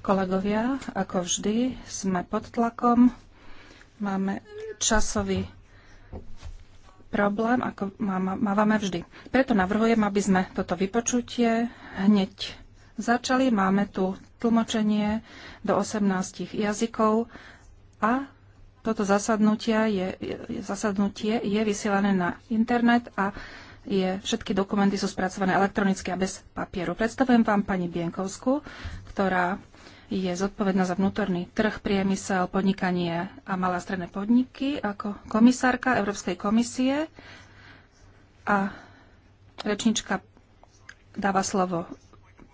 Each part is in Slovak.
Kolegovia, ako vždy, sme pod tlakom. Máme časový problém, ako mávame vždy. Preto navrhujem, aby sme toto vypočutie hneď začali. Máme tu tlmočenie do 18 jazykov a toto zasadnutie je, je, je vysielané na internet a je, všetky dokumenty sú spracované elektronicky a bez papieru. Predstavujem vám pani Bienkovsku, ktorá je zodpovedná za vnútorný trh, priemysel, podnikanie a malé a stredné podniky ako komisárka Európskej komisie a rečnička dáva slovo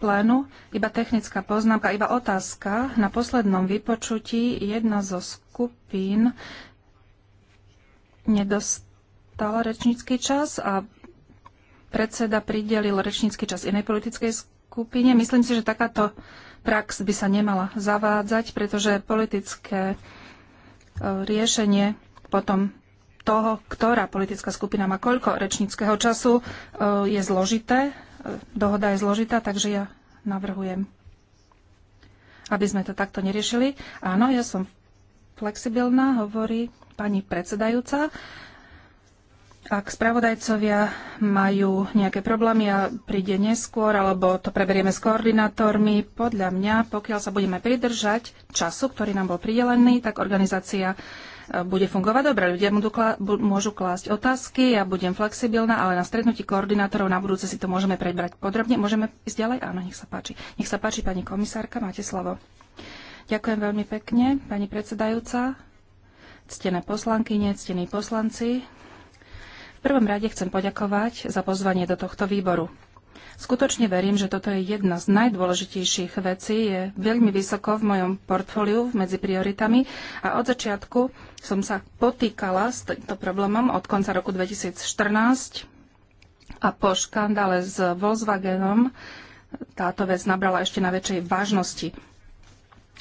plénu. Iba technická poznámka, iba otázka. Na poslednom vypočutí jedna zo skupín nedostala rečnícky čas a predseda pridelil rečnícky čas inej politickej skupine. Myslím si, že takáto prax by sa nemala zavádzať, pretože politické e, riešenie potom toho, ktorá politická skupina má koľko rečníckého času, e, je zložité. E, dohoda je zložitá, takže ja navrhujem, aby sme to takto neriešili. Áno, ja som flexibilná, hovorí pani predsedajúca. Ak spravodajcovia majú nejaké problémy a príde neskôr, alebo to preberieme s koordinátormi, podľa mňa, pokiaľ sa budeme pridržať času, ktorý nám bol pridelený, tak organizácia e, bude fungovať dobre. Ľudia môžu klásť otázky, ja budem flexibilná, ale na stretnutí koordinátorov na budúce si to môžeme prebrať podrobne. Môžeme ísť ďalej? Áno, nech sa páči. Nech sa páči, pani komisárka, máte slovo. Ďakujem veľmi pekne, pani predsedajúca, ctené poslanky, ctení poslanci prvom rade chcem poďakovať za pozvanie do tohto výboru. Skutočne verím, že toto je jedna z najdôležitejších vecí, je veľmi vysoko v mojom portfóliu medzi prioritami a od začiatku som sa potýkala s týmto problémom od konca roku 2014 a po škandále s Volkswagenom táto vec nabrala ešte na väčšej vážnosti.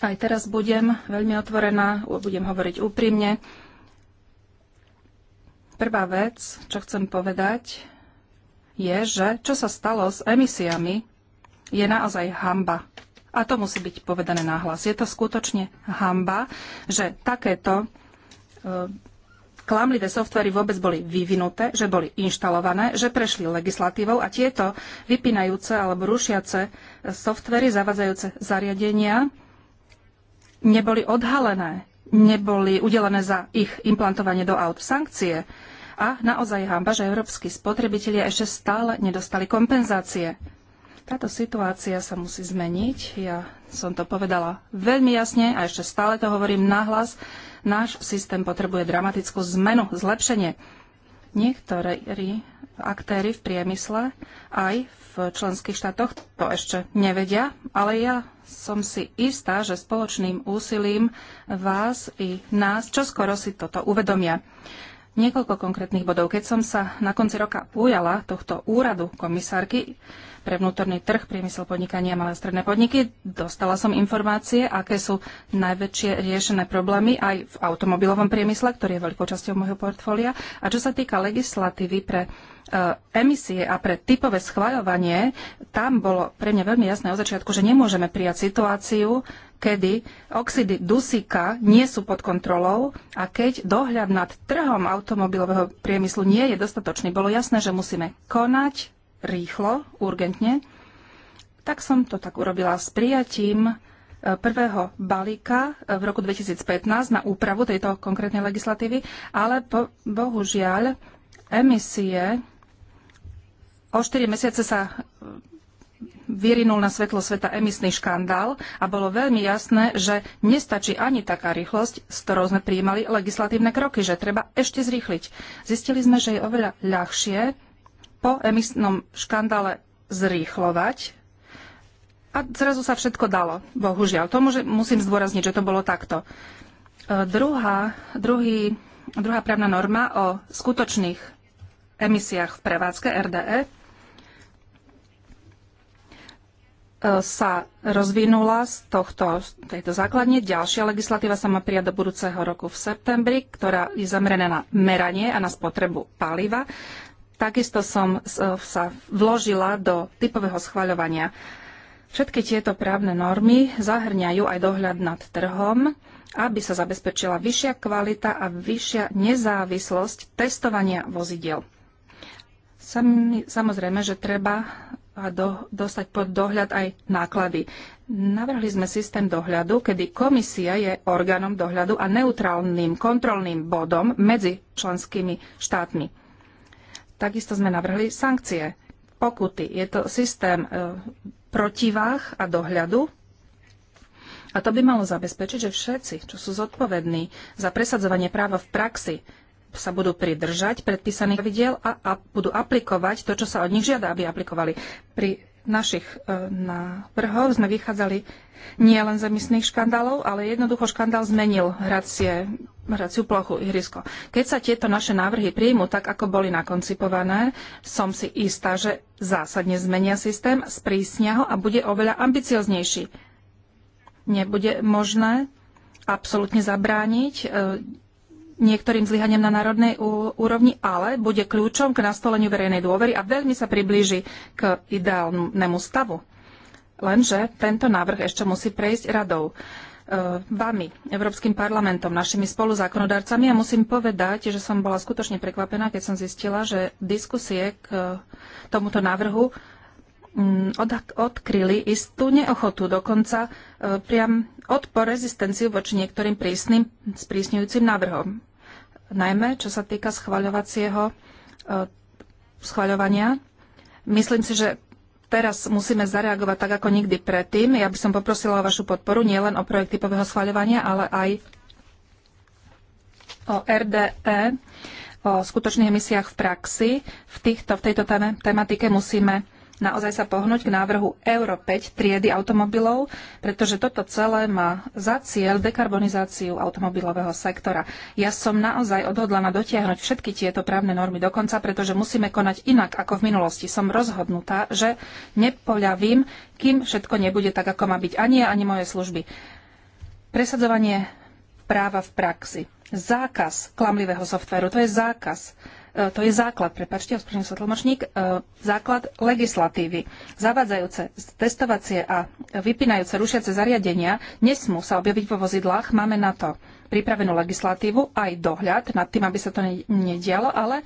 Aj teraz budem veľmi otvorená, budem hovoriť úprimne Prvá vec, čo chcem povedať, je, že čo sa stalo s emisiami, je naozaj hamba. A to musí byť povedané náhlas. Je to skutočne hamba, že takéto e, klamlivé softvery vôbec boli vyvinuté, že boli inštalované, že prešli legislatívou a tieto vypínajúce alebo rušiace softvery, zavadzajúce zariadenia neboli odhalené, neboli udelené za ich implantovanie do aut sankcie a naozaj hamba, že európsky spotrebitelia ešte stále nedostali kompenzácie. Táto situácia sa musí zmeniť. Ja som to povedala veľmi jasne a ešte stále to hovorím nahlas. Náš systém potrebuje dramatickú zmenu, zlepšenie. Niektorí aktéry v priemysle aj v členských štátoch to ešte nevedia, ale ja som si istá, že spoločným úsilím vás i nás čoskoro si toto uvedomia. Niekoľko konkrétnych bodov. Keď som sa na konci roka ujala tohto úradu komisárky pre vnútorný trh, priemysel podnikania a malé stredné podniky, dostala som informácie, aké sú najväčšie riešené problémy aj v automobilovom priemysle, ktorý je veľkou časťou môjho portfólia. A čo sa týka legislatívy pre e, emisie a pre typové schvaľovanie, tam bolo pre mňa veľmi jasné od začiatku, že nemôžeme prijať situáciu, kedy oxidy dusíka nie sú pod kontrolou a keď dohľad nad trhom automobilového priemyslu nie je dostatočný, bolo jasné, že musíme konať rýchlo, urgentne, tak som to tak urobila s prijatím e, prvého balíka e, v roku 2015 na úpravu tejto konkrétnej legislatívy, ale po, bohužiaľ emisie o 4 mesiace sa vyrinul na svetlo sveta emisný škandál a bolo veľmi jasné, že nestačí ani taká rýchlosť, s ktorou sme prijímali legislatívne kroky, že treba ešte zrýchliť. Zistili sme, že je oveľa ľahšie po emisnom škandále zrýchlovať a zrazu sa všetko dalo, bohužiaľ. To môže, musím zdôrazniť, že to bolo takto. E, druhá, druhý, druhá právna norma o skutočných emisiách v prevádzke RDE sa rozvinula z tohto, tejto základne. Ďalšia legislatíva sa má prijať do budúceho roku v septembri, ktorá je zameraná na meranie a na spotrebu paliva. Takisto som sa vložila do typového schvaľovania. Všetky tieto právne normy zahrňajú aj dohľad nad trhom, aby sa zabezpečila vyššia kvalita a vyššia nezávislosť testovania vozidiel. Samozrejme, že treba a do, dostať pod dohľad aj náklady. Navrhli sme systém dohľadu, kedy komisia je orgánom dohľadu a neutrálnym kontrolným bodom medzi členskými štátmi. Takisto sme navrhli sankcie, pokuty. Je to systém e, protivách a dohľadu. A to by malo zabezpečiť, že všetci, čo sú zodpovední za presadzovanie práva v praxi, sa budú pridržať predpísaných pravidiel a, a budú aplikovať to, čo sa od nich žiada, aby aplikovali. Pri našich e, návrhov sme vychádzali nie len z emisných škandálov, ale jednoducho škandál zmenil hracie, hraciu plochu ihrisko. Keď sa tieto naše návrhy príjmu tak, ako boli nakoncipované, som si istá, že zásadne zmenia systém, sprísnia ho a bude oveľa ambicioznejší. Nebude možné absolútne zabrániť e, niektorým zlyhaniam na národnej úrovni, ale bude kľúčom k nastoleniu verejnej dôvery a veľmi sa priblíži k ideálnemu stavu. Lenže tento návrh ešte musí prejsť radou e, vami, Európskym parlamentom, našimi spoluzákonodarcami a musím povedať, že som bola skutočne prekvapená, keď som zistila, že diskusie k tomuto návrhu mm, odkryli istú neochotu, dokonca e, priam odpor, rezistenciu voči niektorým prísnym, sprísňujúcim návrhom najmä čo sa týka schvaľovacieho e, schvaľovania. Myslím si, že teraz musíme zareagovať tak ako nikdy predtým. Ja by som poprosila o vašu podporu nielen o projekt typového schvaľovania, ale aj o RDE, o skutočných emisiách v praxi. V, týchto, v tejto téme, tematike musíme naozaj sa pohnúť k návrhu Euro 5 triedy automobilov, pretože toto celé má za cieľ dekarbonizáciu automobilového sektora. Ja som naozaj odhodlaná dotiahnuť všetky tieto právne normy dokonca, pretože musíme konať inak ako v minulosti. Som rozhodnutá, že nepoľavím, kým všetko nebude tak, ako má byť ani ja, ani moje služby. Presadzovanie práva v praxi. Zákaz klamlivého softvéru, to je zákaz E, to je základ, prepačte, ospravedlňujem sa tlmočník, e, základ legislatívy. Zavádzajúce testovacie a vypínajúce rušiace zariadenia nesmú sa objaviť vo vozidlách. Máme na to pripravenú legislatívu, aj dohľad nad tým, aby sa to nedialo, ale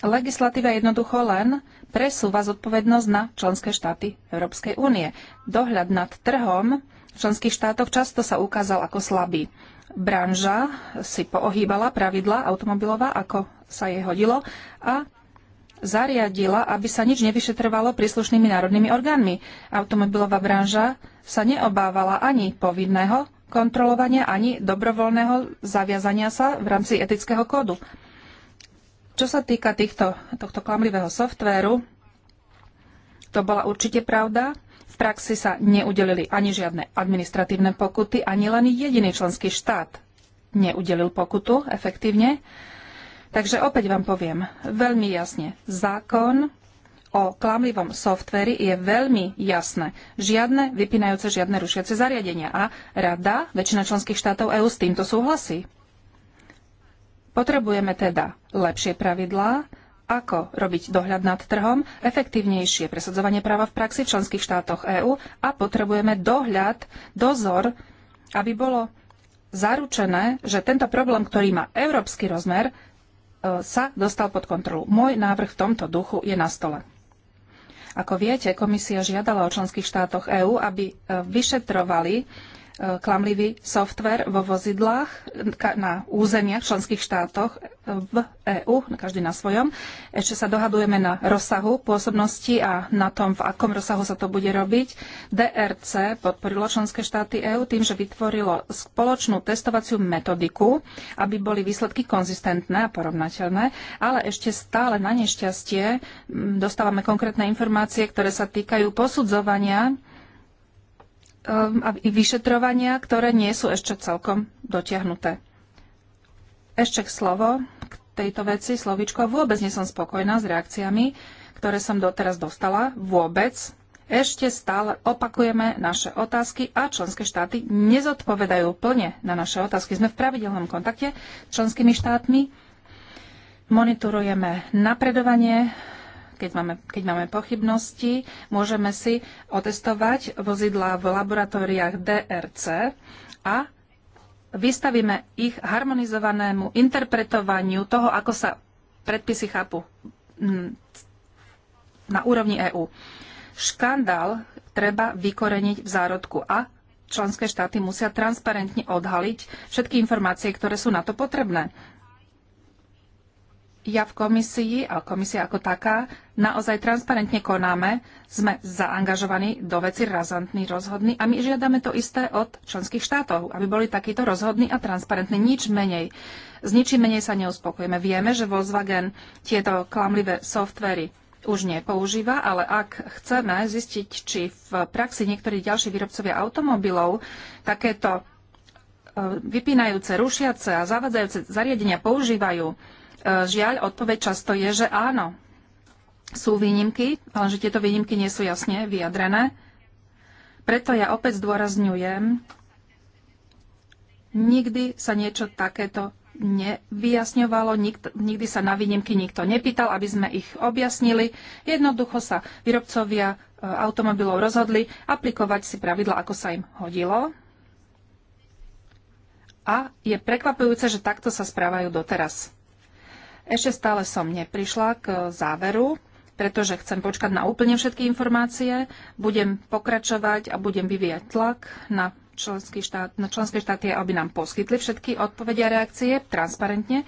legislatíva jednoducho len presúva zodpovednosť na členské štáty Európskej únie. Dohľad nad trhom v členských štátoch často sa ukázal ako slabý branža si poohýbala pravidla automobilová, ako sa jej hodilo a zariadila, aby sa nič nevyšetrovalo príslušnými národnými orgánmi. Automobilová branža sa neobávala ani povinného kontrolovania, ani dobrovoľného zaviazania sa v rámci etického kódu. Čo sa týka týchto, tohto klamlivého softvéru, to bola určite pravda. V praxi sa neudelili ani žiadne administratívne pokuty, ani len jediný členský štát neudelil pokutu efektívne. Takže opäť vám poviem veľmi jasne. Zákon o klamlivom softveri je veľmi jasné. Žiadne vypínajúce, žiadne rušiace zariadenia. A rada, väčšina členských štátov EÚ s týmto súhlasí. Potrebujeme teda lepšie pravidlá, ako robiť dohľad nad trhom, efektívnejšie presadzovanie práva v praxi v členských štátoch EÚ a potrebujeme dohľad, dozor, aby bolo zaručené, že tento problém, ktorý má európsky rozmer, e, sa dostal pod kontrolu. Môj návrh v tomto duchu je na stole. Ako viete, komisia žiadala o členských štátoch EÚ, aby e, vyšetrovali klamlivý software vo vozidlách na územiach členských štátoch e, v EÚ, každý na svojom. Ešte sa dohadujeme na rozsahu pôsobnosti a na tom, v akom rozsahu sa to bude robiť. DRC podporilo členské štáty EÚ tým, že vytvorilo spoločnú testovaciu metodiku, aby boli výsledky konzistentné a porovnateľné, ale ešte stále na nešťastie dostávame konkrétne informácie, ktoré sa týkajú posudzovania Ehm, a vyšetrovania, ktoré nie sú ešte celkom dotiahnuté. Ešte k slovo k tejto veci, slovičko. Vôbec nie som spokojná s reakciami, ktoré som doteraz dostala. Vôbec. Ešte stále opakujeme naše otázky a členské štáty nezodpovedajú plne na naše otázky. Sme v pravidelnom kontakte s členskými štátmi. Monitorujeme napredovanie keď máme, keď máme pochybnosti, môžeme si otestovať vozidla v laboratóriách DRC a vystavíme ich harmonizovanému interpretovaniu toho, ako sa predpisy chápu mm, na úrovni EÚ. Škandál treba vykoreniť v zárodku a členské štáty musia transparentne odhaliť všetky informácie, ktoré sú na to potrebné ja v komisii a komisia ako taká naozaj transparentne konáme, sme zaangažovaní do veci razantní, rozhodní a my žiadame to isté od členských štátov, aby boli takýto rozhodní a transparentní, nič menej. S ničím menej sa neuspokojeme. Vieme, že Volkswagen tieto klamlivé softvery už nepoužíva, ale ak chceme zistiť, či v praxi niektorí ďalší výrobcovia automobilov takéto e, vypínajúce, rušiace a zavadzajúce zariadenia používajú, E, žiaľ, odpoveď často je, že áno. Sú výnimky, ale že tieto výnimky nie sú jasne vyjadrené. Preto ja opäť zdôrazňujem, nikdy sa niečo takéto nevyjasňovalo, nikdy sa na výnimky nikto nepýtal, aby sme ich objasnili. Jednoducho sa výrobcovia e, automobilov rozhodli aplikovať si pravidla, ako sa im hodilo. A je prekvapujúce, že takto sa správajú doteraz. Ešte stále som neprišla k e, záveru, pretože chcem počkať na úplne všetky informácie. Budem pokračovať a budem vyvíjať tlak na, členské štát, na členské štáty, aby nám poskytli všetky odpovede a reakcie transparentne.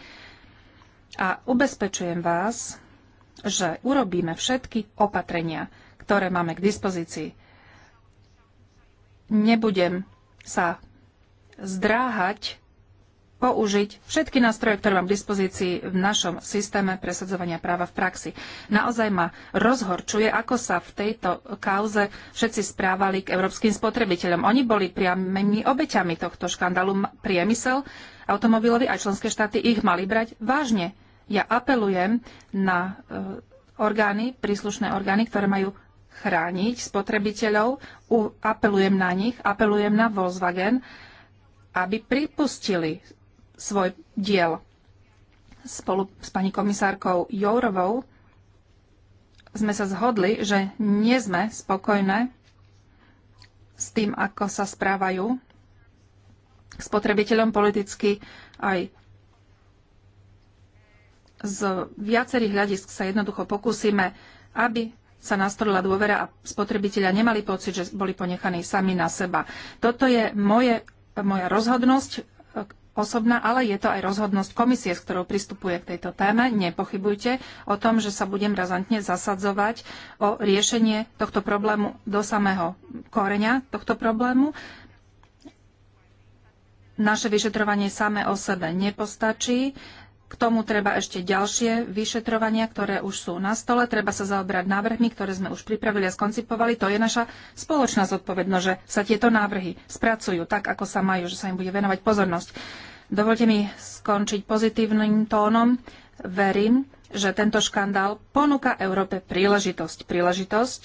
A ubezpečujem vás, že urobíme všetky opatrenia, ktoré máme k dispozícii. Nebudem sa zdráhať použiť všetky nástroje, ktoré mám k dispozícii v našom systéme presadzovania práva v praxi. Naozaj ma rozhorčuje, ako sa v tejto kauze všetci správali k európskym spotrebiteľom. Oni boli priamými obeťami tohto škandalu. Priemysel automobilový a členské štáty ich mali brať vážne. Ja apelujem na e, orgány, príslušné orgány, ktoré majú chrániť spotrebiteľov, apelujem na nich, apelujem na Volkswagen, aby pripustili svoj diel. Spolu s pani komisárkou Jourovou sme sa zhodli, že nie sme spokojné s tým, ako sa správajú k spotrebiteľom politicky aj z viacerých hľadisk sa jednoducho pokúsime, aby sa nastolila dôvera a spotrebitelia nemali pocit, že boli ponechaní sami na seba. Toto je moje, moja rozhodnosť, osobná, ale je to aj rozhodnosť komisie, s ktorou pristupuje k tejto téme. Nepochybujte o tom, že sa budem razantne zasadzovať o riešenie tohto problému do samého koreňa tohto problému. Naše vyšetrovanie samé o sebe nepostačí k tomu treba ešte ďalšie vyšetrovania, ktoré už sú na stole. Treba sa zaoberať návrhmi, ktoré sme už pripravili a skoncipovali. To je naša spoločná zodpovednosť, že sa tieto návrhy spracujú tak, ako sa majú, že sa im bude venovať pozornosť. Dovolte mi skončiť pozitívnym tónom. Verím, že tento škandál ponúka Európe príležitosť. Príležitosť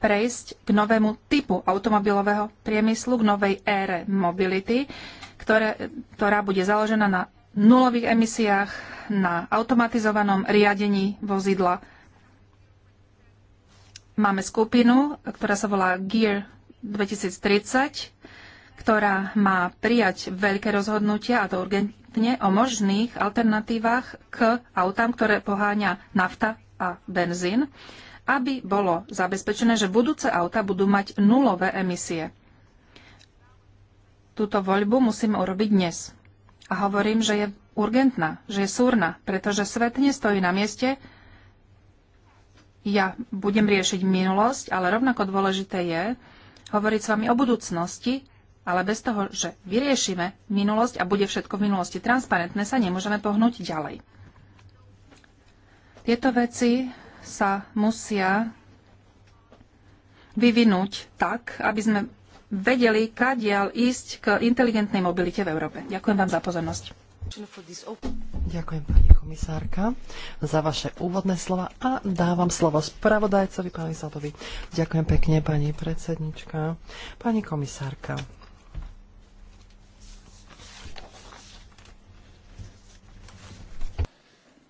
prejsť k novému typu automobilového priemyslu, k novej ére mobility, ktoré, ktorá bude založená na nulových emisiách, na automatizovanom riadení vozidla. Máme skupinu, ktorá sa volá Gear 2030, ktorá má prijať veľké rozhodnutia, a to urgentne, o možných alternatívach k autám, ktoré poháňa nafta a benzín, aby bolo zabezpečené, že budúce auta budú mať nulové emisie. Túto voľbu musíme urobiť dnes. A hovorím, že je urgentná, že je súrna, pretože svet nestojí na mieste. Ja budem riešiť minulosť, ale rovnako dôležité je hovoriť s vami o budúcnosti, ale bez toho, že vyriešime minulosť a bude všetko v minulosti transparentné, sa nemôžeme pohnúť ďalej. Tieto veci sa musia vyvinúť tak, aby sme vedeli, kadiaľ ísť k inteligentnej mobilite v Európe. Ďakujem vám za pozornosť. Ďakujem pani komisárka za vaše úvodné slova a dávam slovo spravodajcovi pani zadovi. Ďakujem pekne pani predsednička, pani komisárka.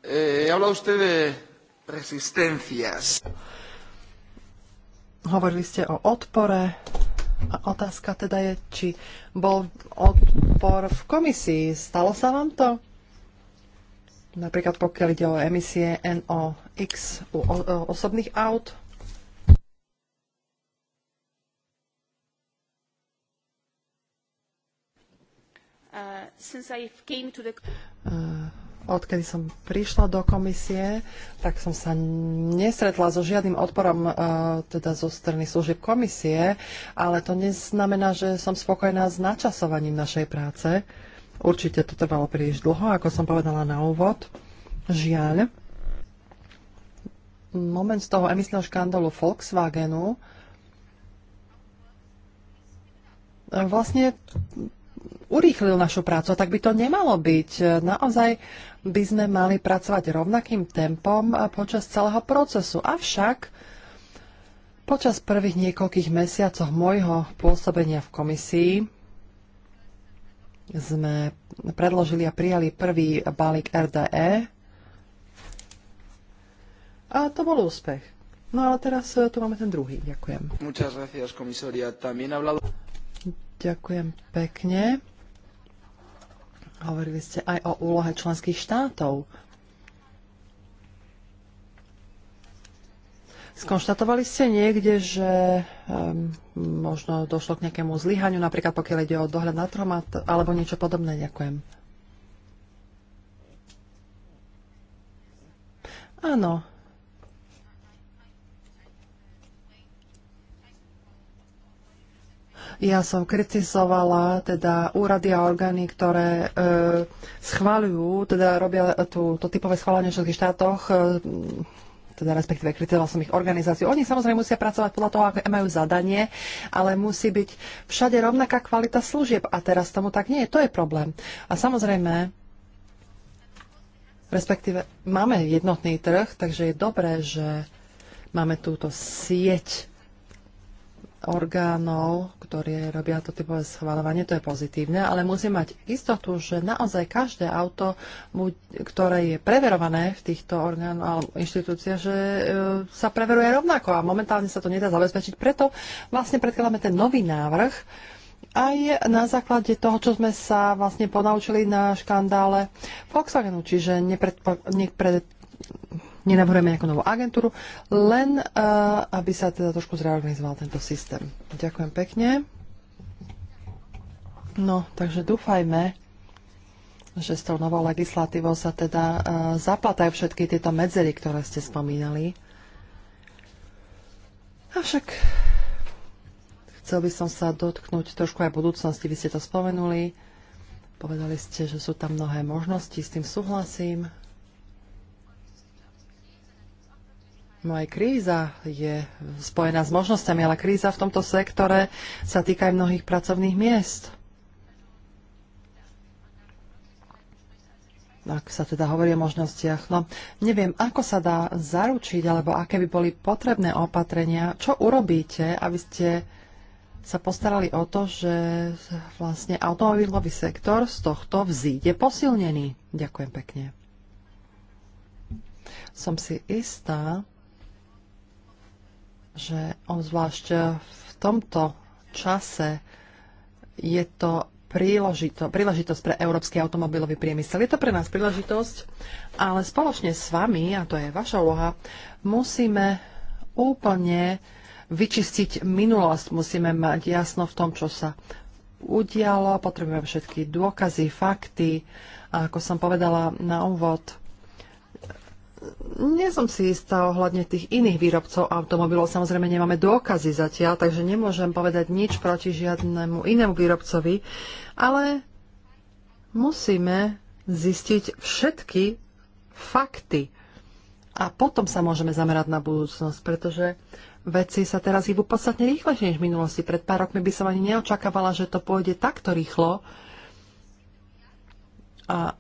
Eh, habla usted de resistencias. Hovorili ste o odpore, Otázka teda je, či bol odpor v komisii. Stalo sa vám to? Napríklad pokiaľ ide o emisie NOx u osobných aut? Uh, the... uh, odkedy som prišla do komisie, tak som sa nesretla so žiadnym odporom e, teda zo strany služieb komisie, ale to neznamená, že som spokojná s načasovaním našej práce. Určite to trvalo príliš dlho, ako som povedala na úvod. Žiaľ. Moment z toho emisného škandalu Volkswagenu e, vlastne urýchlil našu prácu. A tak by to nemalo byť. Naozaj by sme mali pracovať rovnakým tempom počas celého procesu. Avšak počas prvých niekoľkých mesiacov môjho pôsobenia v komisii sme predložili a prijali prvý balík RDE a to bol úspech. No ale teraz tu máme ten druhý. Ďakujem. Muchas gracias, También hablado... Ďakujem pekne. Hovorili ste aj o úlohe členských štátov. Skonštatovali ste niekde, že um, možno došlo k nejakému zlyhaniu, napríklad pokiaľ ide o dohľad na trhom alebo niečo podobné? Ďakujem. Áno, Ja som kritizovala teda úrady a orgány, ktoré e, schváľujú, teda robia tú, to typové schválenie v všetkých štátoch, e, teda respektíve kritizoval som ich organizáciu. Oni samozrejme musia pracovať podľa toho, aké majú zadanie, ale musí byť všade rovnaká kvalita služieb. A teraz tomu tak nie je. To je problém. A samozrejme, respektíve máme jednotný trh, takže je dobré, že máme túto sieť orgánov, ktoré robia to typové schvalovanie, to je pozitívne, ale musí mať istotu, že naozaj každé auto, ktoré je preverované v týchto orgánoch alebo inštitúciách, že e, sa preveruje rovnako a momentálne sa to nedá zabezpečiť. Preto vlastne predkladáme ten nový návrh aj na základe toho, čo sme sa vlastne ponaučili na škandále Volkswagenu, čiže nepredpo, nepred, nenavrhujeme nejakú novú agentúru, len eh, aby sa teda trošku zreorganizoval tento systém. Ďakujem pekne. No, takže dúfajme, že s tou novou legislatívou sa teda eh, zaplatajú všetky tieto medzery, ktoré ste spomínali. Avšak chcel by som sa dotknúť trošku aj budúcnosti. Vy ste to spomenuli. Povedali ste, že sú tam mnohé možnosti, s tým súhlasím. No aj kríza je spojená s možnosťami, ale kríza v tomto sektore sa týka aj mnohých pracovných miest. Ak sa teda hovorí o možnostiach, no neviem, ako sa dá zaručiť, alebo aké by boli potrebné opatrenia, čo urobíte, aby ste sa postarali o to, že vlastne automobilový sektor z tohto vzíde posilnený. Ďakujem pekne. Som si istá, že obzvlášť e, v tomto čase je to príležito, príležitosť pre európsky automobilový priemysel. Je to pre nás príležitosť, ale spoločne s vami, a to je vaša úloha, musíme úplne vyčistiť minulosť. Musíme mať jasno v tom, čo sa udialo, potrebujeme všetky dôkazy, fakty. A ako som povedala na úvod, nie som si istá ohľadne tých iných výrobcov automobilov. Samozrejme nemáme dôkazy zatiaľ, takže nemôžem povedať nič proti žiadnemu inému výrobcovi, ale musíme zistiť všetky fakty. A potom sa môžeme zamerať na budúcnosť, pretože veci sa teraz hýbu podstatne rýchlejšie než v minulosti. Pred pár rokmi by som ani neočakávala, že to pôjde takto rýchlo. A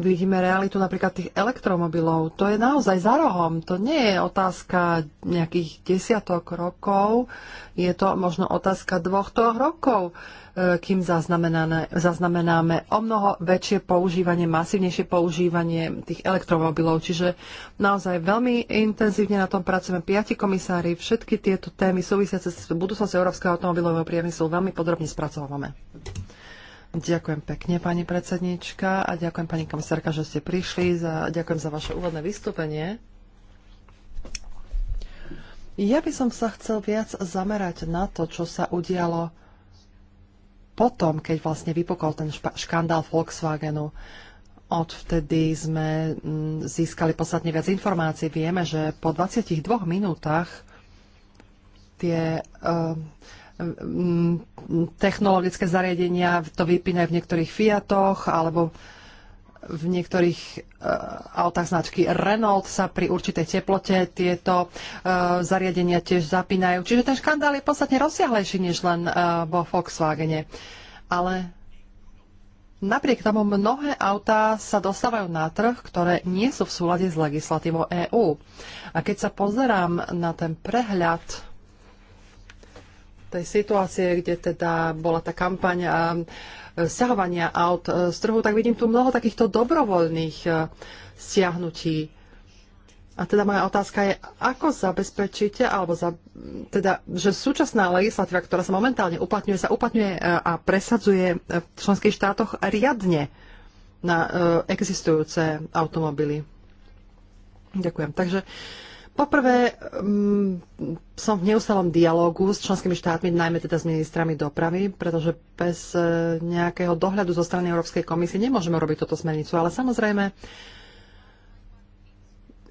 vidíme realitu napríklad tých elektromobilov. To je naozaj za rohom. To nie je otázka nejakých desiatok rokov. Je to možno otázka dvoch, troch rokov, e, kým zaznamenáme, zaznamenáme o mnoho väčšie používanie, masívnejšie používanie tých elektromobilov. Čiže naozaj veľmi intenzívne na tom pracujeme. Piati komisári, všetky tieto témy súvisiace s budúcnosťou európskeho automobilového priemyslu veľmi podrobne spracovávame. Ďakujem pekne, pani predsednička a ďakujem pani komisárka, že ste prišli. Za, ďakujem za vaše úvodné vystúpenie. Ja by som sa chcel viac zamerať na to, čo sa udialo potom, keď vlastne vypokol ten škandál Volkswagenu. Odvtedy sme mm, získali podstatne viac informácií. Vieme, že po 22 minútach tie uh, technologické zariadenia to vypínajú v niektorých Fiatoch alebo v niektorých eh, autách značky Renault sa pri určitej teplote tieto eh, zariadenia tiež zapínajú. Čiže ten škandál je podstatne rozsiahlejší než len eh, vo Volkswagene. Ale napriek tomu mnohé autá sa dostávajú na trh, ktoré nie sú v súlade s legislatívou EÚ. A keď sa pozerám na ten prehľad tej situácie, kde teda bola tá kampaň e, stiahovania aut e, z trhu, tak vidím tu mnoho takýchto dobrovoľných e, stiahnutí. A teda moja otázka je, ako zabezpečíte, alebo za, teda, že súčasná legislatíva, ktorá sa momentálne uplatňuje, sa uplatňuje a presadzuje v členských štátoch riadne na existujúce automobily. Ďakujem. Takže uh, Poprvé, um, som v neustalom dialogu s členskými štátmi, najmä teda s ministrami dopravy, pretože bez uh, nejakého dohľadu zo strany Európskej komisie nemôžeme robiť toto smernicu. Ale samozrejme,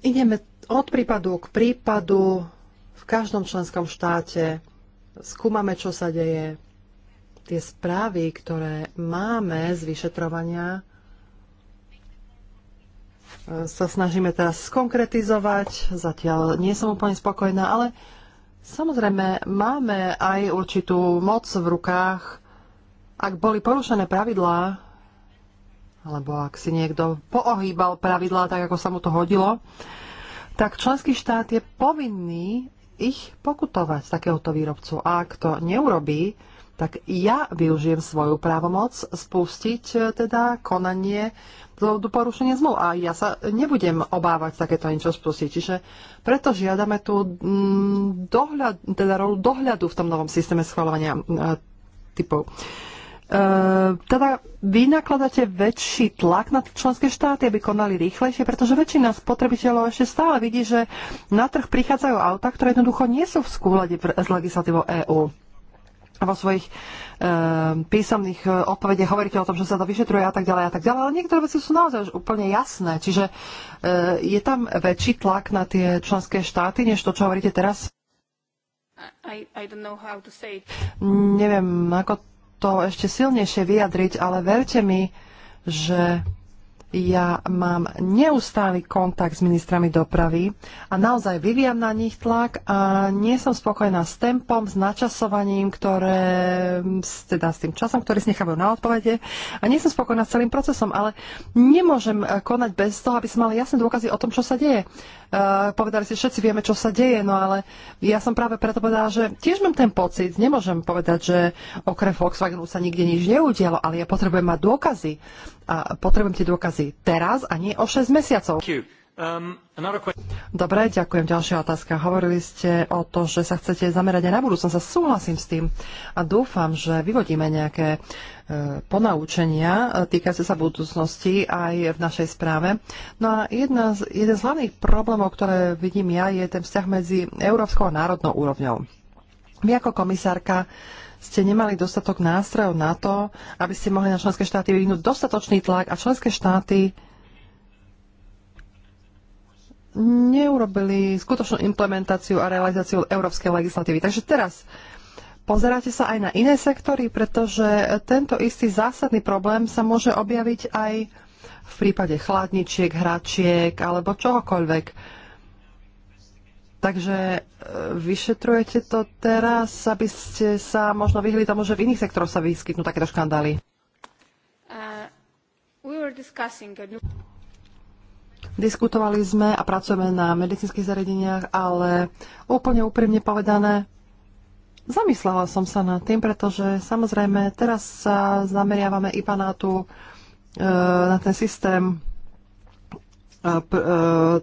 ideme od prípadu k prípadu v každom členskom štáte, skúmame, čo sa deje. Tie správy, ktoré máme z vyšetrovania, sa snažíme teraz skonkretizovať. Zatiaľ nie som úplne spokojná, ale samozrejme máme aj určitú moc v rukách. Ak boli porušené pravidlá, alebo ak si niekto poohýbal pravidlá tak, ako sa mu to hodilo, tak členský štát je povinný ich pokutovať takéhoto výrobcu. A ak to neurobí, tak ja využijem svoju právomoc spustiť eh, teda konanie do porušenia zmluv. A ja sa nebudem obávať takéto niečo spustiť. Čiže preto žiadame tú mm, dohľad, teda rolu dohľadu v tom novom systéme schvalovania e, typov. Uh, teda vy nakladáte väčší tlak na členské štáty, aby konali rýchlejšie, pretože väčšina spotrebiteľov ešte stále vidí, že na trh prichádzajú auta, ktoré jednoducho nie sú v skúlade s legislatívou EÚ vo svojich ehm, e, písomných odpovediach hovoríte o tom, že sa to vyšetruje a tak ďalej a tak ďalej, ale niektoré veci sú naozaj už úplne jasné. Čiže e, je tam väčší tlak na tie členské štáty, než to, čo hovoríte teraz? I, I Neviem, ako to ešte silnejšie vyjadriť, ale verte mi, že ja mám neustály kontakt s ministrami dopravy a naozaj vyviam na nich tlak a nie som spokojná s tempom, s načasovaním, ktoré, teda s tým časom, ktorý si nechávajú na odpovede a nie som spokojná s celým procesom, ale nemôžem eh, konať bez toho, aby som mala jasné dôkazy o tom, čo sa deje. Uh, povedali si, všetci vieme, čo sa deje, no ale ja som práve preto povedala, že tiež mám ten pocit, nemôžem povedať, že okrem Volkswagenu sa nikde nič neudialo, ale ja potrebujem mať dôkazy a potrebujem tie dôkazy teraz a nie o 6 mesiacov. Um, Dobre, ďakujem. Ďalšia otázka. Hovorili ste o to, že sa chcete zamerať aj na budúcnosť. Sa súhlasím s tým a dúfam, že vyvodíme nejaké e, ponaučenia e, týkajúce sa budúcnosti aj v našej správe. No a jedna z, jeden z hlavných problémov, ktoré vidím ja, je ten vzťah medzi európskou a národnou úrovňou. Vy ako komisárka ste nemali dostatok nástrojov na to, aby ste mohli na členské štáty vyvinúť dostatočný tlak a členské štáty neurobili skutočnú implementáciu a realizáciu európskej legislatívy. Takže teraz pozeráte sa aj na iné sektory, pretože tento istý zásadný problém sa môže objaviť aj v prípade chladničiek, hračiek alebo čohokoľvek Takže e, vyšetrujete to teraz, aby ste sa možno vyhli tomu, že v iných sektoroch sa vyskytnú takéto škandály? Uh, we new... Diskutovali sme a pracujeme na medicínskych zariadeniach, ale úplne úprimne povedané, zamyslela som sa nad tým, pretože samozrejme teraz sa zameriavame iba na, tú, e, na ten systém E, e,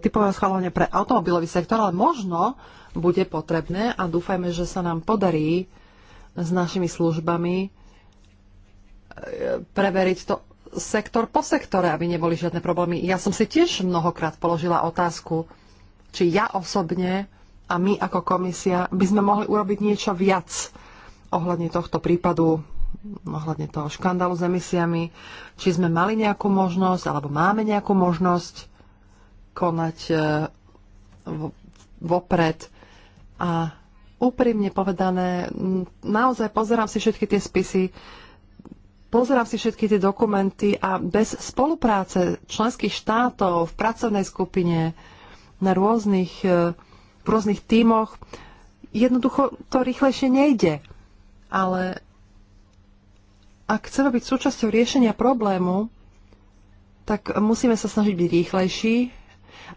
typového schválenia pre automobilový sektor, ale možno bude potrebné a dúfajme, že sa nám podarí s našimi službami e, preveriť to sektor po sektore, aby neboli žiadne problémy. Ja som si tiež mnohokrát položila otázku, či ja osobne a my ako komisia by sme mohli urobiť niečo viac ohľadne tohto prípadu, ohľadne toho škandalu s emisiami, či sme mali nejakú možnosť alebo máme nejakú možnosť konať e, vopred. A úprimne povedané, naozaj pozerám si všetky tie spisy, pozerám si všetky tie dokumenty a bez spolupráce členských štátov v pracovnej skupine na rôznych, e, v rôznych tímoch, jednoducho to rýchlejšie nejde. Ale ak chceme byť súčasťou riešenia problému, tak musíme sa snažiť byť rýchlejší,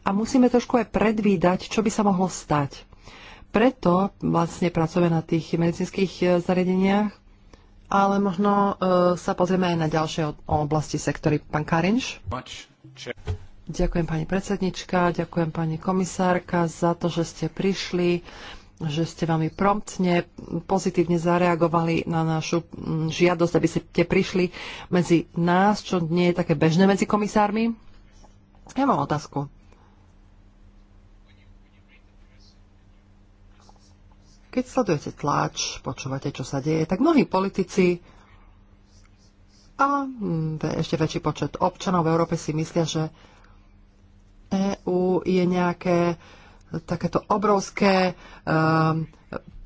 a musíme trošku aj predvídať, čo by sa mohlo stať. Preto vlastne pracujeme na tých medicínskych e, zariadeniach, ale možno e, sa pozrieme aj na ďalšie oblasti sektory. Pán Karinš? Ďakujem pani predsednička, ďakujem pani komisárka za to, že ste prišli že ste veľmi promptne, pozitívne zareagovali na našu žiadosť, aby ste prišli medzi nás, čo nie je také bežné medzi komisármi. Ja mám otázku. Keď sledujete tlač, počúvate, čo sa deje, tak mnohí politici a hm, ešte väčší počet občanov v Európe si myslia, že EÚ je nejaké takéto obrovské, um,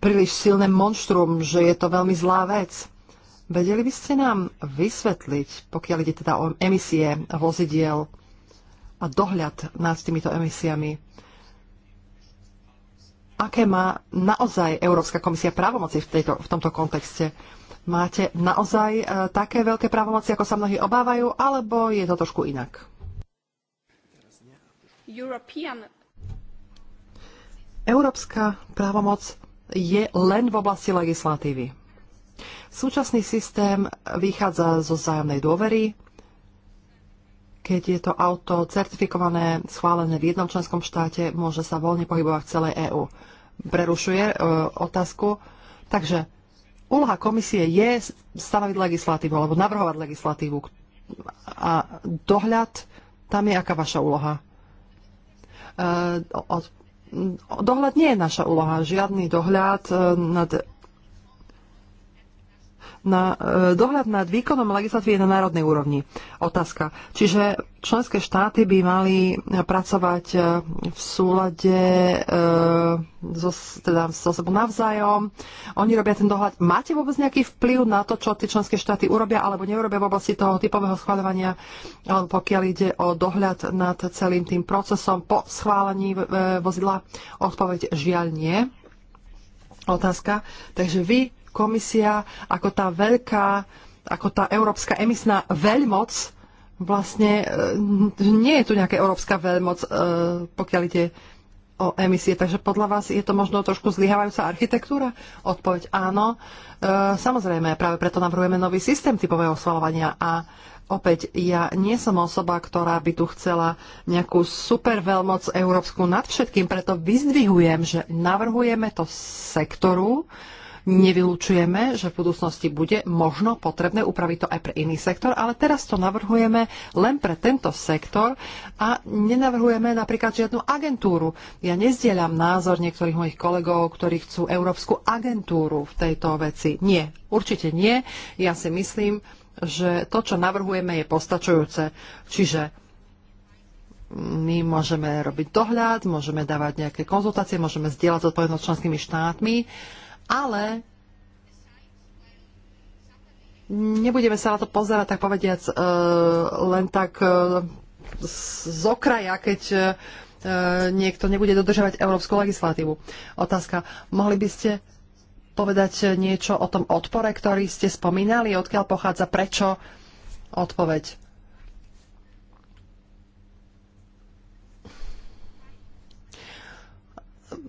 príliš silné monštrum, že je to veľmi zlá vec. Vedeli by ste nám vysvetliť, pokiaľ ide teda o emisie vozidiel a dohľad nad týmito emisiami, aké má naozaj Európska komisia právomoci v, tejto, v tomto kontexte? Máte naozaj e, také veľké právomoci, ako sa mnohí obávajú, alebo je to trošku inak? European. Európska právomoc je len v oblasti legislatívy. Súčasný systém vychádza zo vzájomnej dôvery, keď je to auto certifikované, schválené v jednom členskom štáte, môže sa voľne pohybovať v celej EÚ prerušuje e, otázku. Takže úloha komisie je stanoviť legislatívu alebo navrhovať legislatívu. A dohľad, tam je aká vaša úloha? E, dohľad nie je naša úloha. Žiadny dohľad e, nad na, e, dohľad nad výkonom legislatívy na národnej úrovni. Otázka. Čiže členské štáty by mali pracovať e, v súlade e, so, teda, so sebou navzájom. Oni robia ten dohľad. Máte vôbec nejaký vplyv na to, čo tie členské štáty urobia alebo neurobia v oblasti toho typového schváľovania, pokiaľ ide o dohľad nad celým tým procesom po schválení vozidla? Odpoveď žiaľ nie otázka. Takže vy komisia ako tá veľká, ako tá európska emisná veľmoc, vlastne e, nie je tu nejaká európska veľmoc, e, pokiaľ ide o emisie. Takže podľa vás je to možno trošku zlyhávajúca architektúra? Odpoveď áno. E, samozrejme, práve preto navrhujeme nový systém typového svalovania a opäť ja nie som osoba, ktorá by tu chcela nejakú super veľmoc európsku nad všetkým, preto vyzdvihujem, že navrhujeme to sektoru, Nevylučujeme, že v budúcnosti bude možno potrebné upraviť to aj pre iný sektor, ale teraz to navrhujeme len pre tento sektor a nenavrhujeme napríklad žiadnu agentúru. Ja nezdieľam názor niektorých mojich kolegov, ktorí chcú Európsku agentúru v tejto veci. Nie, určite nie. Ja si myslím, že to, čo navrhujeme, je postačujúce. Čiže my môžeme robiť dohľad, môžeme dávať nejaké konzultácie, môžeme zdieľať zodpovednosť členskými štátmi ale nebudeme sa na to pozerať, tak povediac, e, len tak e, z okraja, keď e, niekto nebude dodržovať európsku legislatívu. Otázka, mohli by ste povedať niečo o tom odpore, ktorý ste spomínali, odkiaľ pochádza, prečo odpoveď?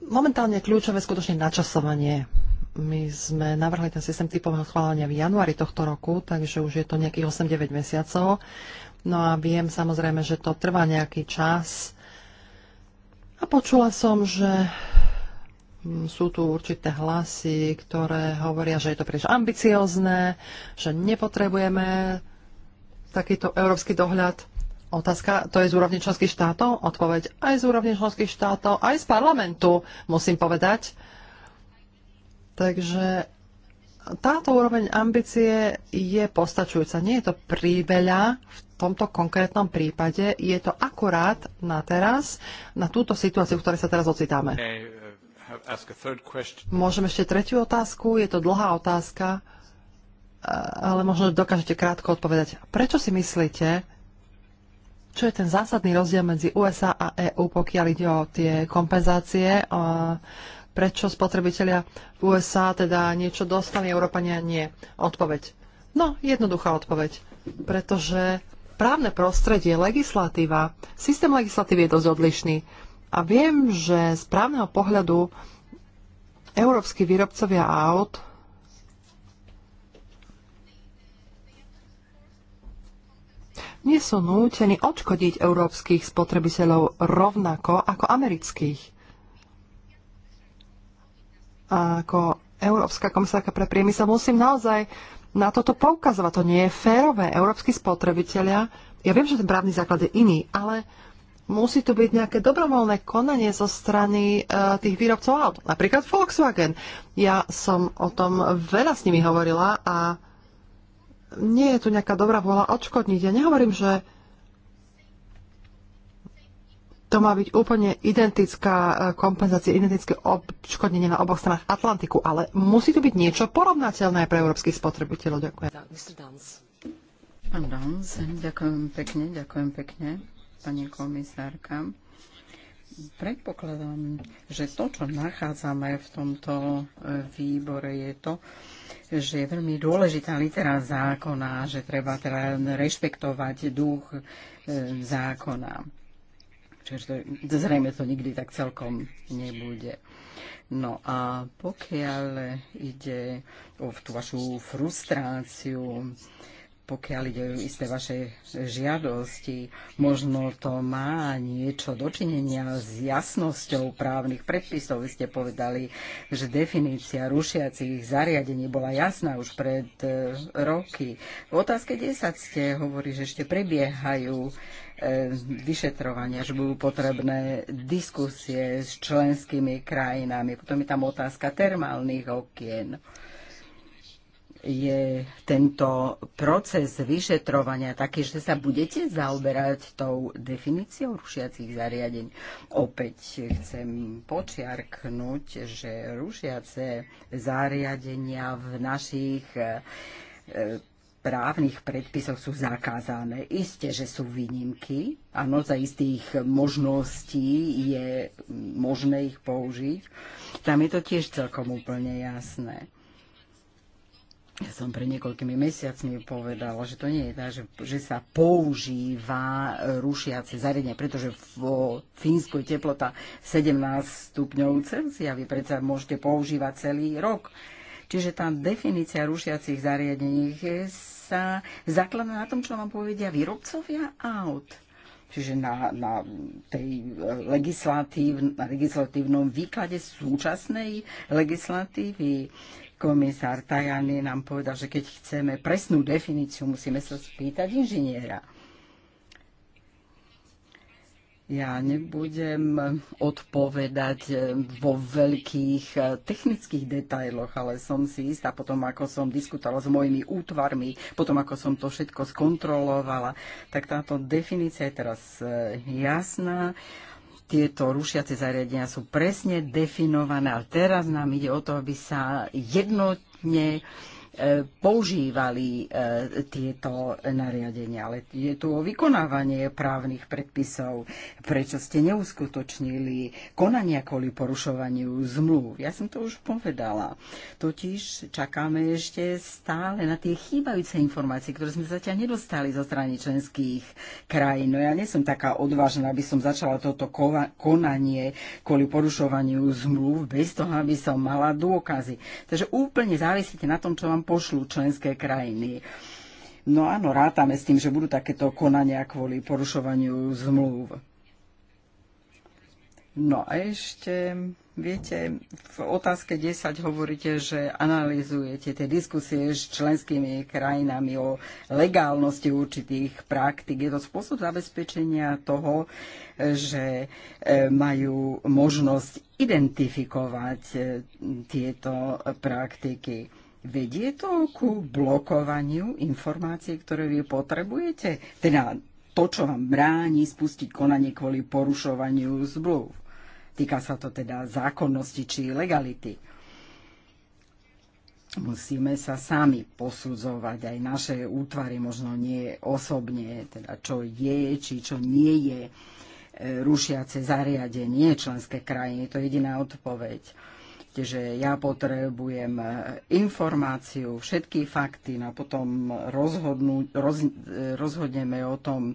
Momentálne kľúčové skutočne načasovanie my sme navrhli ten systém typového schválenia v januári tohto roku, takže už je to nejakých 8-9 mesiacov. No a viem samozrejme, že to trvá nejaký čas. A počula som, že mm, sú tu určité hlasy, ktoré hovoria, že je to príliš ambiciozne, že nepotrebujeme takýto európsky dohľad. Otázka, to je z úrovne členských štátov? Odpoveď aj z úrovne členských štátov, aj z parlamentu, musím povedať. Takže táto úroveň ambície je postačujúca. Nie je to príbeľa v tomto konkrétnom prípade, je to akurát na teraz, na túto situáciu, v ktorej sa teraz ocitáme. Môžem ešte tretiu otázku, je to dlhá otázka, eh, ale možno dokážete krátko odpovedať. Prečo si myslíte, čo je ten zásadný rozdiel medzi USA a EÚ, pokiaľ ide o tie kompenzácie, eh, prečo spotrebitelia v USA teda niečo dostali, Európania nie. Odpoveď. No, jednoduchá odpoveď. Pretože právne prostredie, legislatíva, systém legislatívy je dosť odlišný. A viem, že z právneho pohľadu európsky výrobcovia aut nie sú nútení odškodiť európskych spotrebiteľov rovnako ako amerických ako Európska komisárka pre priemysel musím naozaj na toto poukazovať. To nie je férové. Európsky spotrebitelia, ja viem, že ten právny základ je iný, ale musí tu byť nejaké dobrovoľné konanie zo strany uh, tých výrobcov aut. Napríklad Volkswagen. Ja som o tom veľa s nimi hovorila a nie je tu nejaká dobrá vôľa odškodniť. Ja nehovorím, že to má byť úplne identická eh, kompenzácia, identické odškodnenie na oboch stranách Atlantiku, ale musí tu byť niečo porovnateľné pre európskych spotrebiteľov. Ďakujem. Pán ďakujem pekne, ďakujem pekne, pani komisárka. Predpokladám, že to, čo nachádzame v tomto eh, výbore, je to, že je veľmi dôležitá litera zákona, že treba teda rešpektovať duch eh, zákona. Čiže to, zrejme to nikdy tak celkom nebude. No a pokiaľ ide o tú vašu frustráciu, pokiaľ ide o isté vaše žiadosti, možno to má niečo dočinenia s jasnosťou právnych predpisov. Vy ste povedali, že definícia rušiacich zariadení bola jasná už pred eh, roky. V otázke 10 ste hovorí, že ešte prebiehajú E, vyšetrovania, že budú potrebné diskusie s členskými krajinami. Potom je tam otázka termálnych okien. Je tento proces vyšetrovania taký, že sa budete zaoberať tou definíciou rušiacich zariadení. Opäť chcem počiarknúť, že rušiace zariadenia v našich e, právnych predpisoch sú zakázané. Isté, že sú výnimky. Áno, za istých možností je možné ich použiť. Tam je to tiež celkom úplne jasné. Ja som pred niekoľkými mesiacmi povedala, že to nie je tak, že, že sa používa rušiace zariadenie, pretože vo Fínsku je teplota 17 stupňov Celsia. Vy predsa môžete používať celý rok. Čiže tá definícia rušiacich zariadení je sa zakladá na tom, čo vám povedia výrobcovia aut. Čiže na, na tej e, legislatív, na legislatívnom výklade súčasnej legislatívy komisár Tajani nám povedal, že keď chceme presnú definíciu, musíme sa spýtať inžiniera. Ja nebudem odpovedať eh, vo veľkých eh, technických detailoch, ale som si istá, potom ako som diskutovala s mojimi útvarmi, potom ako som to všetko skontrolovala, tak táto definícia je teraz eh, jasná. Tieto rušiace zariadenia sú presne definované, ale teraz nám ide o to, aby sa jednotne E, používali e, tieto nariadenia. Ale je tu o vykonávanie právnych predpisov. Prečo ste neuskutočnili konania kvôli porušovaniu zmluv? Ja som to už povedala. Totiž čakáme ešte stále na tie chýbajúce informácie, ktoré sme zatiaľ nedostali zo strany členských krajín. No ja nie som taká odvážna, aby som začala toto konanie kvôli porušovaniu zmluv bez toho, aby som mala dôkazy. Takže úplne závisíte na tom, čo vám pošlú členské krajiny. No áno, rátame s tým, že budú takéto konania kvôli porušovaniu zmluv. No a ešte, viete, v otázke 10 hovoríte, že analýzujete tie diskusie s členskými krajinami o legálnosti určitých praktik. Je to spôsob zabezpečenia toho, že e, majú možnosť identifikovať e, tieto praktiky. Vedie to ku blokovaniu informácií, ktoré vy potrebujete? Teda to, čo vám bráni spustiť konanie kvôli porušovaniu zmluv. Týka sa to teda zákonnosti či legality. Musíme sa sami posudzovať, aj naše útvary, možno nie osobne, teda čo je, či čo nie je e, rušiace zariadenie členské krajiny. To je jediná odpoveď že ja potrebujem e, informáciu, všetky fakty no a potom rozhodnú, roz, e, rozhodneme o tom, e,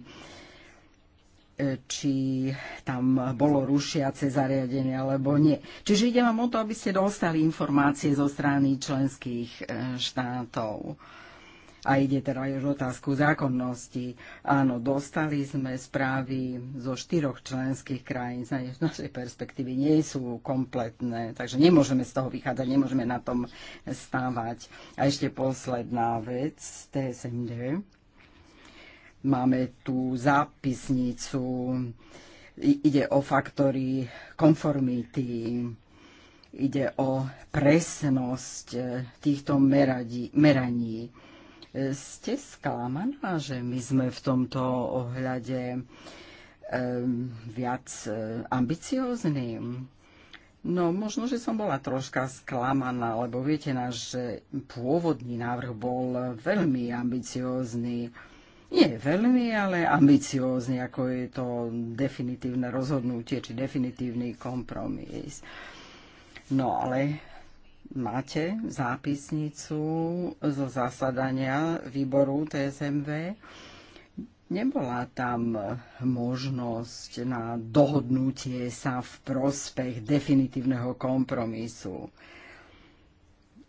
či tam bolo rušiace zariadenie alebo nie. Čiže ide vám o to, aby ste dostali informácie zo strany členských štátov. A ide teda aj o otázku zákonnosti. Áno, dostali sme správy zo štyroch členských krajín. Z našej perspektívy nie sú kompletné, takže nemôžeme z toho vychádzať, nemôžeme na tom stávať. A ešte posledná vec, TSMD. Máme tu zápisnicu, ide o faktory konformity, ide o presnosť eh, týchto meradí, meraní ste sklamaná, že my sme v tomto ohľade viac eh, ambiciózni? No, možno, že som bola troška sklamaná, lebo viete náš pôvodný návrh bol veľmi ambiciózny. Nie veľmi, ale ambiciózny, ako je to definitívne rozhodnutie či definitívny kompromis. No ale Máte zápisnicu zo zasadania výboru TSMV. Nebola tam možnosť na dohodnutie sa v prospech definitívneho kompromisu.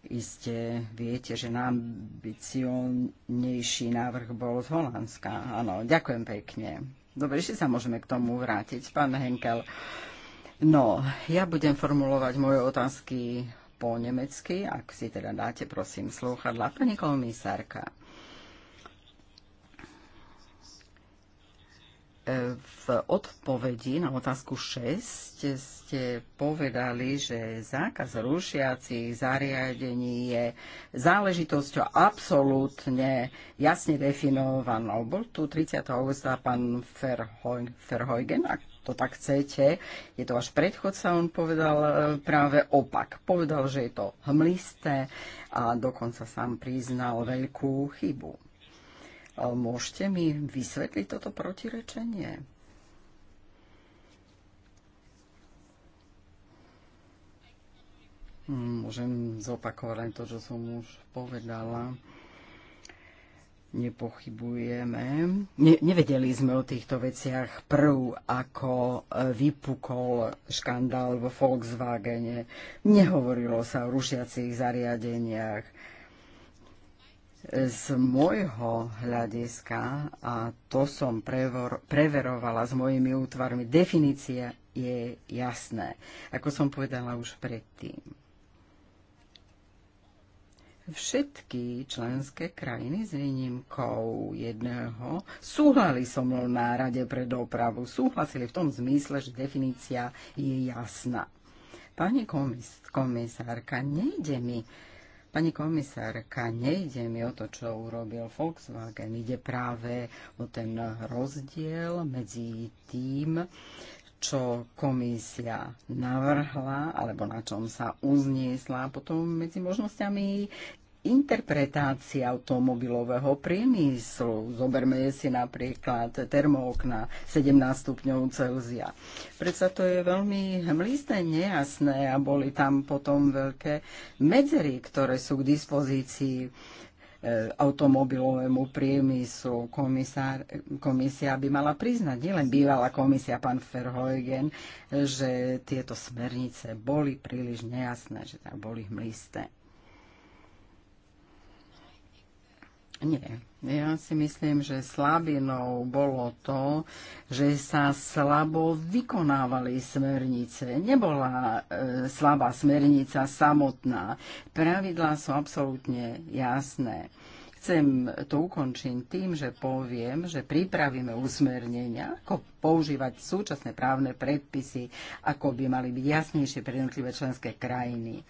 Iste viete, že najambicionnejší návrh bol z Holandska. Áno, ďakujem pekne. Dobre, ešte sa môžeme k tomu vrátiť, pán Henkel. No, ja budem formulovať moje otázky po nemecky, ak si teda dáte, prosím, slúchadla. Pani komisárka, v odpovedi na otázku 6 ste povedali, že zákaz rušiacich zariadení je záležitosťou absolútne jasne definovanou. Bol tu 30. augusta pán Verheugen, ak to tak chcete. Je to váš predchodca, on povedal e, práve opak. Povedal, že je to hmlisté a dokonca sám priznal veľkú chybu. E, môžete mi vysvetliť toto protirečenie? Hm, môžem zopakovať to, čo som už povedala nepochybujeme. Ne, nevedeli sme o týchto veciach prv, ako e, vypukol škandál vo Volkswagene. Nehovorilo sa o rušiacich zariadeniach. Z môjho hľadiska, a to som prevor, preverovala s mojimi útvarmi, definícia je jasné, ako som povedala už predtým. Všetky členské krajiny s výnimkou jedného súhlali so mnou na Rade pre dopravu. Súhlasili v tom zmysle, že definícia je jasná. Pani komis- komisárka, nejde mi Pani komisárka, nejde mi o to, čo urobil Volkswagen, ide práve o ten rozdiel medzi tým, čo komisia navrhla, alebo na čom sa uzniesla, potom medzi možnosťami interpretácia automobilového priemyslu. Zoberme si napríklad termookna 17 stupňov Celzia. Predsa to je veľmi hmlisté, nejasné a boli tam potom veľké medzery, ktoré sú k dispozícii e, automobilovému priemyslu. Komisár, komisia by mala priznať, nielen bývalá komisia, pán Verhoeven, že tieto smernice boli príliš nejasné, že tam boli hmlisté. Nie. Ja si myslím, že slabinou bolo to, že sa slabo vykonávali smernice. Nebola e, slabá smernica samotná. Pravidlá sú absolútne jasné. Chcem to ukončiť tým, že poviem, že pripravíme usmernenia, ako používať súčasné právne predpisy, ako by mali byť jasnejšie pre jednotlivé členské krajiny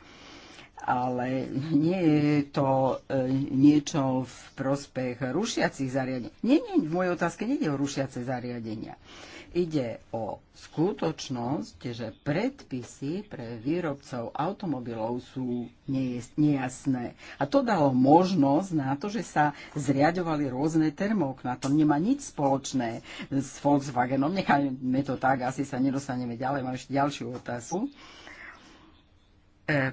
ale nie je to e, niečo v prospech rušiacich zariadení. Nie, nie, v mojej otázke nie ide o rušiace zariadenia. Ide o skutočnosť, že predpisy pre výrobcov automobilov sú nejasné. A to dalo možnosť na to, že sa zriadovali rôzne termok, na To nemá nič spoločné s Volkswagenom. Nechajme to tak, asi sa nedostaneme ďalej. Mám ešte ďalšiu otázku. E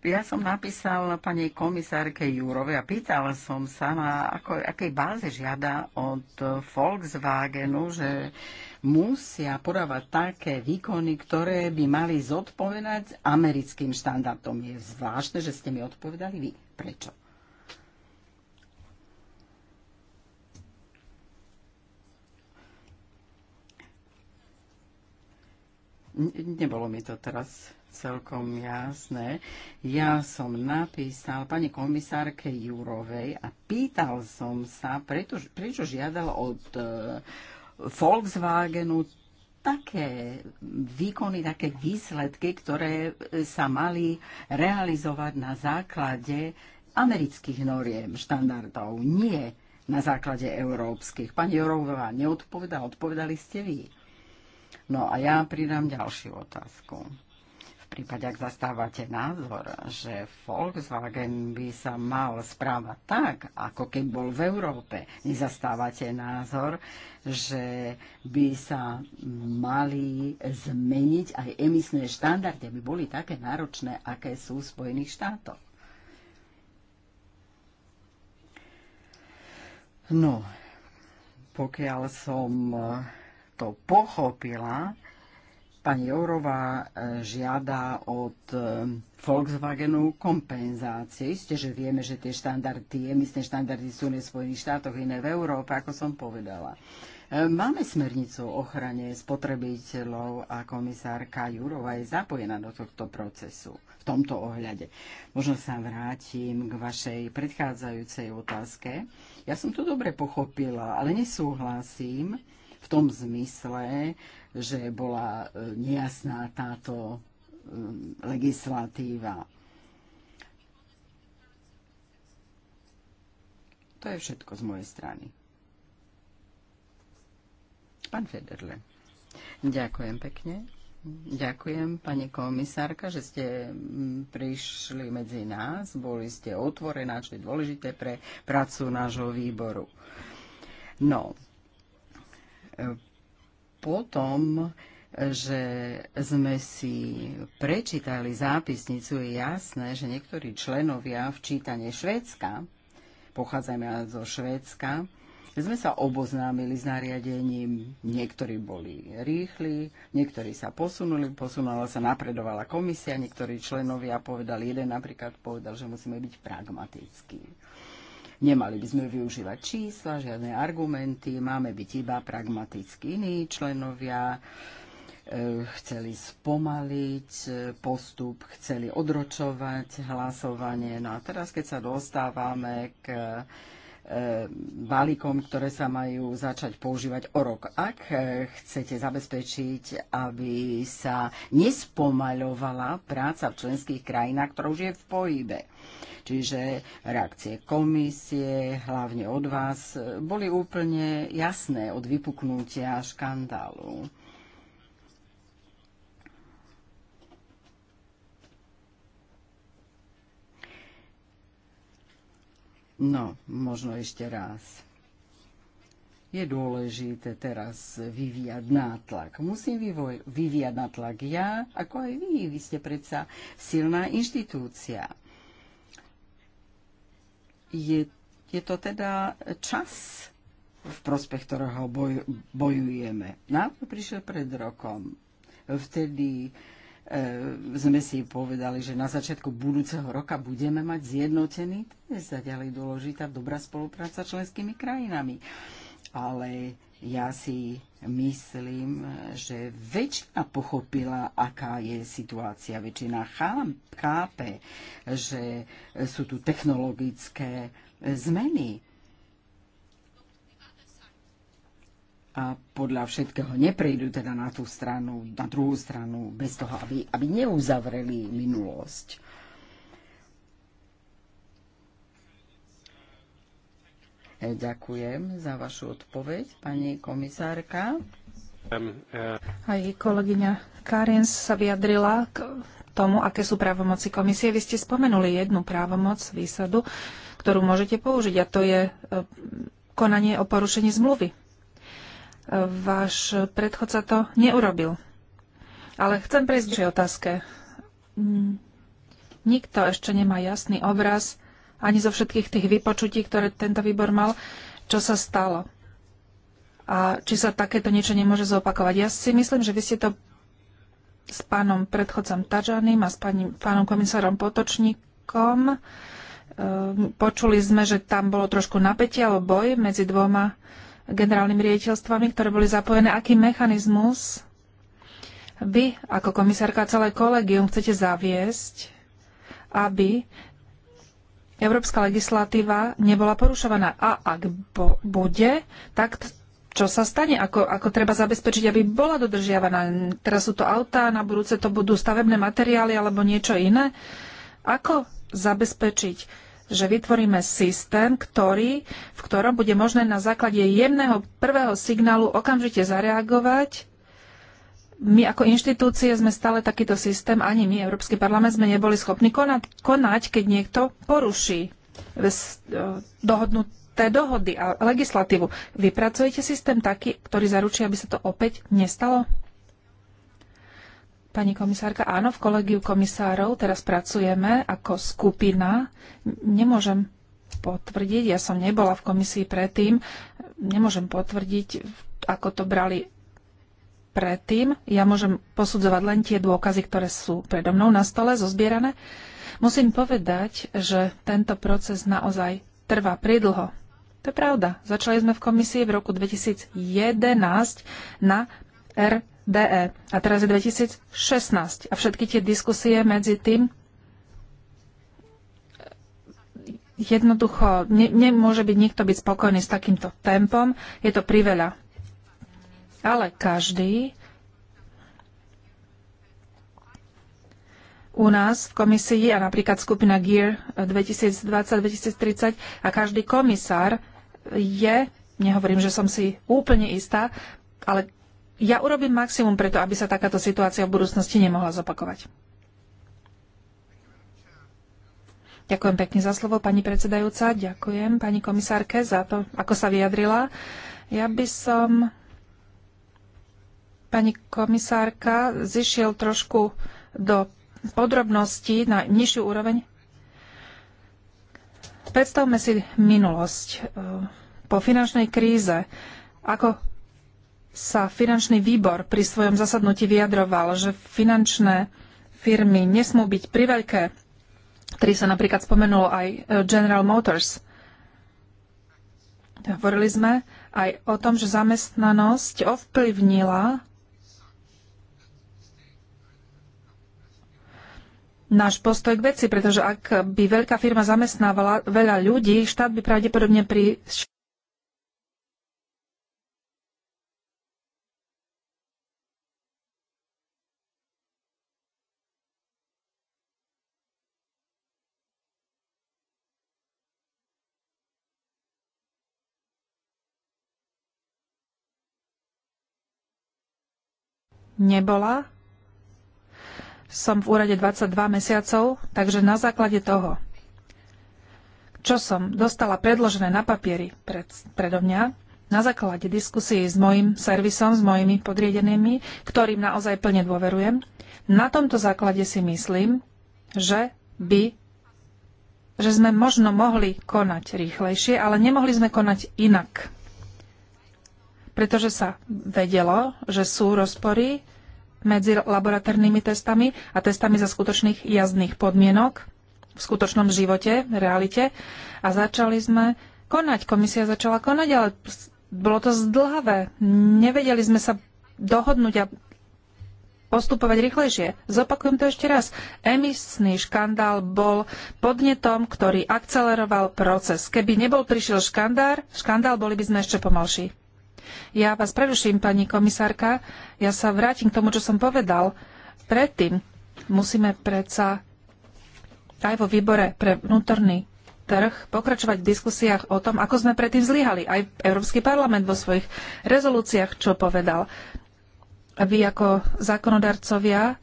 ja som napísal pani komisárke Jurove a pýtal som sa, na ako, akej báze žiada od Volkswagenu, že musia podávať také výkony, ktoré by mali zodpovedať americkým štandardom. Je zvláštne, že ste mi odpovedali vy. Prečo? Nebolo mi to teraz celkom jasné. Ja som napísal pani komisárke Jurovej a pýtal som sa, preto, prečo žiadal od e, Volkswagenu také výkony, také výsledky, ktoré sa mali realizovať na základe amerických noriem, štandardov, nie na základe európskych. Pani Jorová neodpovedala, odpovedali ste vy. No a ja pridám ďalšiu otázku prípade, ak zastávate názor, že Volkswagen by sa mal správať tak, ako keď bol v Európe, nezastávate názor, že by sa mali zmeniť aj emisné štandardy, aby boli také náročné, aké sú v Spojených štátoch. No, pokiaľ som to pochopila, Pani Jourová e, žiada od e, Volkswagenu kompenzácie. Isté, že vieme, že tie štandardy, emisné štandardy sú v Spojených štátoch, iné v Európe, ako som povedala. E, máme smernicu o ochrane spotrebiteľov a komisárka Jurova je zapojená do tohto procesu v tomto ohľade. Možno sa vrátim k vašej predchádzajúcej otázke. Ja som to dobre pochopila, ale nesúhlasím v tom zmysle, že bola e, nejasná táto e, legislatíva. To je všetko z mojej strany. Pán Federle. Ďakujem pekne. Ďakujem, pani komisárka, že ste mm, prišli medzi nás. Boli ste otvorená, čo je dôležité pre prácu nášho výboru. No, e, potom, že sme si prečítali zápisnicu, je jasné, že niektorí členovia včítane Švédska, pochádzame zo Švédska, sme sa oboznámili s nariadením, niektorí boli rýchli, niektorí sa posunuli, posunula sa, napredovala komisia, niektorí členovia povedali, jeden napríklad povedal, že musíme byť pragmatickí. Nemali by sme využívať čísla, žiadne argumenty, máme byť iba pragmaticky iní členovia e, chceli spomaliť e, postup, chceli odročovať hlasovanie. No a teraz, keď sa dostávame k balíkom, ktoré sa majú začať používať o rok. Ak e, chcete zabezpečiť, aby sa nespomaľovala práca v členských krajinách, ktorá už je v pohybe. Čiže reakcie komisie, hlavne od vás, e, boli úplne jasné od vypuknutia škandálu. No, možno ešte raz. Je dôležité teraz vyvíjať nátlak. Musím vyvoj, vyvíjať nátlak ja, ako aj vy. Vy ste predsa silná inštitúcia. Je, je to teda čas v prospech ktorého boj, bojujeme. to prišiel pred rokom. Vtedy uh, E, sme si povedali, že na začiatku budúceho roka budeme mať zjednotený, to je zaďalej dôležitá dobrá spolupráca s členskými krajinami. Ale ja si myslím, že väčšina pochopila, aká je situácia. Väčšina chápe, že sú tu technologické zmeny. a podľa všetkého neprejdú teda na tú stranu, na druhú stranu, bez toho, aby, aby neuzavreli minulosť. E, ďakujem za vašu odpoveď, pani komisárka. E, Aj kolegyňa Karens sa vyjadrila k tomu, aké sú právomoci komisie. Vy ste spomenuli jednu právomoc výsadu, ktorú môžete použiť, a to je e, konanie o porušení zmluvy. Váš predchodca to neurobil. Ale chcem prejsť k otázke. Mm, nikto ešte nemá jasný obraz ani zo všetkých tých vypočutí, ktoré tento výbor mal, čo sa stalo. A či sa takéto niečo nemôže zopakovať. Ja si myslím, že vy ste to s pánom predchodcom Tadžaným a s pánim, pánom komisárom Potočníkom ehm, počuli sme, že tam bolo trošku napätie alebo boj medzi dvoma generálnymi riaditeľstvami, ktoré boli zapojené, aký mechanizmus vy ako komisárka celé kolegium chcete zaviesť, aby európska legislatíva nebola porušovaná. A ak bo, bude, tak čo sa stane? Ako, ako treba zabezpečiť, aby bola dodržiavaná? Teraz sú to autá, na budúce to budú stavebné materiály alebo niečo iné. Ako zabezpečiť? že vytvoríme systém, ktorý, v ktorom bude možné na základe jemného prvého signálu okamžite zareagovať. My ako inštitúcie sme stále takýto systém, ani my, Európsky parlament, sme neboli schopní konať, konať keď niekto poruší e, dohodnuté dohody a legislatívu. Vypracujete systém taký, ktorý zaručí, aby sa to opäť nestalo? Pani komisárka, áno, v kolegiu komisárov teraz pracujeme ako skupina. Nemôžem potvrdiť, ja som nebola v komisii predtým, nemôžem potvrdiť, ako to brali predtým. Ja môžem posudzovať len tie dôkazy, ktoré sú predo mnou na stole zozbierané. Musím povedať, že tento proces naozaj trvá pridlho. To je pravda. Začali sme v komisii v roku 2011 na R DE. A teraz je 2016 a všetky tie diskusie medzi tým jednoducho ne, nemôže byť nikto byť spokojný s takýmto tempom. Je to priveľa. Ale každý u nás v komisii a napríklad skupina GEAR 2020-2030 a každý komisár je, nehovorím, že som si úplne istá, ale ja urobím maximum preto, aby sa takáto situácia v budúcnosti nemohla zopakovať. Ďakujem pekne za slovo, pani predsedajúca. Ďakujem pani komisárke za to, ako sa vyjadrila. Ja by som, pani komisárka, zišiel trošku do podrobností na nižšiu úroveň. Predstavme si minulosť po finančnej kríze. Ako sa finančný výbor pri svojom zasadnutí vyjadroval, že finančné firmy nesmú byť priveľké, ktorý sa napríklad spomenulo aj e, General Motors. Hovorili sme aj o tom, že zamestnanosť ovplyvnila náš postoj k veci, pretože ak by veľká firma zamestnávala veľa ľudí, štát by pravdepodobne pri nebola. Som v úrade 22 mesiacov, takže na základe toho, čo som dostala predložené na papieri pred, predo mňa, na základe diskusie s mojim servisom, s mojimi podriedenými, ktorým naozaj plne dôverujem, na tomto základe si myslím, že by že sme možno mohli konať rýchlejšie, ale nemohli sme konať inak. Pretože sa vedelo, že sú rozpory medzi laboratórnymi testami a testami za skutočných jazdných podmienok v skutočnom živote, v realite. A začali sme konať. Komisia začala konať, ale bolo to zdlhavé. Nevedeli sme sa dohodnúť a postupovať rýchlejšie. Zopakujem to ešte raz. Emisný škandál bol podnetom, ktorý akceleroval proces. Keby nebol prišiel škandál, škandál boli by sme ešte pomalší. Ja vás preruším, pani komisárka. Ja sa vrátim k tomu, čo som povedal. Predtým musíme predsa aj vo výbore pre vnútorný trh pokračovať v diskusiách o tom, ako sme predtým zlyhali. Aj Európsky parlament vo svojich rezolúciách čo povedal. A vy ako zákonodarcovia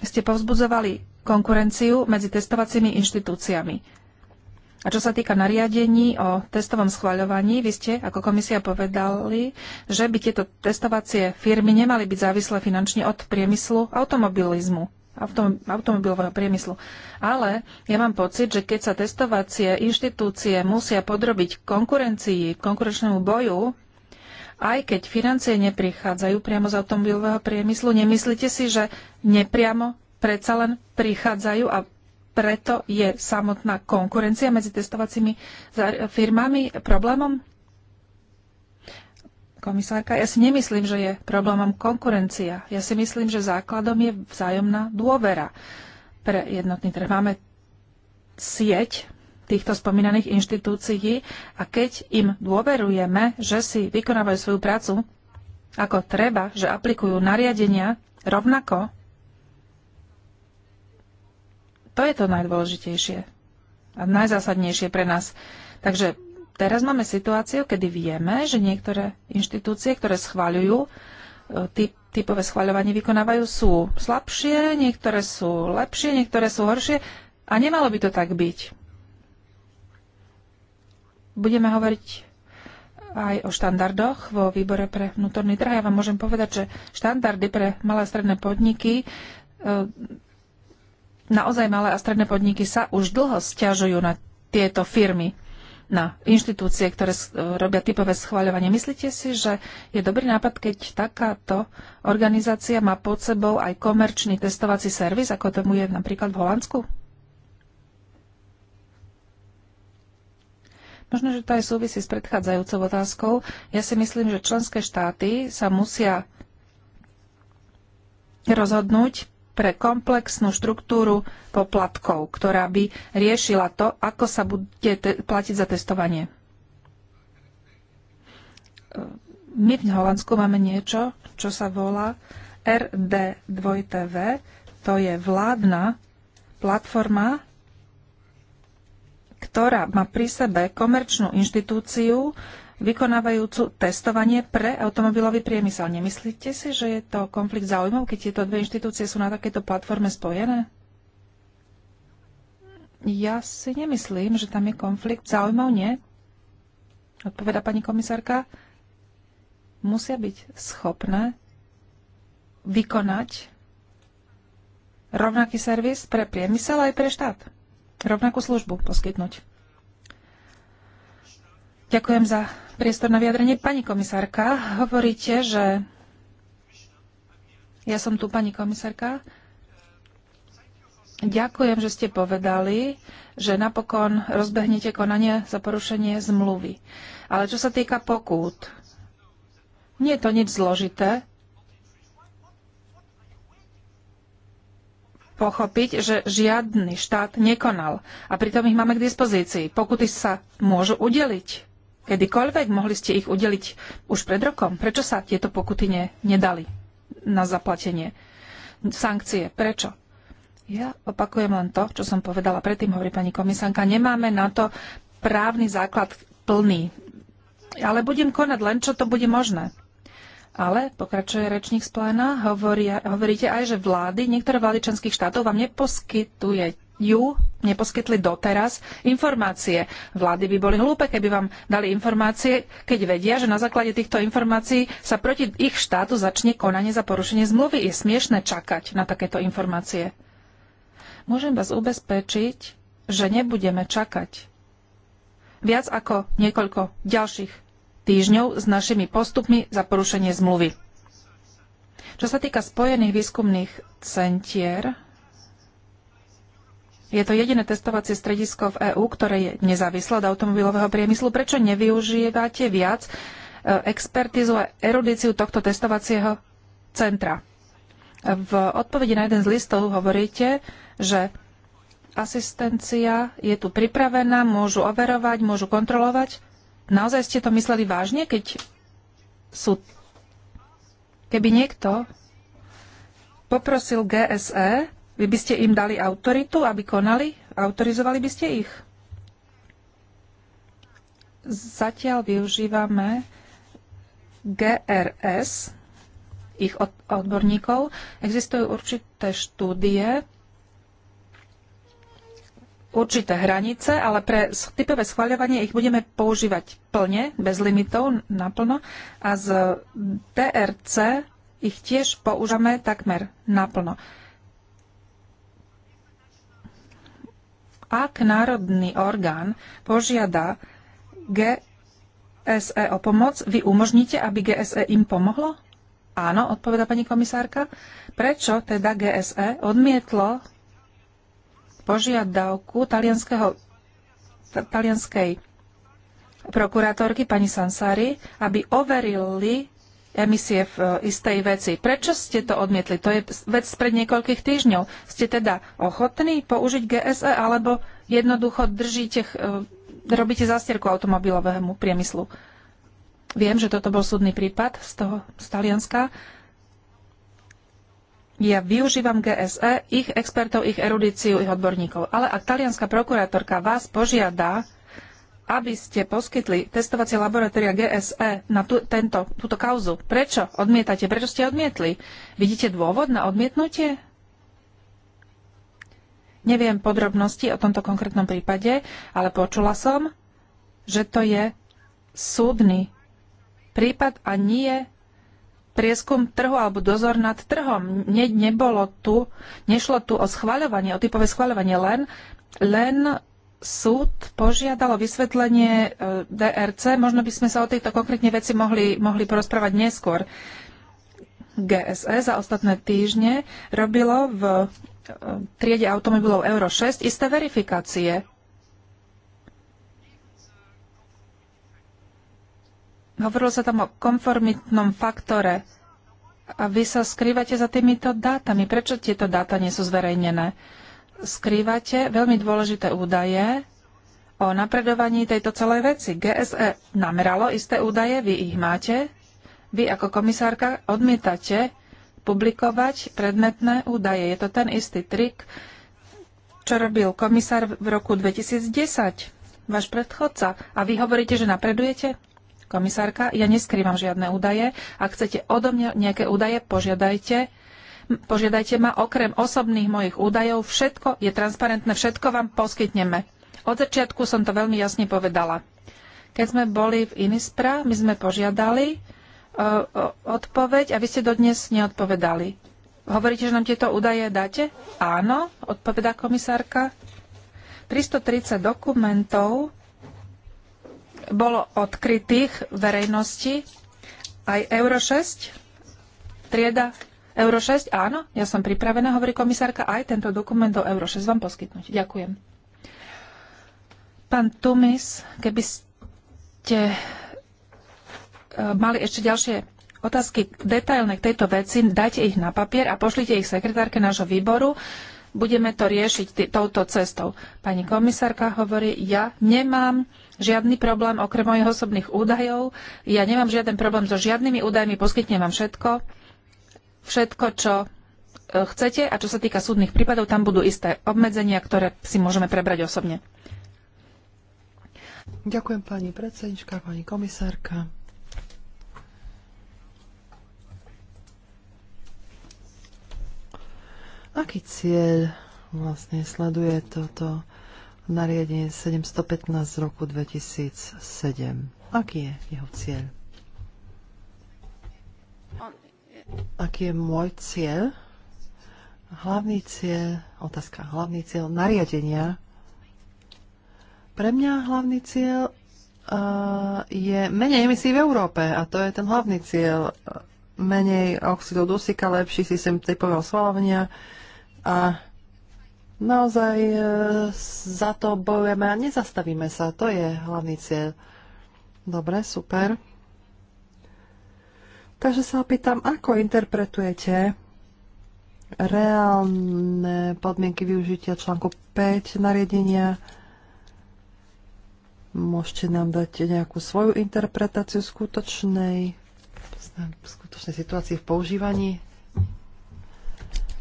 ste povzbudzovali konkurenciu medzi testovacími inštitúciami. A čo sa týka nariadení o testovom schvaľovaní, vy ste ako komisia povedali, že by tieto testovacie firmy nemali byť závislé finančne od priemyslu automobilizmu automobilového priemyslu. Ale ja mám pocit, že keď sa testovacie inštitúcie musia podrobiť konkurencii, konkurenčnému boju, aj keď financie neprichádzajú priamo z automobilového priemyslu, nemyslíte si, že nepriamo predsa len prichádzajú a preto je samotná konkurencia medzi testovacími firmami problémom? Komisárka, ja si nemyslím, že je problémom konkurencia. Ja si myslím, že základom je vzájomná dôvera pre jednotný trh. Máme sieť týchto spomínaných inštitúcií a keď im dôverujeme, že si vykonávajú svoju prácu ako treba, že aplikujú nariadenia rovnako, to je to najdôležitejšie a najzásadnejšie pre nás. Takže teraz máme situáciu, kedy vieme, že niektoré inštitúcie, ktoré schváľujú e, typ, typové schváľovanie vykonávajú, sú slabšie, niektoré sú lepšie, niektoré sú horšie a nemalo by to tak byť. Budeme hovoriť aj o štandardoch vo výbore pre vnútorný trh. Ja vám môžem povedať, že štandardy pre malé a stredné podniky e, naozaj malé a stredné podniky sa už dlho stiažujú na tieto firmy, na inštitúcie, ktoré robia typové schváľovanie. Myslíte si, že je dobrý nápad, keď takáto organizácia má pod sebou aj komerčný testovací servis, ako tomu je napríklad v Holandsku? Možno, že to aj súvisí s predchádzajúcou otázkou. Ja si myslím, že členské štáty sa musia rozhodnúť pre komplexnú štruktúru poplatkov, ktorá by riešila to, ako sa bude platiť za testovanie. My v Holandsku máme niečo, čo sa volá RD2TV. To je vládna platforma, ktorá má pri sebe komerčnú inštitúciu, vykonávajúcu testovanie pre automobilový priemysel. Nemyslíte si, že je to konflikt záujmov, keď tieto dve inštitúcie sú na takéto platforme spojené? Ja si nemyslím, že tam je konflikt záujmov, nie? Odpoveda pani komisárka. Musia byť schopné vykonať rovnaký servis pre priemysel aj pre štát. Rovnakú službu poskytnúť. Ďakujem za priestor na vyjadrenie. Pani komisárka, hovoríte, že... Ja som tu, pani komisárka. Ďakujem, že ste povedali, že napokon rozbehnete konanie za porušenie zmluvy. Ale čo sa týka pokút, nie je to nič zložité. pochopiť, že žiadny štát nekonal. A pritom ich máme k dispozícii. Pokuty sa môžu udeliť kedykoľvek? Mohli ste ich udeliť už pred rokom? Prečo sa tieto pokuty ne, nedali na zaplatenie? Sankcie. Prečo? Ja opakujem len to, čo som povedala predtým, hovorí pani komisanka. Nemáme na to právny základ plný. Ale budem konať len, čo to bude možné. Ale, pokračuje rečník z pléna, hovoria, hovoríte aj, že vlády, niektoré vlády členských štátov vám neposkytujú neposkytli doteraz informácie. Vlády by boli hlúpe, keby vám dali informácie, keď vedia, že na základe týchto informácií sa proti ich štátu začne konanie za porušenie zmluvy. Je smiešne čakať na takéto informácie. Môžem vás ubezpečiť, že nebudeme čakať. Viac ako niekoľko ďalších týždňov s našimi postupmi za porušenie zmluvy. Čo sa týka Spojených výskumných centier, je to jediné testovacie stredisko v EÚ, ktoré je nezávislé od automobilového priemyslu. Prečo nevyužívate viac e, expertizu a erudíciu tohto testovacieho centra? V odpovedi na jeden z listov hovoríte, že asistencia je tu pripravená, môžu overovať, môžu kontrolovať. Naozaj ste to mysleli vážne, keď sú... Keby niekto poprosil GSE, vy by ste im dali autoritu, aby konali? Autorizovali by ste ich? Zatiaľ využívame GRS, ich odborníkov. Existujú určité štúdie, určité hranice, ale pre typové schváľovanie ich budeme používať plne, bez limitov, naplno. A z TRC ich tiež používame takmer naplno. ak národný orgán požiada GSE o pomoc, vy umožníte, aby GSE im pomohlo? Áno, odpoveda pani komisárka. Prečo teda GSE odmietlo požiadavku talianskej prokurátorky pani Sansari, aby overili emisie v e, istej veci. Prečo ste to odmietli? To je vec pred niekoľkých týždňov. Ste teda ochotní použiť GSE alebo jednoducho držíte, e, robíte zastierku automobilovému priemyslu? Viem, že toto bol súdny prípad z toho z Talianska. Ja využívam GSE, ich expertov, ich erudíciu, ich odborníkov. Ale ak talianská prokurátorka vás požiada, aby ste poskytli testovacie laboratória GSE na tú, tento, túto kauzu. Prečo odmietate? Prečo ste odmietli? Vidíte dôvod na odmietnutie? Neviem podrobnosti o tomto konkrétnom prípade, ale počula som, že to je súdny prípad a nie prieskum trhu alebo dozor nad trhom. Ne, nebolo tu, nešlo tu o schvaľovanie, o typové schvaľovanie, len, len súd požiadal o vysvetlenie e, DRC. Možno by sme sa o tejto konkrétne veci mohli, mohli porozprávať neskôr. GSE za ostatné týždne robilo v e, triede automobilov Euro 6 isté verifikácie. Hovorilo sa tam o konformitnom faktore. A vy sa skrývate za týmito dátami. Prečo tieto dáta nie sú zverejnené? skrývate veľmi dôležité údaje o napredovaní tejto celej veci. GSE nameralo isté údaje, vy ich máte. Vy ako komisárka odmietate publikovať predmetné údaje. Je to ten istý trik, čo robil komisár v roku 2010, váš predchodca. A vy hovoríte, že napredujete? Komisárka, ja neskrývam žiadne údaje. Ak chcete odo mňa nejaké údaje, požiadajte požiadajte ma, okrem osobných mojich údajov, všetko je transparentné, všetko vám poskytneme. Od začiatku som to veľmi jasne povedala. Keď sme boli v Inispra, my sme požiadali e, o, odpoveď a vy ste dodnes neodpovedali. Hovoríte, že nám tieto údaje dáte? Áno, odpovedá komisárka. 330 dokumentov bolo odkrytých verejnosti, aj Euro 6, trieda Euro 6, áno, ja som pripravená, hovorí komisárka, aj tento dokument do Euro 6 vám poskytnúť. Ďakujem. Pán Tumis, keby ste e, mali ešte ďalšie otázky detailné k tejto veci, dajte ich na papier a pošlite ich sekretárke nášho výboru. Budeme to riešiť touto cestou. Pani komisárka hovorí, ja nemám žiadny problém okrem mojich osobných údajov, ja nemám žiaden problém so žiadnymi údajmi, poskytnem vám všetko všetko, čo e, chcete a čo sa týka súdnych prípadov, tam budú isté obmedzenia, ktoré si môžeme prebrať osobne. Ďakujem pani predsednička, pani komisárka. Aký cieľ vlastne sleduje toto nariadenie 715 z roku 2007? Aký je jeho cieľ? Aký je môj cieľ? Hlavný cieľ, otázka, hlavný cieľ nariadenia. Pre mňa hlavný cieľ uh, je menej emisí v Európe a to je ten hlavný cieľ. Menej oxidov dusíka, lepší systém typového svalovania a naozaj uh, za to bojujeme a nezastavíme sa. To je hlavný cieľ. Dobre, super. Takže sa opýtam, ako interpretujete reálne podmienky využitia článku 5 nariadenia. Môžete nám dať nejakú svoju interpretáciu skutočnej, skutočnej situácii v používaní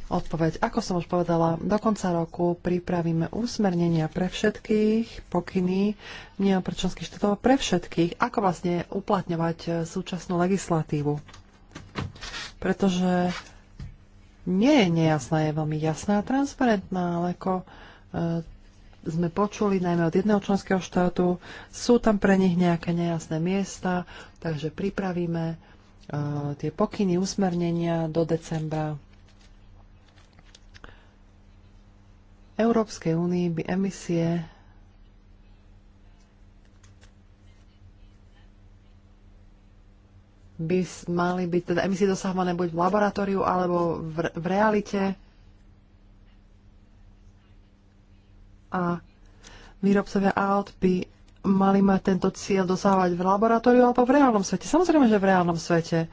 odpoveď. Ako som už povedala, do konca roku pripravíme úsmernenia pre všetkých, pokyny nie pre členských štátov, pre všetkých, ako vlastne uplatňovať e, súčasnú legislatívu. Pretože nie je nejasná, je veľmi jasná a transparentná, ale ako e, sme počuli najmä od jedného členského štátu, sú tam pre nich nejaké nejasné miesta, takže pripravíme e, tie pokyny, usmernenia do decembra Európskej únii by emisie by mali byť teda emisie dosahované buď v laboratóriu alebo v, v realite. A výrobcovia aut by mali mať tento cieľ dosahovať v laboratóriu alebo v reálnom svete. Samozrejme, že v reálnom svete.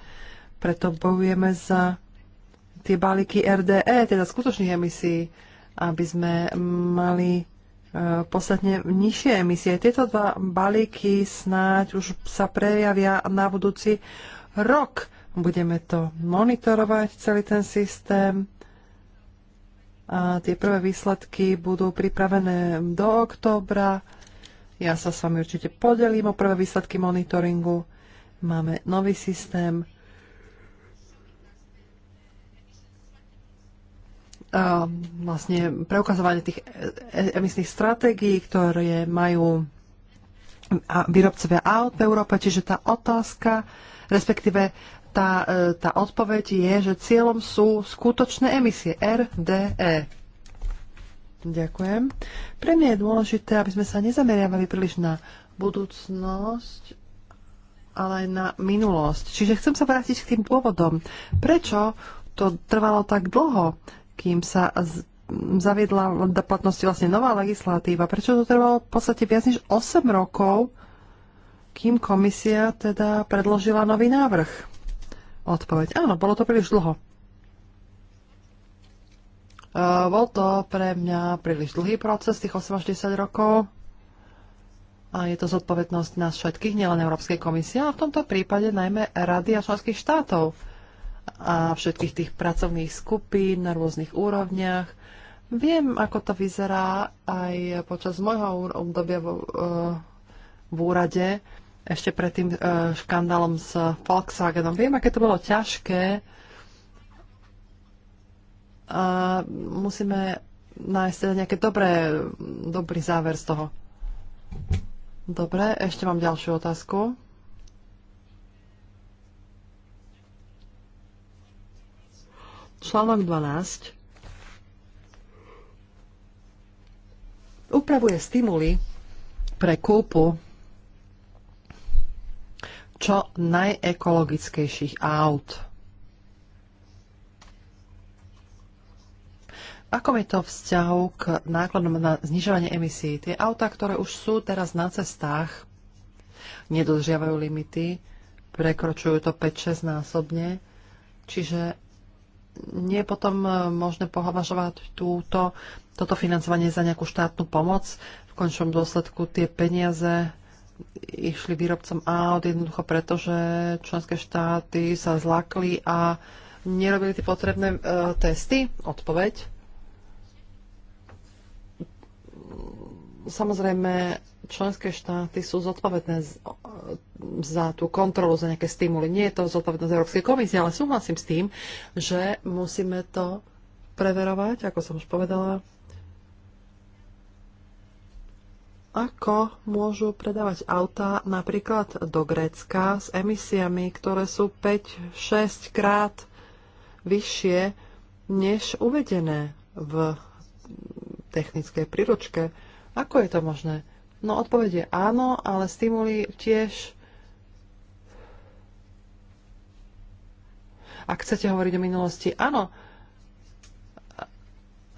Preto bojujeme za tie balíky RDE, teda skutočných emisí aby sme mali e, podstatne nižšie emisie. Tieto dva balíky snáď už sa prejavia na budúci rok. Budeme to monitorovať, celý ten systém. A tie prvé výsledky budú pripravené do októbra. Ja sa s vami určite podelím o prvé výsledky monitoringu. Máme nový systém vlastne preukazovanie tých e, e, emisných stratégií, ktoré majú výrobcovia aut v Európe. Čiže tá otázka, respektíve tá, e, tá odpoveď je, že cieľom sú skutočné emisie RDE. Ďakujem. Pre mňa je dôležité, aby sme sa nezameriavali príliš na budúcnosť, ale aj na minulosť. Čiže chcem sa vrátiť k tým pôvodom, Prečo to trvalo tak dlho? kým sa zaviedla do platnosti vlastne nová legislatíva. Prečo to trvalo v podstate viac než 8 rokov, kým komisia teda predložila nový návrh? Odpoveď. Áno, bolo to príliš dlho. Uh, bol to pre mňa príliš dlhý proces, tých 8 až 10 rokov. A je to zodpovednosť nás všetkých, nielen Európskej komisie, ale v tomto prípade najmä Rady a členských štátov a všetkých tých pracovných skupín na rôznych úrovniach. Viem, ako to vyzerá aj počas môjho obdobia v, e, v úrade, ešte pred tým e, škandálom s Volkswagenom. Viem, aké to bolo ťažké a e, musíme nájsť teda nejaké dobré, dobrý záver z toho. Dobre, ešte mám ďalšiu otázku. Článok 12 upravuje stimuly pre kúpu čo najekologickejších aut. Ako je to vzťahu k nákladom na znižovanie emisí? Tie auta, ktoré už sú teraz na cestách, nedodržiavajú limity, prekročujú to 5-6 násobne, čiže nie je potom e, možné pohovažovať túto, toto financovanie za nejakú štátnu pomoc. V končnom dôsledku tie peniaze išli výrobcom aut jednoducho preto, že členské štáty sa zlakli a nerobili tie potrebné e, testy. Odpoveď. Samozrejme, členské štáty sú zodpovedné za tú kontrolu, za nejaké stimuly. Nie je to zodpovednosť Európskej komisie, ale súhlasím s tým, že musíme to preverovať, ako som už povedala, ako môžu predávať auta napríklad do Grécka s emisiami, ktoré sú 5-6 krát vyššie než uvedené v technickej príručke. Ako je to možné? No odpoveď je áno, ale stimuli tiež... Ak chcete hovoriť o minulosti, áno,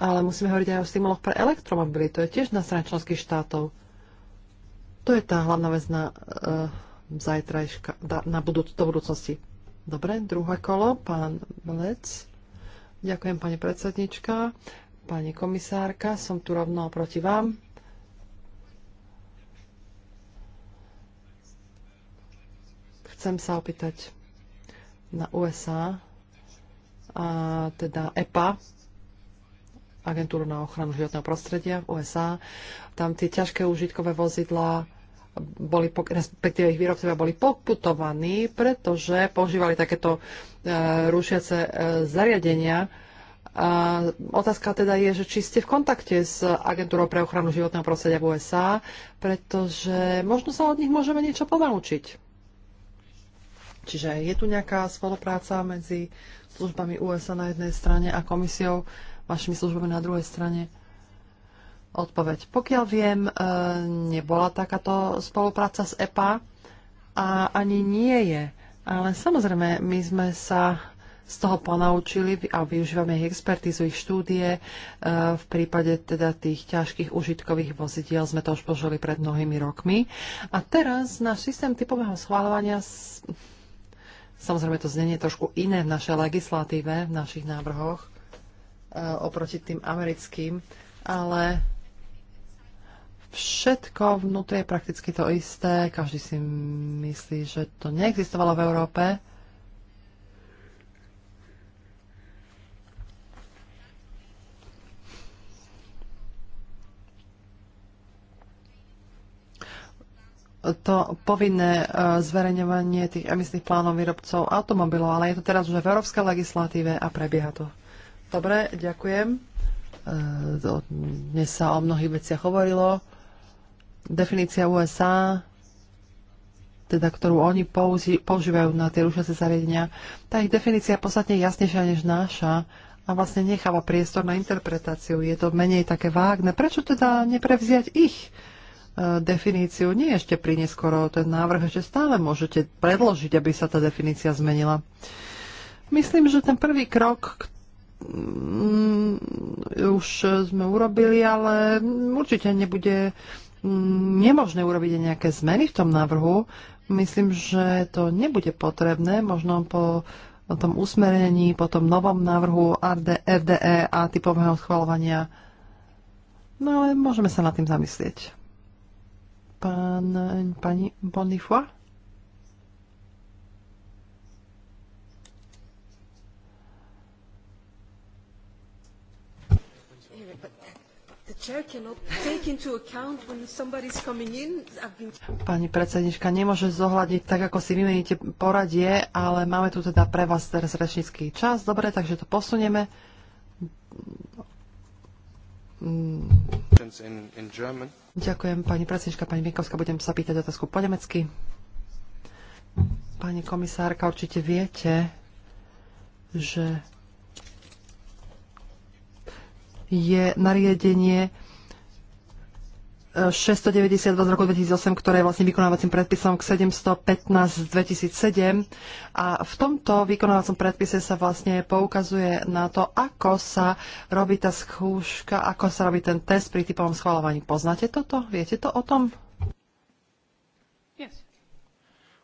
ale musíme hovoriť aj o stimuloch pre elektromobily. To je tiež na strane členských štátov. To je tá hlavná vec na, uh, zajtrajška, na budúc- do budúcnosti. Dobre, druhé kolo, pán Lec. Ďakujem, pani predsednička, pani komisárka, som tu rovno oproti vám. Chcem sa opýtať na USA, a teda EPA, agentúru na ochranu životného prostredia v USA. Tam tie ťažké užitkové vozidlá boli, respektíve ich výrobcovia boli pokutovaní, pretože používali takéto e, rušiace e, zariadenia. A otázka teda je, že či ste v kontakte s agentúrou pre ochranu životného prostredia v USA, pretože možno sa od nich môžeme niečo ponaučiť. Čiže je tu nejaká spolupráca medzi službami USA na jednej strane a komisiou, vašimi službami na druhej strane? Odpoveď. Pokiaľ viem, e, nebola takáto spolupráca s EPA a ani nie je. Ale samozrejme, my sme sa z toho ponaučili a využívame ich expertizu, ich štúdie. E, v prípade teda tých ťažkých užitkových vozidiel sme to už požili pred mnohými rokmi. A teraz náš systém typového schváľovania Samozrejme, to znenie je trošku iné v našej legislatíve, v našich návrhoch e, oproti tým americkým, ale všetko vnútri je prakticky to isté. Každý si myslí, že to neexistovalo v Európe. to povinné e, zverejňovanie tých emisných plánov výrobcov automobilov, ale je to teraz už v európskej legislatíve a prebieha to. Dobre, ďakujem. E, dnes sa o mnohých veciach hovorilo. Definícia USA, teda ktorú oni použi- používajú na tie rušiace zariadenia, tá ich definícia je podstatne jasnejšia než náša a vlastne necháva priestor na interpretáciu. Je to menej také vágne. Prečo teda neprevziať ich? definíciu nie ešte prineskoro ten návrh, že stále môžete predložiť, aby sa tá definícia zmenila. Myslím, že ten prvý krok mm, už sme urobili, ale určite nebude mm, nemožné urobiť nejaké zmeny v tom návrhu. Myslím, že to nebude potrebné, možno po tom usmerení, po tom novom návrhu RDE a typového schvalovania. No ale môžeme sa nad tým zamyslieť. Pán, pani Bonifoy? Pani predsednička, nemôže zohľadiť tak, ako si vymeníte poradie, ale máme tu teda pre vás teraz rečnícky čas. Dobre, takže to posunieme. In, in German. Ďakujem, pani predsednička, pani Vinkovská. Budem sa pýtať otázku po nemecky. Pani komisárka, určite viete, že je nariadenie 692 z roku 2008, ktoré je vlastne vykonávacím predpisom k 715 z 2007. A v tomto vykonávacom predpise sa vlastne poukazuje na to, ako sa robí tá skúška, ako sa robí ten test pri typovom schvalovaní. Poznáte toto? Viete to o tom?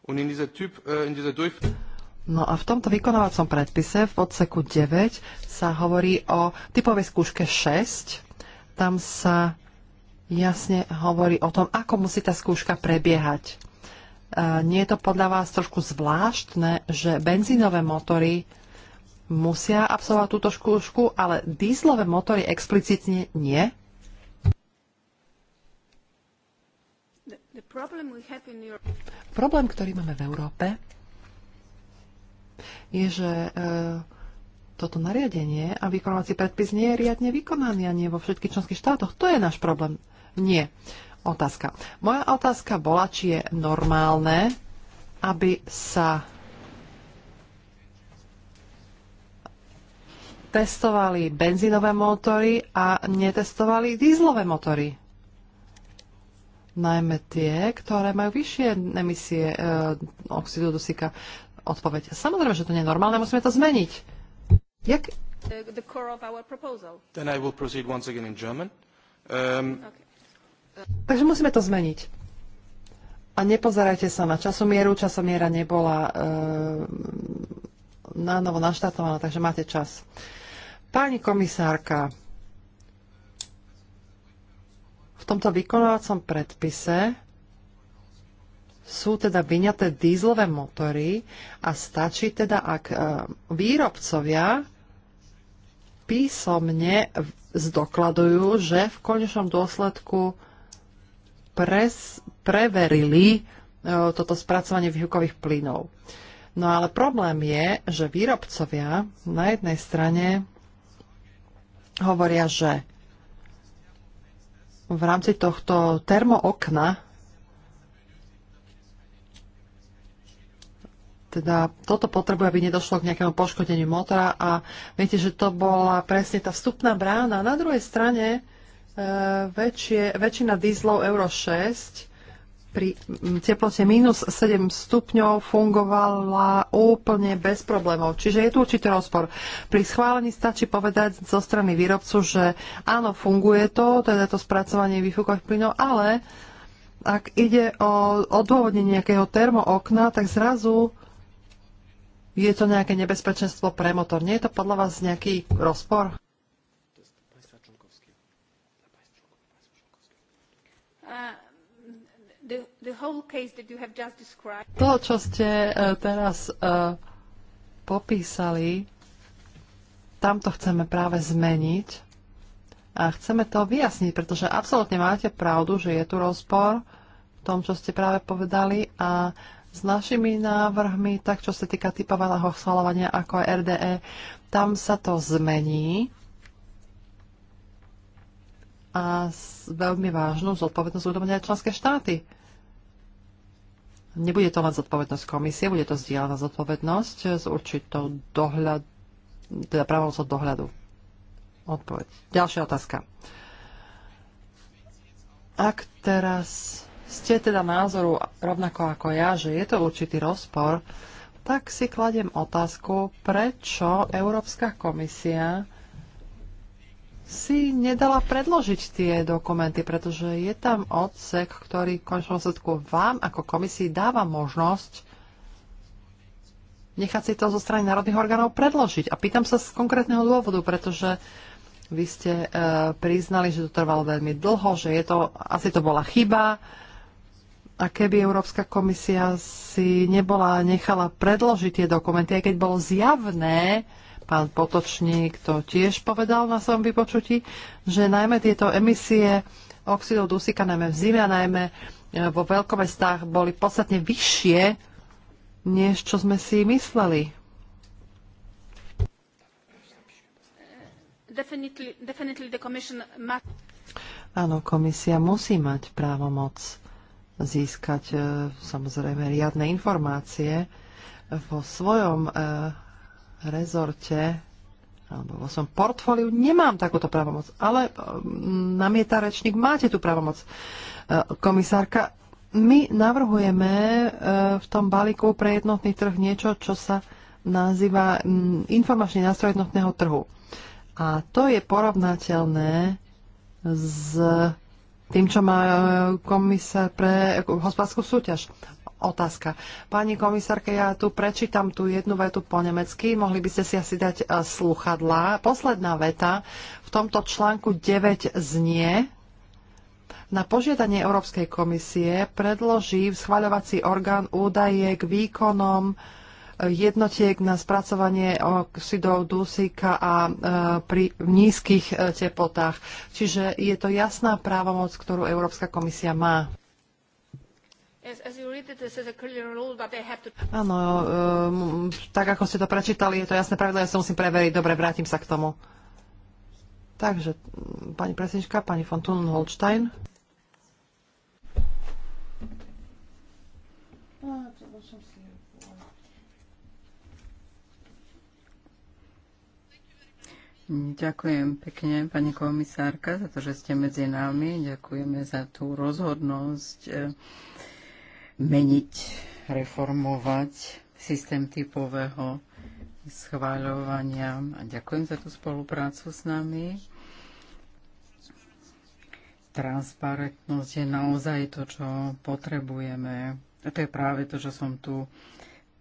Äh, no a v tomto vykonávacom predpise v odseku 9 sa hovorí o typovej skúške 6. Tam sa jasne hovorí o tom, ako musí tá skúška prebiehať. E, nie je to podľa vás trošku zvláštne, že benzínové motory musia absolvovať túto skúšku, ale dýzlové motory explicitne nie? Problém, ktorý máme v Európe, je, že e, toto nariadenie a vykonávací predpis nie je riadne vykonaný a nie vo všetkých členských štátoch. To je náš problém. Nie. Otázka. Moja otázka bola, či je normálne, aby sa testovali benzínové motory a netestovali dízlové motory. Najmä tie, ktoré majú vyššie emisie e, oxidu dusíka. Odpoveď. Samozrejme, že to nie je normálne, musíme to zmeniť Jak? The, the core of our proposal. Then I will proceed once again in German. Um... Okay. Takže musíme to zmeniť. A nepozerajte sa na časomieru, časomiera nebola e, na novo naštartovaná, takže máte čas. Pani komisárka, v tomto vykonávacom predpise sú teda vyňaté dízlové motory a stačí teda, ak eh, výrobcovia písomne zdokladujú, že v konečnom dôsledku pres, preverili e, toto spracovanie výhukových plynov. No ale problém je, že výrobcovia na jednej strane hovoria, že v rámci tohto termookna teda toto potrebuje, aby nedošlo k nejakému poškodeniu motora a viete, že to bola presne tá vstupná brána. Na druhej strane e, väčšie, väčšina dízlov Euro 6 pri teplote minus 7 stupňov fungovala úplne bez problémov. Čiže je tu určitý rozpor. Pri schválení stačí povedať zo strany výrobcu, že áno, funguje to, teda to spracovanie výfukových plynov, ale ak ide o odôvodnenie nejakého termookna, tak zrazu je to nejaké nebezpečenstvo pre motor. Nie je to podľa vás nejaký rozpor? To, čo ste e, teraz e, popísali, tam to chceme práve zmeniť a chceme to vyjasniť, pretože absolútne máte pravdu, že je tu rozpor v tom, čo ste práve povedali a s našimi návrhmi, tak čo sa týka typovaného schvalovania ako aj RDE, tam sa to zmení a s veľmi vážnou zodpovednosť aj členské štáty. Nebude to len zodpovednosť komisie, bude to zdieľaná zodpovednosť s určitou dohľad, teda právomocou dohľadu. Odpoveď. Ďalšia otázka. Ak teraz ste teda názoru rovnako ako ja, že je to určitý rozpor, tak si kladiem otázku, prečo Európska komisia si nedala predložiť tie dokumenty, pretože je tam odsek, ktorý v končnom sledku vám ako komisii dáva možnosť nechať si to zo strany národných orgánov predložiť. A pýtam sa z konkrétneho dôvodu, pretože vy ste e, priznali, že to trvalo veľmi dlho, že je to, asi to bola chyba, a keby Európska komisia si nebola nechala predložiť tie dokumenty, aj keď bolo zjavné, pán Potočník to tiež povedal na svojom vypočutí, že najmä tieto emisie oxidov dusíka najmä v zime a najmä e, vo veľkomestách boli podstatne vyššie, než čo sme si mysleli. Definitely, definitely must... Áno, komisia musí mať právomoc získať e, samozrejme riadne informácie vo svojom e, rezorte alebo vo svojom portfóliu nemám takúto právomoc, ale e, namieta rečník, máte tú právomoc. Komisárka, my navrhujeme v tom balíku pre jednotný trh niečo, čo sa nazýva informačný nástroj jednotného trhu. A to je porovnateľné s tým, čo má e, komisár pre e, hospodárskú súťaž. Otázka. Pani komisárke, ja tu prečítam tú jednu vetu po nemecky. Mohli by ste si asi dať e, sluchadlá. Posledná veta v tomto článku 9 znie, na požiadanie Európskej komisie predloží schvaľovací orgán údaje k výkonom jednotiek na spracovanie oxidov dusíka a e, pri nízkych e, teplotách. Čiže je to jasná právomoc, ktorú Európska komisia má. Áno, e, tak ako ste to prečítali, je to jasné pravidlo, ja sa musím preveriť. Dobre, vrátim sa k tomu. Takže, pani presnička, pani von Thun-Holstein. Ďakujem pekne, pani komisárka, za to, že ste medzi nami. Ďakujeme za tú rozhodnosť e, meniť, reformovať systém typového schváľovania. A ďakujem za tú spoluprácu s nami. Transparentnosť je naozaj to, čo potrebujeme. A to je práve to, čo som tu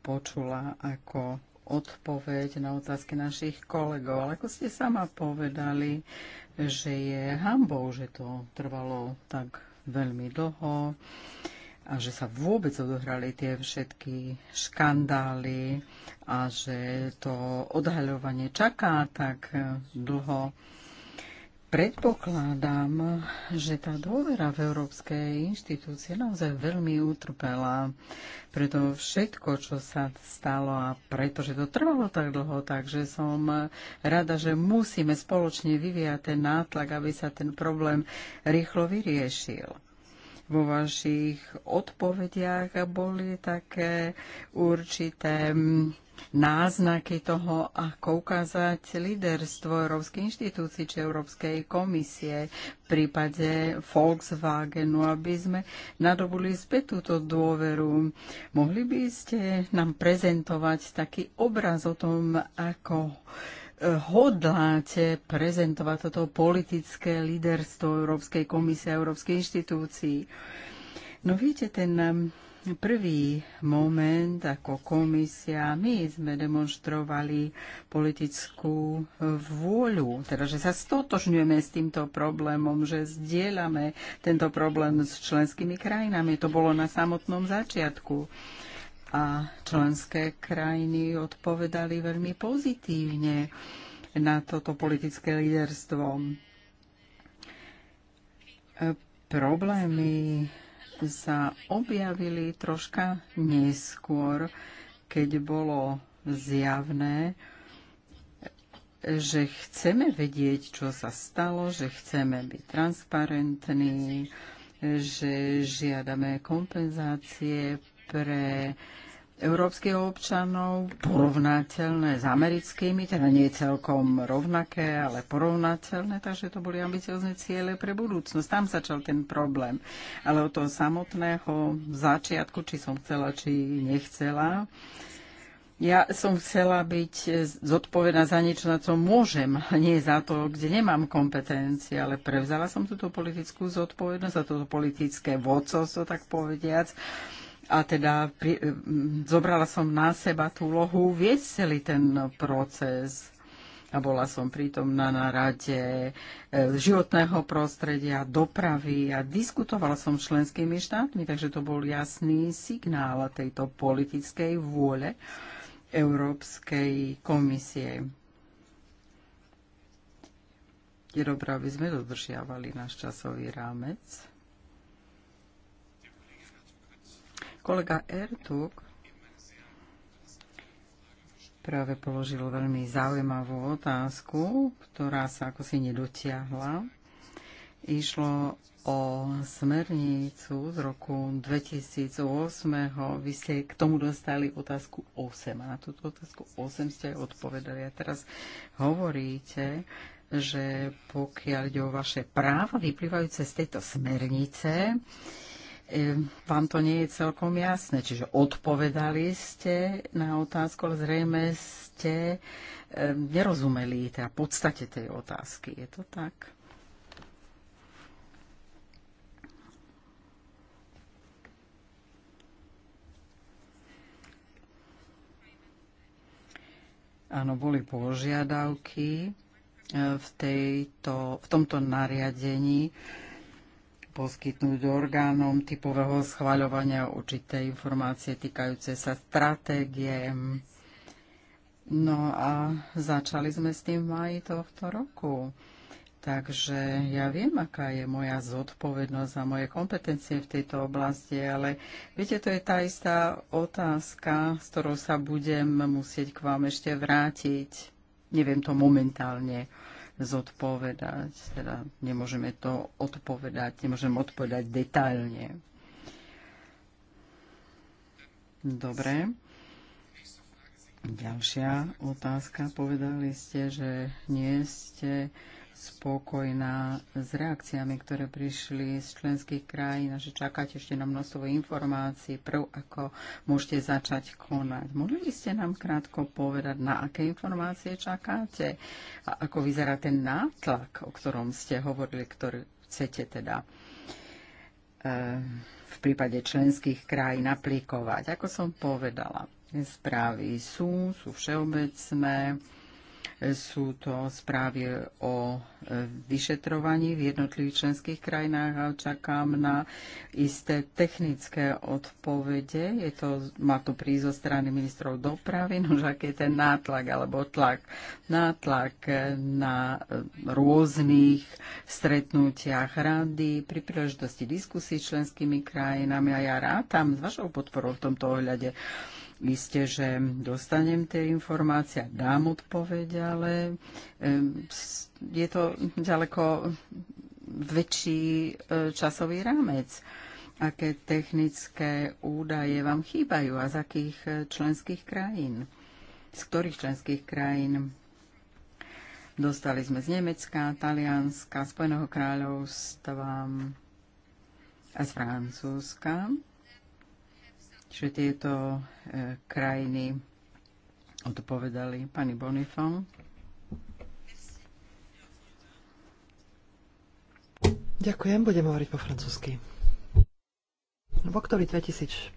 počula ako odpoveď na otázky našich kolegov. Ale ako ste sama povedali, že je hambou, že to trvalo tak veľmi dlho a že sa vôbec odohrali tie všetky škandály a že to odhaľovanie čaká tak dlho. Predpokladám, že tá dôvera v európske inštitúcie naozaj veľmi utrpela. Preto všetko, čo sa stalo a pretože to trvalo tak dlho, takže som rada, že musíme spoločne vyvíjať ten nátlak, aby sa ten problém rýchlo vyriešil. Vo vašich odpovediach boli také určité náznaky toho, ako ukázať líderstvo Európskej inštitúcii či Európskej komisie v prípade Volkswagenu, aby sme nadobuli späť túto dôveru. Mohli by ste nám prezentovať taký obraz o tom, ako e, hodláte prezentovať toto politické líderstvo Európskej komisie a Európskej inštitúcii. No viete, ten prvý moment ako komisia my sme demonstrovali politickú vôľu, teda že sa stotožňujeme s týmto problémom, že zdieľame tento problém s členskými krajinami. To bolo na samotnom začiatku. A členské krajiny odpovedali veľmi pozitívne na toto politické líderstvo. Problémy sa objavili troška neskôr, keď bolo zjavné, že chceme vedieť, čo sa stalo, že chceme byť transparentní, že žiadame kompenzácie pre európskych občanov porovnateľné s americkými, teda nie celkom rovnaké, ale porovnateľné, takže to boli ambiciozne ciele pre budúcnosť. Tam začal ten problém. Ale od toho samotného začiatku, či som chcela, či nechcela, ja som chcela byť zodpovedná za niečo, na čo môžem, nie za to, kde nemám kompetencie, ale prevzala som túto politickú zodpovednosť za toto politické vodcovstvo, tak povediac a teda pri, eh, zobrala som na seba tú lohu viesť celý ten proces a bola som prítomná na rade eh, životného prostredia, dopravy a diskutovala som s členskými štátmi, takže to bol jasný signál tejto politickej vôle Európskej komisie. Je dobré, aby sme dodržiavali náš časový rámec. Kolega Ertug práve položil veľmi zaujímavú otázku, ktorá sa ako si nedotiahla. Išlo o smernicu z roku 2008. Vy ste k tomu dostali otázku 8 a na túto otázku 8 ste aj odpovedali. A teraz hovoríte, že pokiaľ ide o vaše práva vyplývajúce z tejto smernice, E, vám to nie je celkom jasné. Čiže odpovedali ste na otázku, ale zrejme ste e, nerozumeli teda podstate tej otázky. Je to tak? Áno, boli požiadavky e, v, tejto, v tomto nariadení poskytnúť orgánom typového schvaľovania určité informácie týkajúce sa stratégie. No a začali sme s tým v maji tohto roku. Takže ja viem, aká je moja zodpovednosť a moje kompetencie v tejto oblasti, ale viete, to je tá istá otázka, s ktorou sa budem musieť k vám ešte vrátiť. Neviem to momentálne zodpovedať. Teda nemôžeme to odpovedať, nemôžeme odpovedať detailne. Dobre. Ďalšia otázka. Povedali ste, že nie ste spokojná s reakciami, ktoré prišli z členských krajín a že čakáte ešte na množstvo informácií, prv ako môžete začať konať. Mohli by ste nám krátko povedať, na aké informácie čakáte a ako vyzerá ten nátlak, o ktorom ste hovorili, ktorý chcete teda eh, v prípade členských krajín aplikovať. Ako som povedala, správy sú, sú všeobecné, sú to správy o e, vyšetrovaní v jednotlivých členských krajinách a čakám na isté technické odpovede. Je to, má to prísť zo strany ministrov dopravy, no aký je ten nátlak alebo tlak, nátlak e, na e, rôznych stretnutiach rady pri príležitosti diskusí s členskými krajinami a ja rátam s vašou podporou v tomto ohľade. Isté, že dostanem tie informácie, dám odpoveď, ale je to ďaleko väčší e, časový rámec. Aké technické údaje vám chýbajú a z akých e, členských krajín? Z ktorých členských krajín? Dostali sme z Nemecka, Talianska, Spojeného kráľovstva a z Francúzska že tieto e, krajiny odpovedali pani Bonifon. Ďakujem, budem hovoriť po francúzsky. V oktobri 2015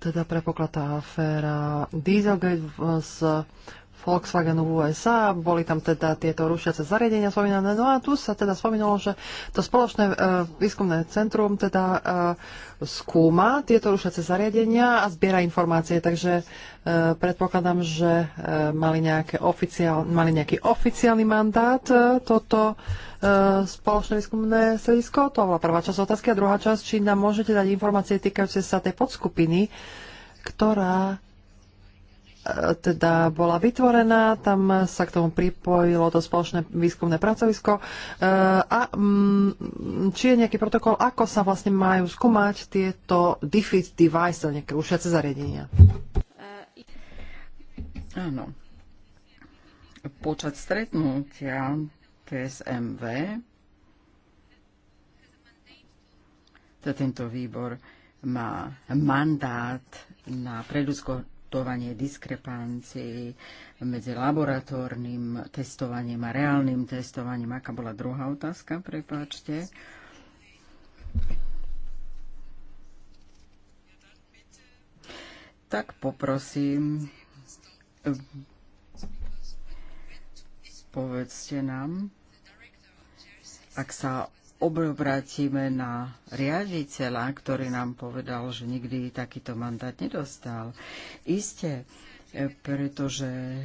teda prepoklatá aféra Dieselgate s Volkswagenu v USA, boli tam teda tieto rušiace zariadenia spomínané. No a tu sa teda spomínalo, že to spoločné uh, výskumné centrum teda uh, skúma tieto rušiace zariadenia a zbiera informácie, takže uh, predpokladám, že uh, mali, nejaké oficiál, mali nejaký oficiálny mandát uh, toto uh, spoločné výskumné stredisko. To bola prvá časť otázky a druhá časť, či nám môžete dať informácie týkajúce sa tej podskupiny, ktorá teda bola vytvorená, tam sa k tomu pripojilo to spoločné výskumné pracovisko. E, a mm, či je nejaký protokol, ako sa vlastne majú skúmať tieto defeat device, teda nejaké ušiace zariadenia? Áno. Počas stretnutia TSMV, teda tento výbor má mandát na akceptovanie diskrepancií medzi laboratórnym testovaním a reálnym testovaním. Aká bola druhá otázka, prepáčte? Tak poprosím, povedzte nám, ak sa obrátime na riaditeľa, ktorý nám povedal, že nikdy takýto mandát nedostal. Isté, e, pretože e,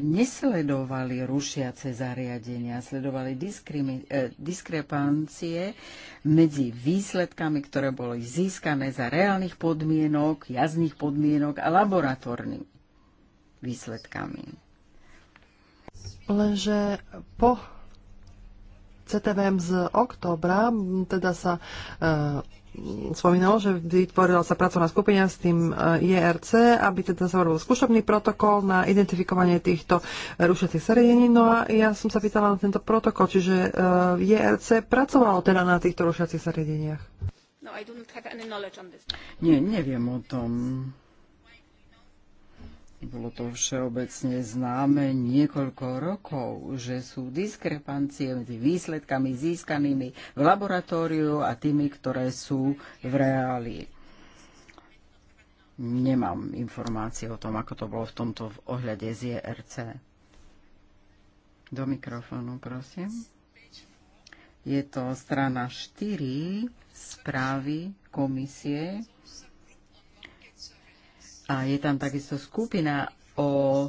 nesledovali rušiace zariadenia, sledovali diskrimi, e, diskrepancie medzi výsledkami, ktoré boli získané za reálnych podmienok, jazdných podmienok a laboratórnymi výsledkami. Lenže po CTVM z októbra, teda sa e, spomínalo, že vytvorila sa pracovná skupina s tým e, IRC, e aby teda sa robil skúšobný protokol na identifikovanie týchto rušiacich zariadení. No a ja som sa pýtala na tento protokol, čiže IRC pracovalo teda na týchto rušiacich zariadeniach. No, Nie, neviem o tom bolo to všeobecne známe niekoľko rokov, že sú diskrepancie medzi výsledkami získanými v laboratóriu a tými, ktoré sú v reáli. Nemám informácie o tom, ako to bolo v tomto ohľade z JRC. E Do mikrofónu, prosím. Je to strana 4 správy komisie a je tam takisto skupina o e,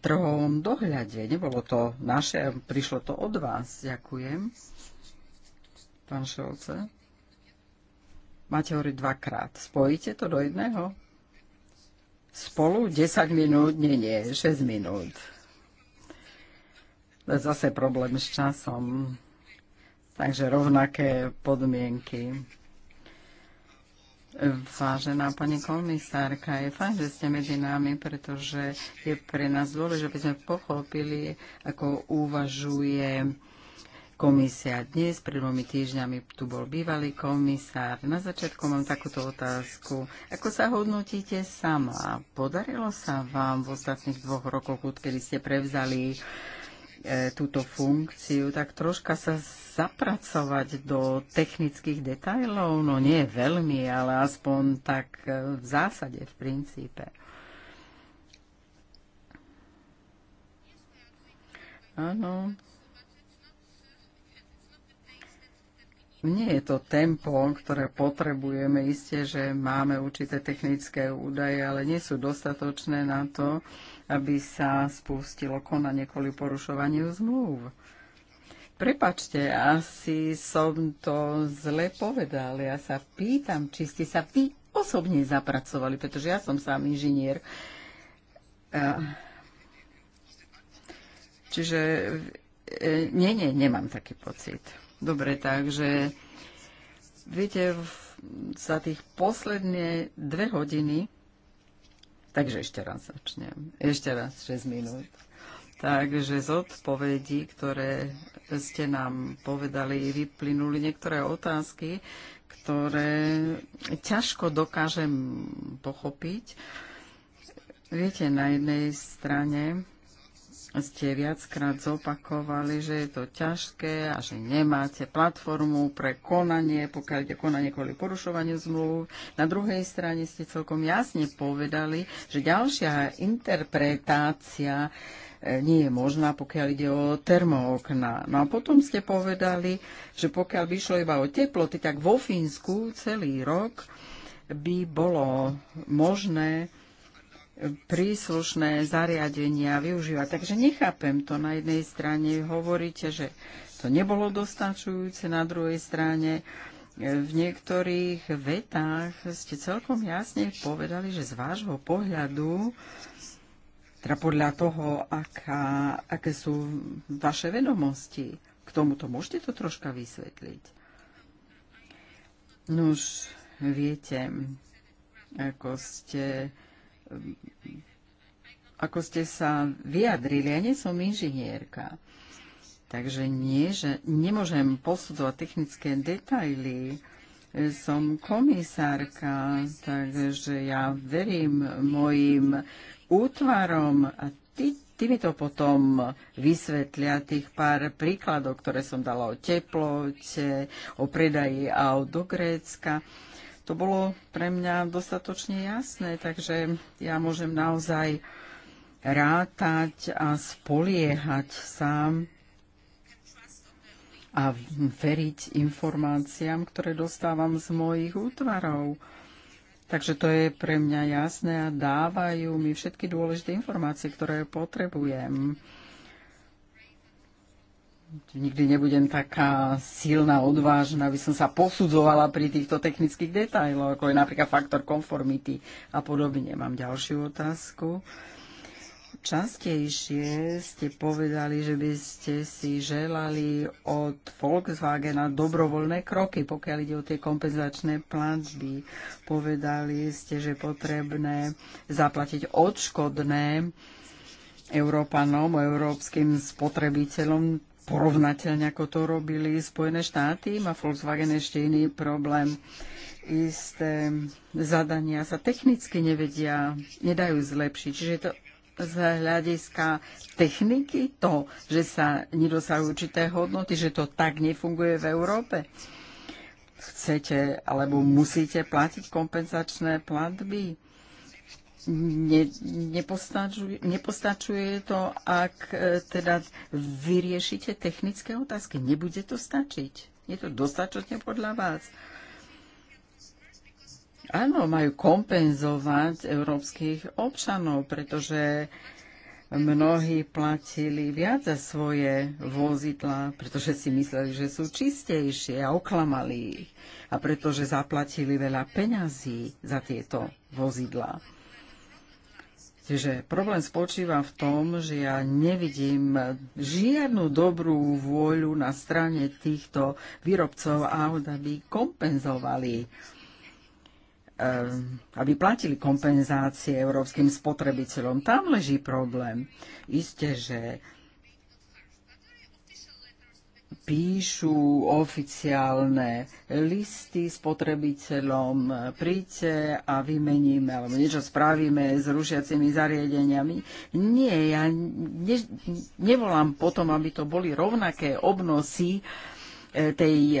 trhovom dohľade. Nebolo to naše, prišlo to od vás. Ďakujem. Pán Šolce. Máte hovoriť dvakrát. Spojíte to do jedného? Spolu 10 minút? Nie, nie, 6 minút. To je zase problém s časom. Takže rovnaké podmienky. Vážená pani komisárka, je fajn, že ste medzi nami, pretože je pre nás dôležité, aby sme pochopili, ako uvažuje komisia dnes. Pred dvomi týždňami tu bol bývalý komisár. Na začiatku mám takúto otázku. Ako sa hodnotíte sama? Podarilo sa vám v ostatných dvoch rokoch, odkedy ste prevzali E, túto funkciu, tak troška sa zapracovať do technických detajlov, no nie veľmi, ale aspoň tak e, v zásade, v princípe. Áno. Nie je to tempo, ktoré potrebujeme. Isté, že máme určité technické údaje, ale nie sú dostatočné na to, aby sa spustilo konanie kvôli porušovaniu zmluv. Prepačte, asi som to zle povedal. Ja sa pýtam, či ste sa vy osobne zapracovali, pretože ja som sám inžinier. Čiže e, nie, nie, nemám taký pocit. Dobre, takže viete, za tých posledné dve hodiny Takže ešte raz začnem. Ešte raz 6 minút. Takže z odpovedí, ktoré ste nám povedali, vyplynuli niektoré otázky, ktoré ťažko dokážem pochopiť. Viete, na jednej strane ste viackrát zopakovali, že je to ťažké a že nemáte platformu pre konanie, pokiaľ ide konanie kvôli porušovaniu zmluv. Na druhej strane ste celkom jasne povedali, že ďalšia interpretácia e, nie je možná, pokiaľ ide o termookná. No a potom ste povedali, že pokiaľ by išlo iba o teploty, tak vo Fínsku celý rok by bolo možné príslušné zariadenia využívať. Takže nechápem to. Na jednej strane hovoríte, že to nebolo dostačujúce, na druhej strane e, v niektorých vetách ste celkom jasne povedali, že z vášho pohľadu, teda podľa toho, aká, aké sú vaše vedomosti, k tomuto môžete to troška vysvetliť. Nuž, viete, ako ste ako ste sa vyjadrili, ja nie som inžinierka, takže nie, že nemôžem posudzovať technické detaily, som komisárka, takže ja verím mojim útvarom a ty, ty mi to potom vysvetlia tých pár príkladov, ktoré som dala o teplote, o predaji aut do Grécka to bolo pre mňa dostatočne jasné, takže ja môžem naozaj rátať a spoliehať sám a veriť informáciám, ktoré dostávam z mojich útvarov. Takže to je pre mňa jasné a dávajú mi všetky dôležité informácie, ktoré potrebujem nikdy nebudem taká silná, odvážna, aby som sa posudzovala pri týchto technických detailoch, ako je napríklad faktor konformity a podobne. Mám ďalšiu otázku. Častejšie ste povedali, že by ste si želali od Volkswagena dobrovoľné kroky, pokiaľ ide o tie kompenzačné platby. Povedali ste, že potrebné zaplatiť odškodné Európanom, európskym spotrebiteľom porovnateľne, ako to robili Spojené štáty. Má Volkswagen ešte iný problém. Isté zadania sa technicky nevedia, nedajú zlepšiť. Čiže to z hľadiska techniky to, že sa nedosahujú určité hodnoty, že to tak nefunguje v Európe? Chcete alebo musíte platiť kompenzačné platby? ne, nepostačuje, nepostačuje to, ak e, teda vyriešite technické otázky. Nebude to stačiť. Je to dostačotne podľa vás. Áno, majú kompenzovať európskych občanov, pretože mnohí platili viac za svoje vozidla, pretože si mysleli, že sú čistejšie a oklamali ich. A pretože zaplatili veľa peňazí za tieto vozidla. Čiže problém spočíva v tom, že ja nevidím žiadnu dobrú vôľu na strane týchto výrobcov aut, aby kompenzovali eh, aby platili kompenzácie európskym spotrebiteľom. Tam leží problém. Isté, že píšu oficiálne listy spotrebiteľom, príďte a vymeníme, alebo niečo spravíme s rušiacimi zariadeniami. Nie, ja ne, nevolám potom, aby to boli rovnaké obnosy, tej e,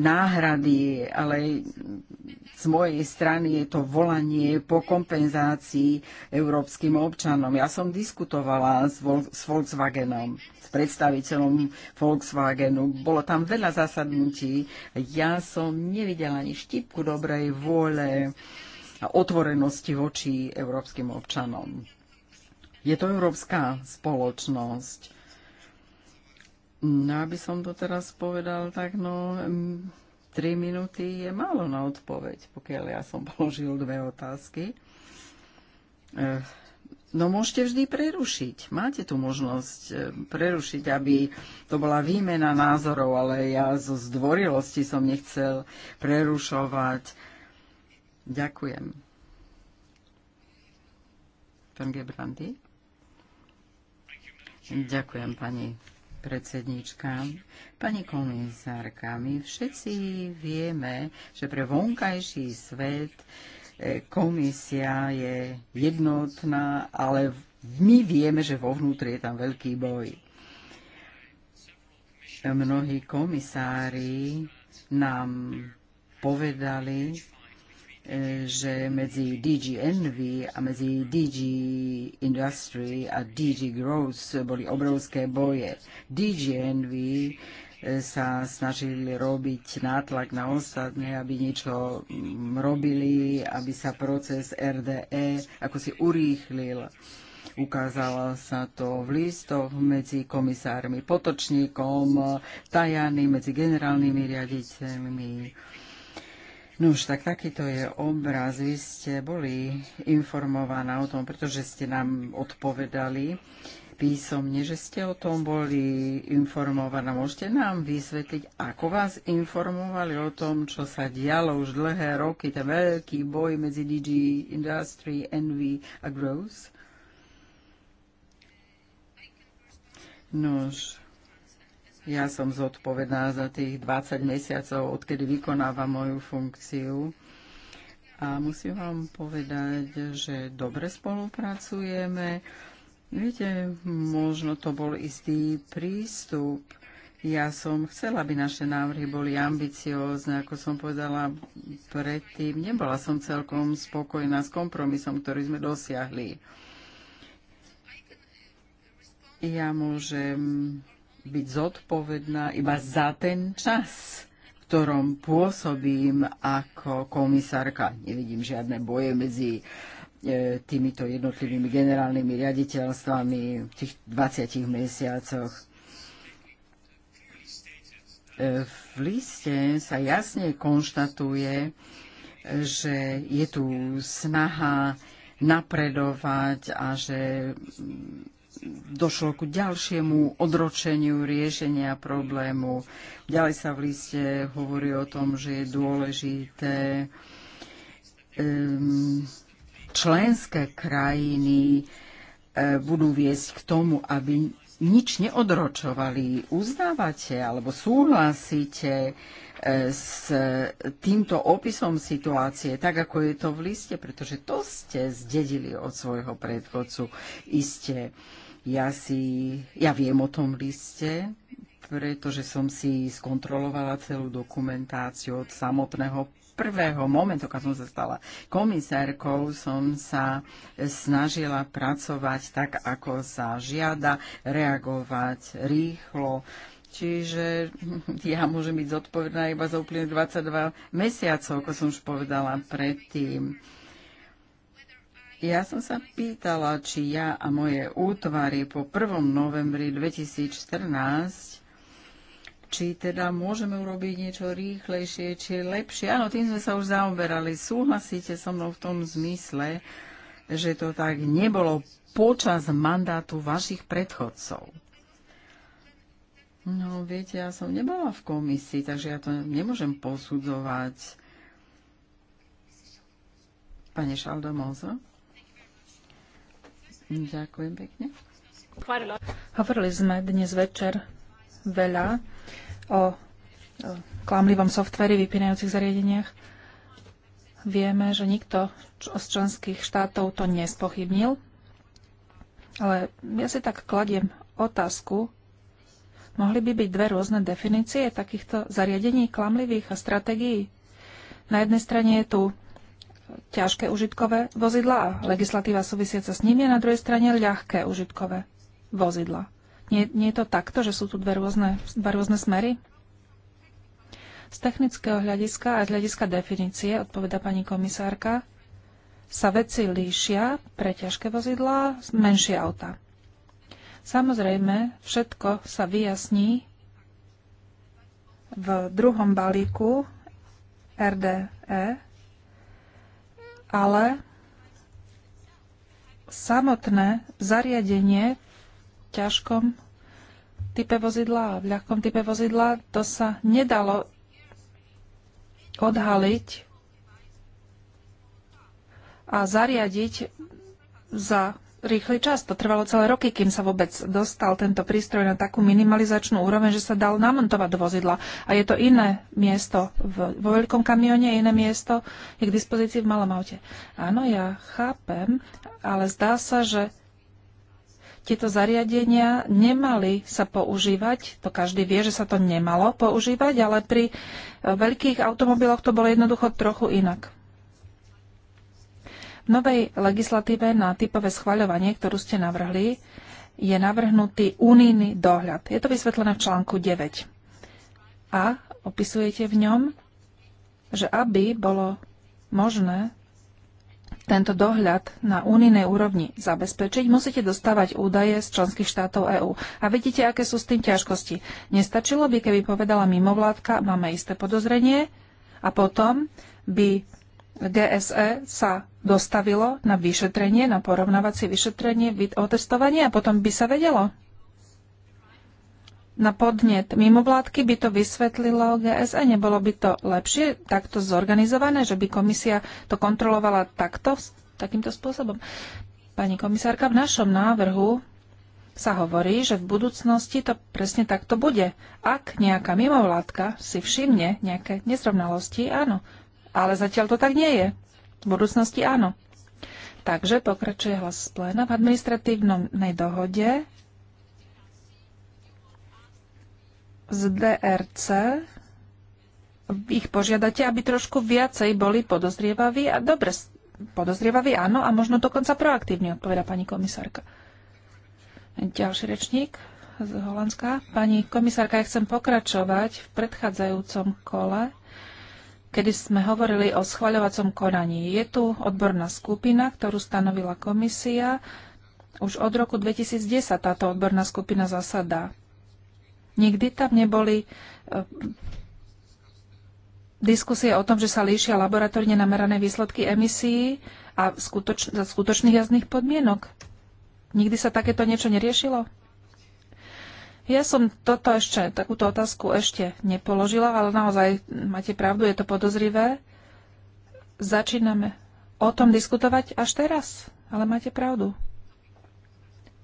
náhrady, ale z mojej strany je to volanie po kompenzácii európskym občanom. Ja som diskutovala s, Vol- s Volkswagenom, s predstaviteľom Volkswagenu. Bolo tam veľa zasadnutí. Ja som nevidela ani štipku dobrej vôle a otvorenosti voči európskym občanom. Je to európska spoločnosť No, aby som to teraz povedal, tak no, 3 minúty je málo na odpoveď, pokiaľ ja som položil dve otázky. Eh, no môžete vždy prerušiť. Máte tu možnosť eh, prerušiť, aby to bola výmena názorov, ale ja zo zdvorilosti som nechcel prerušovať. Ďakujem. Pán Gebrandy? Ďakujem, pani predsednička. Pani komisárka, my všetci vieme, že pre vonkajší svet e, komisia je jednotná, ale my vieme, že vo vnútri je tam veľký boj. Mnohí komisári nám povedali, že medzi DG Envy a medzi DG Industry a DG Growth boli obrovské boje. DG Envy e, sa snažili robiť nátlak na ostatné, aby niečo mm, robili, aby sa proces RDE ako si urýchlil. Ukázalo sa to v listoch medzi komisármi Potočníkom, Tajany, medzi generálnymi riaditeľmi No už tak takýto je obraz. Vy ste boli informovaná o tom, pretože ste nám odpovedali písomne, že ste o tom boli informovaná. Môžete nám vysvetliť, ako vás informovali o tom, čo sa dialo už dlhé roky, ten veľký boj medzi DG Industry, Envy a Growth? Nož, ja som zodpovedná za tých 20 mesiacov, odkedy vykonávam moju funkciu. A musím vám povedať, že dobre spolupracujeme. Viete, možno to bol istý prístup. Ja som chcela, aby naše návrhy boli ambiciózne, ako som povedala predtým. Nebola som celkom spokojná s kompromisom, ktorý sme dosiahli. Ja môžem byť zodpovedná iba za ten čas, v ktorom pôsobím ako komisárka. Nevidím žiadne boje medzi e, týmito jednotlivými generálnymi riaditeľstvami v tých 20 mesiacoch. E, v liste sa jasne konštatuje, že je tu snaha napredovať a že došlo ku ďalšiemu odročeniu riešenia problému. Ďalej sa v liste hovorí o tom, že je dôležité um, členské krajiny e, budú viesť k tomu, aby nič neodročovali. Uznávate alebo súhlasíte e, s týmto opisom situácie, tak ako je to v liste, pretože to ste zdedili od svojho predchodcu. Iste ja, si, ja viem o tom liste, pretože som si skontrolovala celú dokumentáciu od samotného prvého momentu, keď som sa stala komisárkou, som sa snažila pracovať tak, ako sa žiada, reagovať rýchlo. Čiže ja môžem byť zodpovedná iba za úplne 22 mesiacov, ako som už povedala predtým. Ja som sa pýtala, či ja a moje útvary po 1. novembri 2014 či teda môžeme urobiť niečo rýchlejšie, či lepšie. Áno, tým sme sa už zaoberali. Súhlasíte so mnou v tom zmysle, že to tak nebolo počas mandátu vašich predchodcov. No, viete, ja som nebola v komisii, takže ja to nemôžem posudzovať. Pane Šaldomozo? Ďakujem pekne. Hovorili sme dnes večer veľa o klamlivom softveri, vypínajúcich zariadeniach. Vieme, že nikto z členských štátov to nespochybnil, ale ja si tak kladiem otázku, mohli by byť dve rôzne definície takýchto zariadení klamlivých a stratégií. Na jednej strane je tu ťažké užitkové vozidla a legislatíva súvisiaca s nimi a na druhej strane ľahké užitkové vozidla. Nie, nie je to takto, že sú tu dve rôzne, dva rôzne smery? Z technického hľadiska a z hľadiska definície, odpoveda pani komisárka, sa veci líšia pre ťažké vozidlá, menšie auta. Samozrejme, všetko sa vyjasní v druhom balíku RDE, ale samotné zariadenie v ťažkom type vozidla a v ľahkom type vozidla, to sa nedalo odhaliť a zariadiť za rýchly čas. To trvalo celé roky, kým sa vôbec dostal tento prístroj na takú minimalizačnú úroveň, že sa dal namontovať do vozidla. A je to iné miesto v, vo veľkom kamióne, iné miesto je k dispozícii v malom aute. Áno, ja chápem, ale zdá sa, že tieto zariadenia nemali sa používať. To každý vie, že sa to nemalo používať, ale pri e, veľkých automobiloch to bolo jednoducho trochu inak. V novej legislatíve na typové schvaľovanie, ktorú ste navrhli, je navrhnutý unijný dohľad. Je to vysvetlené v článku 9. A opisujete v ňom, že aby bolo možné tento dohľad na unijnej úrovni zabezpečiť, musíte dostávať údaje z členských štátov EÚ. A vidíte, aké sú s tým ťažkosti. Nestačilo by, keby povedala mimovládka, máme isté podozrenie, a potom by GSE sa dostavilo na vyšetrenie, na porovnávacie vyšetrenie, otestovanie a potom by sa vedelo. Na podnet mimovládky by to vysvetlilo GSE, nebolo by to lepšie takto zorganizované, že by komisia to kontrolovala takto, takýmto spôsobom. Pani komisárka, v našom návrhu sa hovorí, že v budúcnosti to presne takto bude. Ak nejaká mimovládka si všimne nejaké nezrovnalosti, áno, ale zatiaľ to tak nie je. V budúcnosti áno. Takže pokračuje hlas z pléna v administratívnej dohode z DRC ich požiadate, aby trošku viacej boli podozrievaví a dobre podozrievaví, áno, a možno dokonca proaktívne, odpoveda pani komisárka. Ďalší rečník z Holandska. Pani komisárka, ja chcem pokračovať v predchádzajúcom kole kedy sme hovorili o schvaľovacom konaní. Je tu odborná skupina, ktorú stanovila komisia. Už od roku 2010 táto odborná skupina zasadá. Nikdy tam neboli eh, diskusie o tom, že sa líšia laboratórne namerané výsledky emisí a skutoč- za skutočných jazdných podmienok. Nikdy sa takéto niečo neriešilo? Ja som toto ešte, takúto otázku ešte nepoložila, ale naozaj máte pravdu, je to podozrivé. Začíname o tom diskutovať až teraz, ale máte pravdu.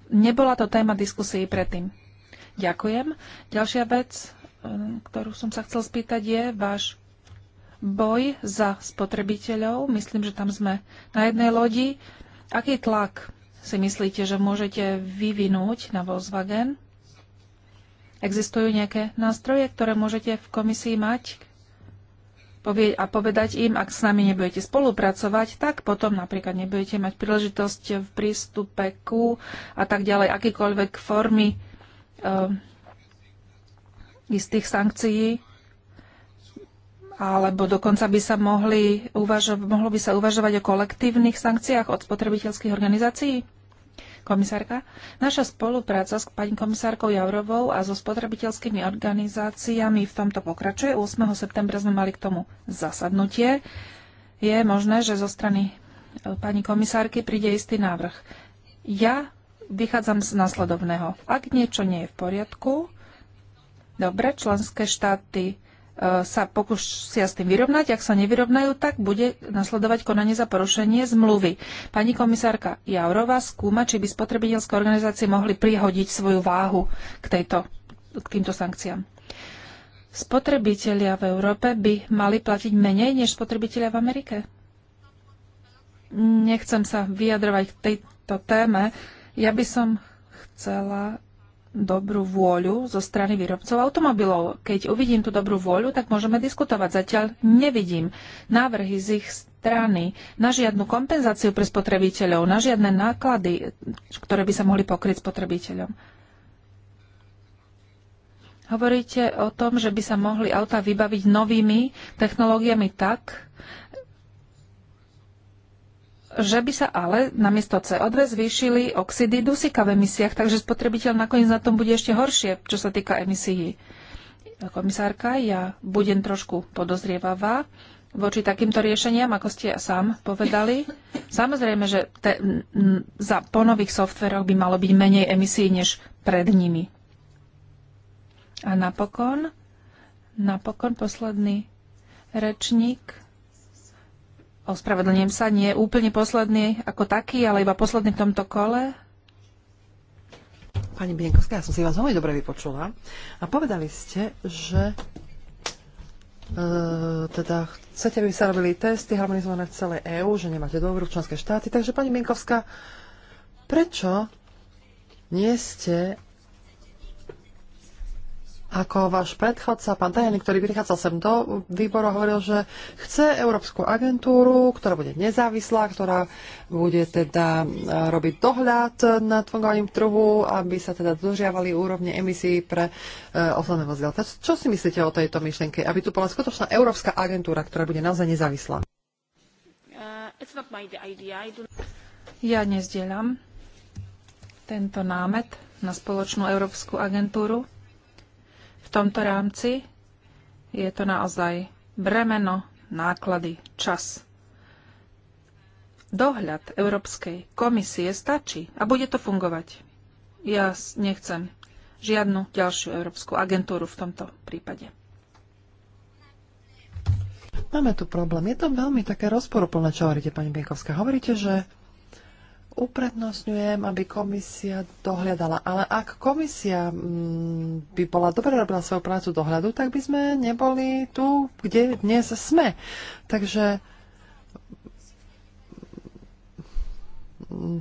Nebola to téma diskusie predtým. Ďakujem. Ďalšia vec, e, ktorú som sa chcel spýtať, je váš boj za spotrebiteľov. Myslím, že tam sme na jednej lodi. Aký tlak si myslíte, že môžete vyvinúť na Volkswagen? Existujú nejaké nástroje, ktoré môžete v komisii mať a povedať im, ak s nami nebudete spolupracovať, tak potom napríklad nebudete mať príležitosť v prístupe ku a tak ďalej, akýkoľvek formy uh, istých sankcií, alebo dokonca by sa mohli uvažo- mohlo by sa uvažovať o kolektívnych sankciách od spotrebiteľských organizácií? komisárka. Naša spolupráca s pani komisárkou Javrovou a so spotrebiteľskými organizáciami v tomto pokračuje. 8. septembra sme mali k tomu zasadnutie. Je možné, že zo strany eh, pani komisárky príde istý návrh. Ja vychádzam z následovného. Ak niečo nie je v poriadku, dobre, členské štáty E, sa pokúsia s tým vyrovnať. Ak sa nevyrovnajú, tak bude nasledovať konanie za porušenie zmluvy. Pani komisárka Jaurová skúma, či by spotrebiteľské organizácie mohli prihodiť svoju váhu k, tejto, k týmto sankciám. Spotrebitelia v Európe by mali platiť menej než spotrebitelia v Amerike? Nechcem sa vyjadrovať k tejto téme. Ja by som chcela dobrú vôľu zo strany výrobcov automobilov. Keď uvidím tú dobrú vôľu, tak môžeme diskutovať. Zatiaľ nevidím návrhy z ich strany na žiadnu kompenzáciu pre spotrebiteľov, na žiadne náklady, ktoré by sa mohli pokryť spotrebiteľom. Hovoríte o tom, že by sa mohli auta vybaviť novými technológiami tak, že by sa ale namiesto CO2 zvýšili oxidy dusíka v emisiách, takže spotrebiteľ nakoniec na tom bude ešte horšie, čo sa týka emisií. Komisárka, ja budem trošku podozrievavá voči takýmto riešeniam, ako ste sám povedali. Samozrejme, že te, m, za, po nových softveroch by malo byť menej emisí než pred nimi. A napokon, napokon posledný rečník Ospravedlňujem sa, nie úplne posledný ako taký, ale iba posledný v tomto kole. Pani Bienkovská, ja som si vás veľmi dobre vypočula a povedali ste, že e, teda chcete, aby sa robili testy harmonizované v celej EÚ, že nemáte dobrú členské štáty. Takže, pani Bienkovská, prečo nie ste ako váš predchodca, pán Tajani, ktorý prichádzal sem do výboru, hovoril, že chce Európsku agentúru, ktorá bude nezávislá, ktorá bude teda e, robiť dohľad nad fungovaním trhu, aby sa teda dodržiavali úrovne emisí pre e, osobné vozidla. Čo si myslíte o tejto myšlienke? Aby tu bola skutočná Európska agentúra, ktorá bude naozaj nezávislá. Uh, ja nezdieľam tento námet na spoločnú Európsku agentúru v tomto rámci. Je to naozaj bremeno, náklady, čas. Dohľad Európskej komisie stačí a bude to fungovať. Ja nechcem žiadnu ďalšiu európsku agentúru v tomto prípade. Máme tu problém. Je to veľmi také rozporuplné, čo hovoríte, pani Bienkovská. Hovoríte, že uprednostňujem, aby komisia dohľadala. Ale ak komisia mm, by bola dobre robila svoju prácu dohľadu, tak by sme neboli tu, kde dnes sme. Takže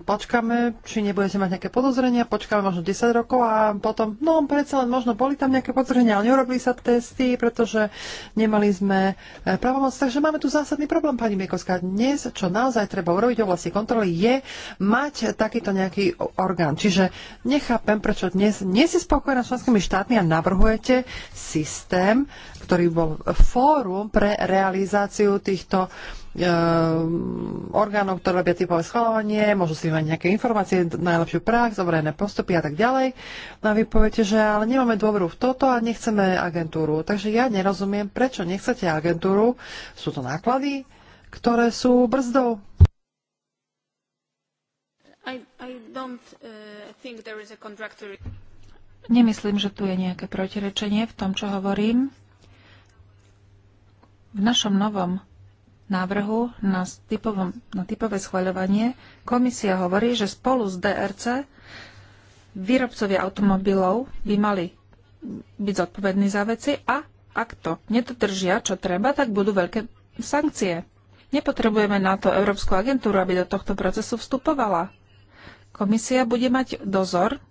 počkáme, či nebudete mať nejaké podozrenia, počkáme možno 10 rokov a potom, no predsa len možno boli tam nejaké podozrenia, ale neurobili sa testy, pretože nemali sme eh, pravomoc. Takže máme tu zásadný problém, pani Miekovská. Dnes, čo naozaj treba urobiť v oblasti kontroly, je mať takýto nejaký orgán. Čiže nechápem, prečo dnes nie si spokojná s členskými štátmi a navrhujete systém, ktorý bol fórum pre realizáciu týchto e, orgánov, ktoré robia typové schvalovanie, môžu si mať nejaké informácie, najlepšiu prax, overené postupy a tak ďalej. No a vy poviete, že ale nemáme dôveru v toto a nechceme agentúru. Takže ja nerozumiem, prečo nechcete agentúru. Sú to náklady, ktoré sú brzdou. I, I uh, contractory... Nemyslím, že tu je nejaké protirečenie v tom, čo hovorím. V našom novom návrhu na, typovom, na typové schvaľovanie komisia hovorí, že spolu s DRC výrobcovia automobilov by mali byť zodpovední za veci a ak to nedodržia, čo treba, tak budú veľké sankcie. Nepotrebujeme na to Európsku agentúru, aby do tohto procesu vstupovala. Komisia bude mať dozor,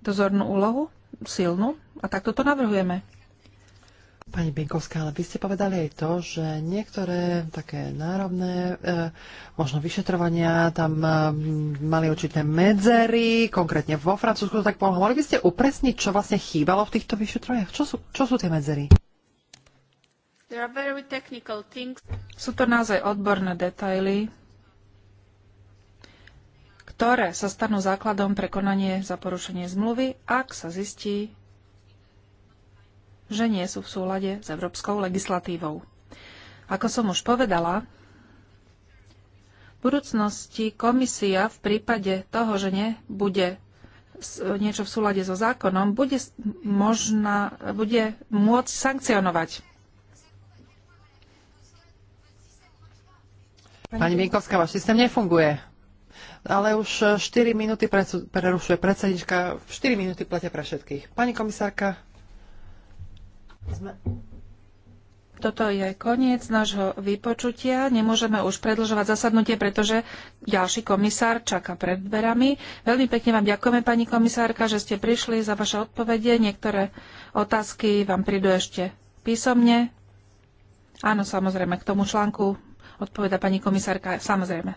dozornú úlohu, silnú a takto to navrhujeme. Pani Binkovská, ale vy ste povedali aj to, že niektoré také národné, e, eh, možno vyšetrovania tam e, mali určité medzery, konkrétne vo Francúzsku to tak pomohlo. Mohli by ste upresniť, čo vlastne chýbalo v týchto vyšetrovaniach? Čo sú, čo sú tie medzery? Sú to naozaj odborné detaily, ktoré sa stanú základom pre konanie za porušenie zmluvy, ak sa zistí, že nie sú v súlade s európskou legislatívou. Ako som už povedala, v budúcnosti komisia v prípade toho, že nebude niečo v súlade so zákonom, bude, možná, bude môcť sankcionovať. Pani Minkovská, váš systém nefunguje. Ale už 4 eh, minúty prerušuje predsednička. 4 minúty platia pre všetkých. Pani komisárka, sme... Toto je koniec nášho vypočutia. Nemôžeme už predlžovať zasadnutie, pretože ďalší komisár čaká pred dverami. Veľmi pekne vám ďakujeme, pani komisárka, že ste prišli za vaše odpovede. Niektoré otázky vám prídu ešte písomne. Áno, samozrejme, k tomu článku odpoveda pani komisárka, samozrejme.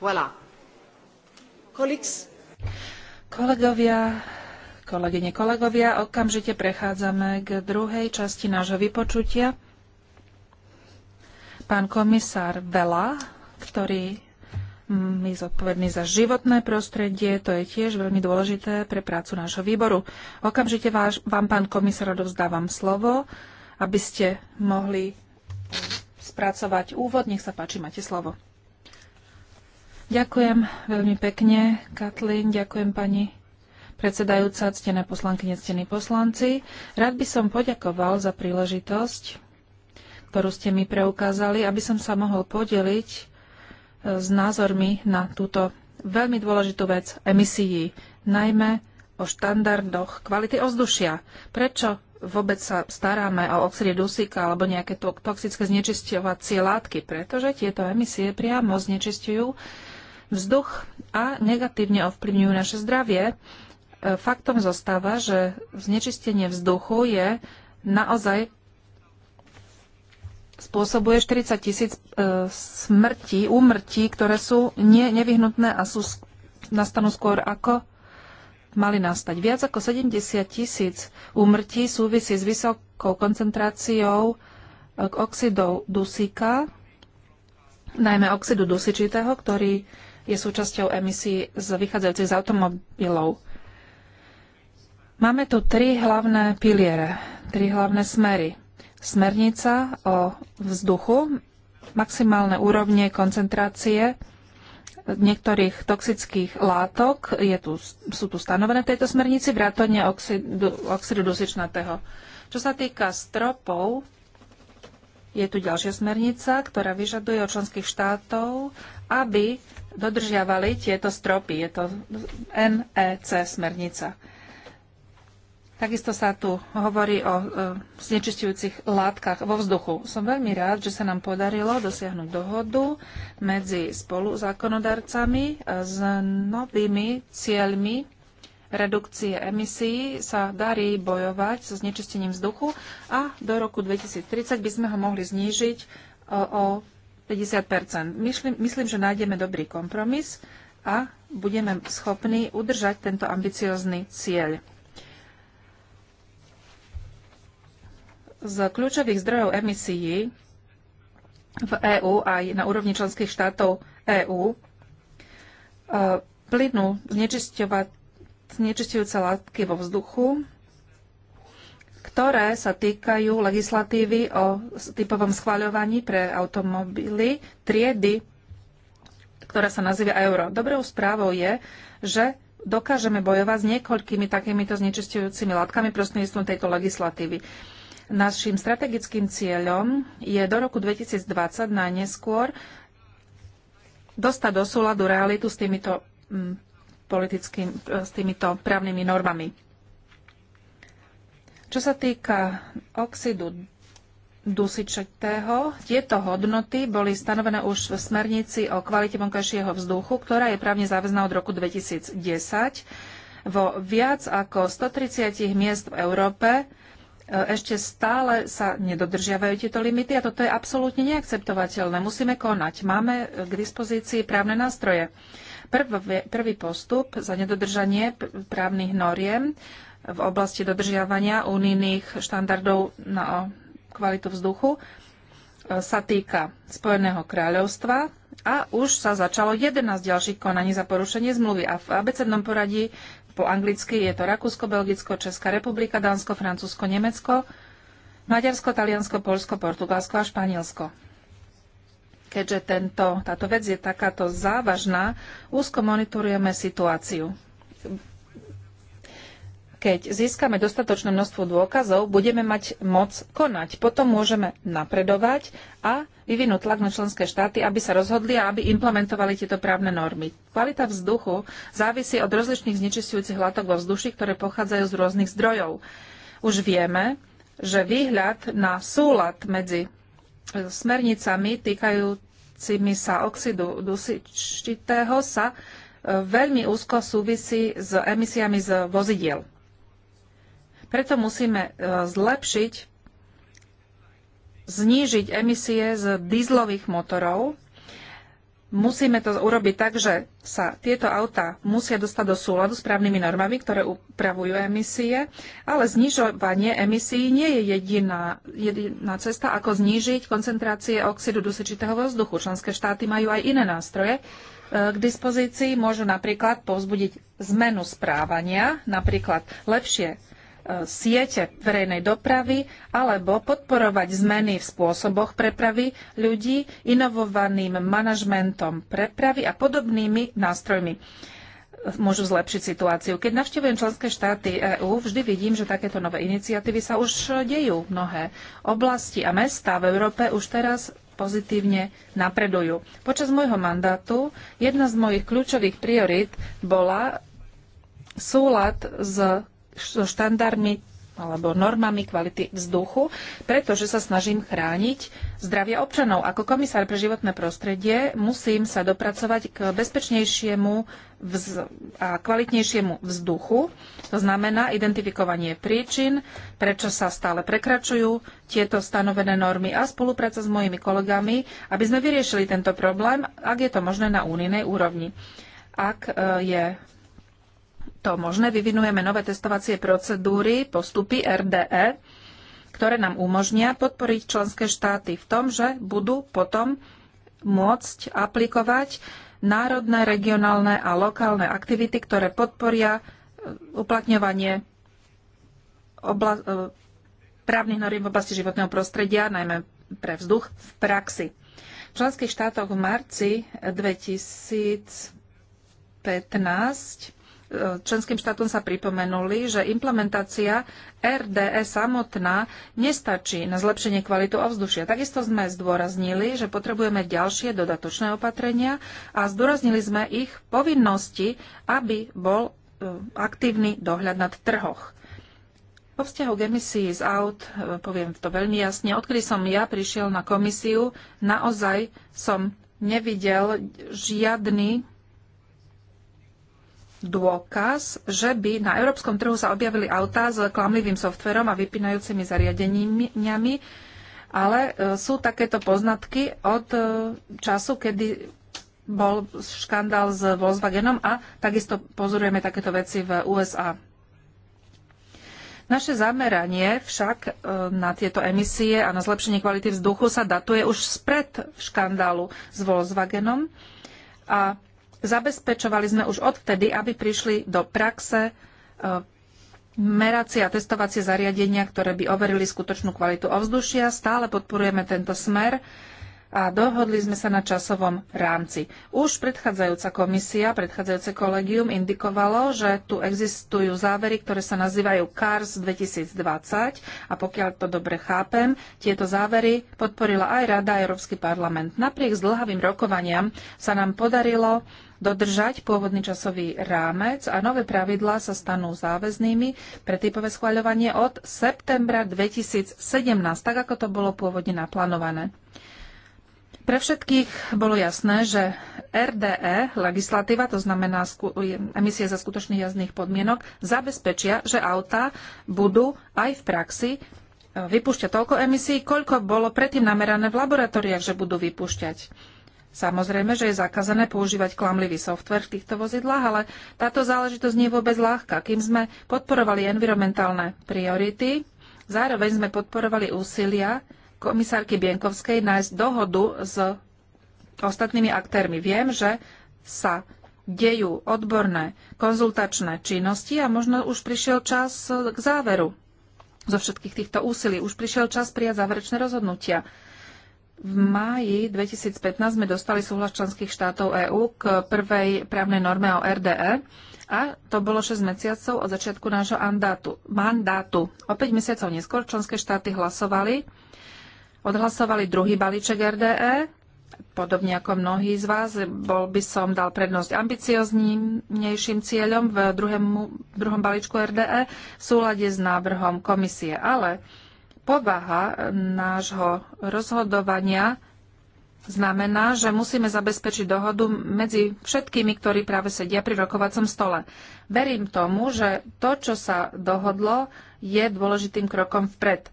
Voilà. Colleagues. Kolegovia, kolegyne, kolegovia, okamžite prechádzame k druhej časti nášho vypočutia. Pán komisár Vela, ktorý je zodpovedný za životné prostredie, to je tiež veľmi dôležité pre prácu nášho výboru. Okamžite váš, vám, pán komisár, odovzdávam slovo, aby ste mohli eh, spracovať úvod. Nech sa páči, máte slovo. Ďakujem veľmi pekne, Katlin, ďakujem pani predsedajúca, ctené poslankyne, ctení poslanci. Rád by som poďakoval za príležitosť, ktorú ste mi preukázali, aby som sa mohol podeliť e, s názormi na túto veľmi dôležitú vec emisií, najmä o štandardoch kvality ovzdušia. Prečo vôbec sa staráme o oxide dusíka alebo nejaké toxické znečisťovacie látky? Pretože tieto emisie priamo znečisťujú vzduch a negatívne ovplyvňujú naše zdravie. E, faktom zostáva, že znečistenie vzduchu je naozaj spôsobuje 40 tisíc e, smrti, úmrtí, ktoré sú nevyhnutné a sú, nastanú skôr ako mali nastať. Viac ako 70 tisíc úmrtí súvisí s vysokou koncentráciou e, oxidov dusíka, najmä oxidu dusičitého, ktorý je súčasťou emisí z vychádzajúcich z automobilov. Máme tu tri hlavné piliere, tri hlavné smery. Smernica o vzduchu, maximálne úrovne koncentrácie niektorých toxických látok je tu, sú tu stanovené v tejto smernici, vrátane oxidu, oxidu dusičnatého. Čo sa týka stropov, je tu ďalšia smernica, ktorá vyžaduje od členských štátov, aby dodržiavali tieto stropy. Je to NEC smernica. Takisto sa tu hovorí o e, znečistujúcich látkach vo vzduchu. Som veľmi rád, že sa nám podarilo dosiahnuť dohodu medzi spoluzákonodarcami s novými cieľmi redukcie emisí sa darí bojovať so znečistením vzduchu a do roku 2030 by sme ho mohli znížiť o 50 myslím, myslím, že nájdeme dobrý kompromis a budeme schopní udržať tento ambiciózny cieľ. Z kľúčových zdrojov emisií v EÚ aj na úrovni členských štátov EÚ e, plynú znečisťujúce látky vo vzduchu ktoré sa týkajú legislatívy o typovom schváľovaní pre automobily triedy, ktorá sa nazýva euro. Dobrou správou je, že dokážeme bojovať s niekoľkými takýmito znečistujúcimi látkami prostredníctvom tejto legislatívy. Naším strategickým cieľom je do roku 2020 najneskôr dostať do súladu realitu s týmito, mm, politickým, s týmito právnymi normami. Čo sa týka oxidu dusičitého, tieto hodnoty boli stanovené už v smernici o kvalite vonkajšieho vzduchu, ktorá je právne záväzná od roku 2010. Vo viac ako 130 miest v Európe e, ešte stále sa nedodržiavajú tieto limity a toto je absolútne neakceptovateľné. Musíme konať. Máme k dispozícii právne nástroje. Prvý, prvý postup za nedodržanie právnych noriem v oblasti dodržiavania unijných štandardov na kvalitu vzduchu e, sa týka Spojeného kráľovstva a už sa začalo 11 ďalších konaní za porušenie zmluvy. A v abecednom poradí po anglicky je to Rakúsko, Belgicko, Česká republika, Dánsko, Francúzsko, Nemecko, Maďarsko, Taliansko, Polsko, Portugalsko a Španielsko. Keďže tento, táto vec je takáto závažná, úzko monitorujeme situáciu keď získame dostatočné množstvo dôkazov, budeme mať moc konať. Potom môžeme napredovať a vyvinúť tlak na členské štáty, aby sa rozhodli a aby implementovali tieto právne normy. Kvalita vzduchu závisí od rozličných znečistujúcich látok vo vzduchu, ktoré pochádzajú z rôznych zdrojov. Už vieme, že výhľad na súlad medzi smernicami týkajúcimi sa oxidu dusičitého sa e, veľmi úzko súvisí s emisiami z vozidiel. Preto musíme e, zlepšiť, znížiť emisie z dízlových motorov. Musíme to urobiť tak, že sa tieto auta musia dostať do súladu s právnymi normami, ktoré upravujú emisie, ale znižovanie emisí nie je jediná, jediná cesta, ako znížiť koncentrácie oxidu dusičitého vzduchu. Členské štáty majú aj iné nástroje, e, k dispozícii môžu napríklad povzbudiť zmenu správania, napríklad lepšie siete verejnej dopravy alebo podporovať zmeny v spôsoboch prepravy ľudí inovovaným manažmentom prepravy a podobnými nástrojmi môžu zlepšiť situáciu. Keď navštevujem členské štáty EÚ, vždy vidím, že takéto nové iniciatívy sa už dejú mnohé. Oblasti a mesta v Európe už teraz pozitívne napredujú. Počas môjho mandátu jedna z mojich kľúčových priorit bola súlad s so štandardmi alebo normami kvality vzduchu, pretože sa snažím chrániť zdravie občanov. Ako komisár pre životné prostredie musím sa dopracovať k bezpečnejšiemu a kvalitnejšiemu vzduchu. To znamená identifikovanie príčin, prečo sa stále prekračujú tieto stanovené normy a spolupráca s mojimi kolegami, aby sme vyriešili tento problém, ak je to možné na únijnej úrovni. Ak e, je to možné, vyvinujeme nové testovacie procedúry, postupy RDE, ktoré nám umožnia podporiť členské štáty v tom, že budú potom môcť aplikovať národné, regionálne a lokálne aktivity, ktoré podporia e, uplatňovanie obla- e, právnych noriem v oblasti životného prostredia, najmä pre vzduch, v praxi. V členských štátoch v marci 2015 členským štátom sa pripomenuli, že implementácia RDE samotná nestačí na zlepšenie kvalitu ovzdušia. Takisto sme zdôraznili, že potrebujeme ďalšie dodatočné opatrenia a zdôraznili sme ich povinnosti, aby bol e, aktívny dohľad nad trhoch. Po vzťahu k emisii z aut, e, poviem to veľmi jasne, odkedy som ja prišiel na komisiu, naozaj som nevidel žiadny dôkaz, že by na európskom trhu sa objavili autá s klamlivým softverom a vypínajúcimi zariadeniami, ale e, sú takéto poznatky od e, času, kedy bol škandál s Volkswagenom a takisto pozorujeme takéto veci v USA. Naše zameranie však e, na tieto emisie a na zlepšenie kvality vzduchu sa datuje už spred škandálu s Volkswagenom a zabezpečovali sme už odvtedy, aby prišli do praxe e, meracie a testovacie zariadenia, ktoré by overili skutočnú kvalitu ovzdušia. Stále podporujeme tento smer a dohodli sme sa na časovom rámci. Už predchádzajúca komisia, predchádzajúce kolegium indikovalo, že tu existujú závery, ktoré sa nazývajú CARS 2020 a pokiaľ to dobre chápem, tieto závery podporila aj Rada a Európsky parlament. Napriek zdlhavým rokovaniam sa nám podarilo dodržať pôvodný časový rámec a nové pravidlá sa stanú záväznými pre typové schváľovanie od septembra 2017, tak ako to bolo pôvodne naplánované. Pre všetkých bolo jasné, že RDE, legislatíva, to znamená emisie za skutočných jazdných podmienok, zabezpečia, že autá budú aj v praxi e, vypúšťať toľko emisí, koľko bolo predtým namerané v laboratóriách, že budú vypúšťať. Samozrejme, že je zakázané používať klamlivý software v týchto vozidlách, ale táto záležitosť nie je vôbec ľahká. Kým sme podporovali environmentálne priority, zároveň sme podporovali úsilia komisárky Bienkovskej nájsť dohodu s ostatnými aktérmi. Viem, že sa dejú odborné konzultačné činnosti a možno už prišiel čas k záveru zo všetkých týchto úsilí. Už prišiel čas prijať záverečné rozhodnutia. V máji 2015 sme dostali súhlas členských štátov EÚ k prvej právnej norme o RDE a to bolo 6 mesiacov od začiatku nášho mandátu. mandátu. O 5 mesiacov neskôr členské štáty hlasovali odhlasovali druhý balíček RDE. Podobne ako mnohí z vás, bol by som dal prednosť ambicioznejším cieľom v druhém, druhom balíčku RDE v súlade s návrhom komisie. Ale povaha nášho rozhodovania znamená, že musíme zabezpečiť dohodu medzi všetkými, ktorí práve sedia pri rokovacom stole. Verím tomu, že to, čo sa dohodlo, je dôležitým krokom vpred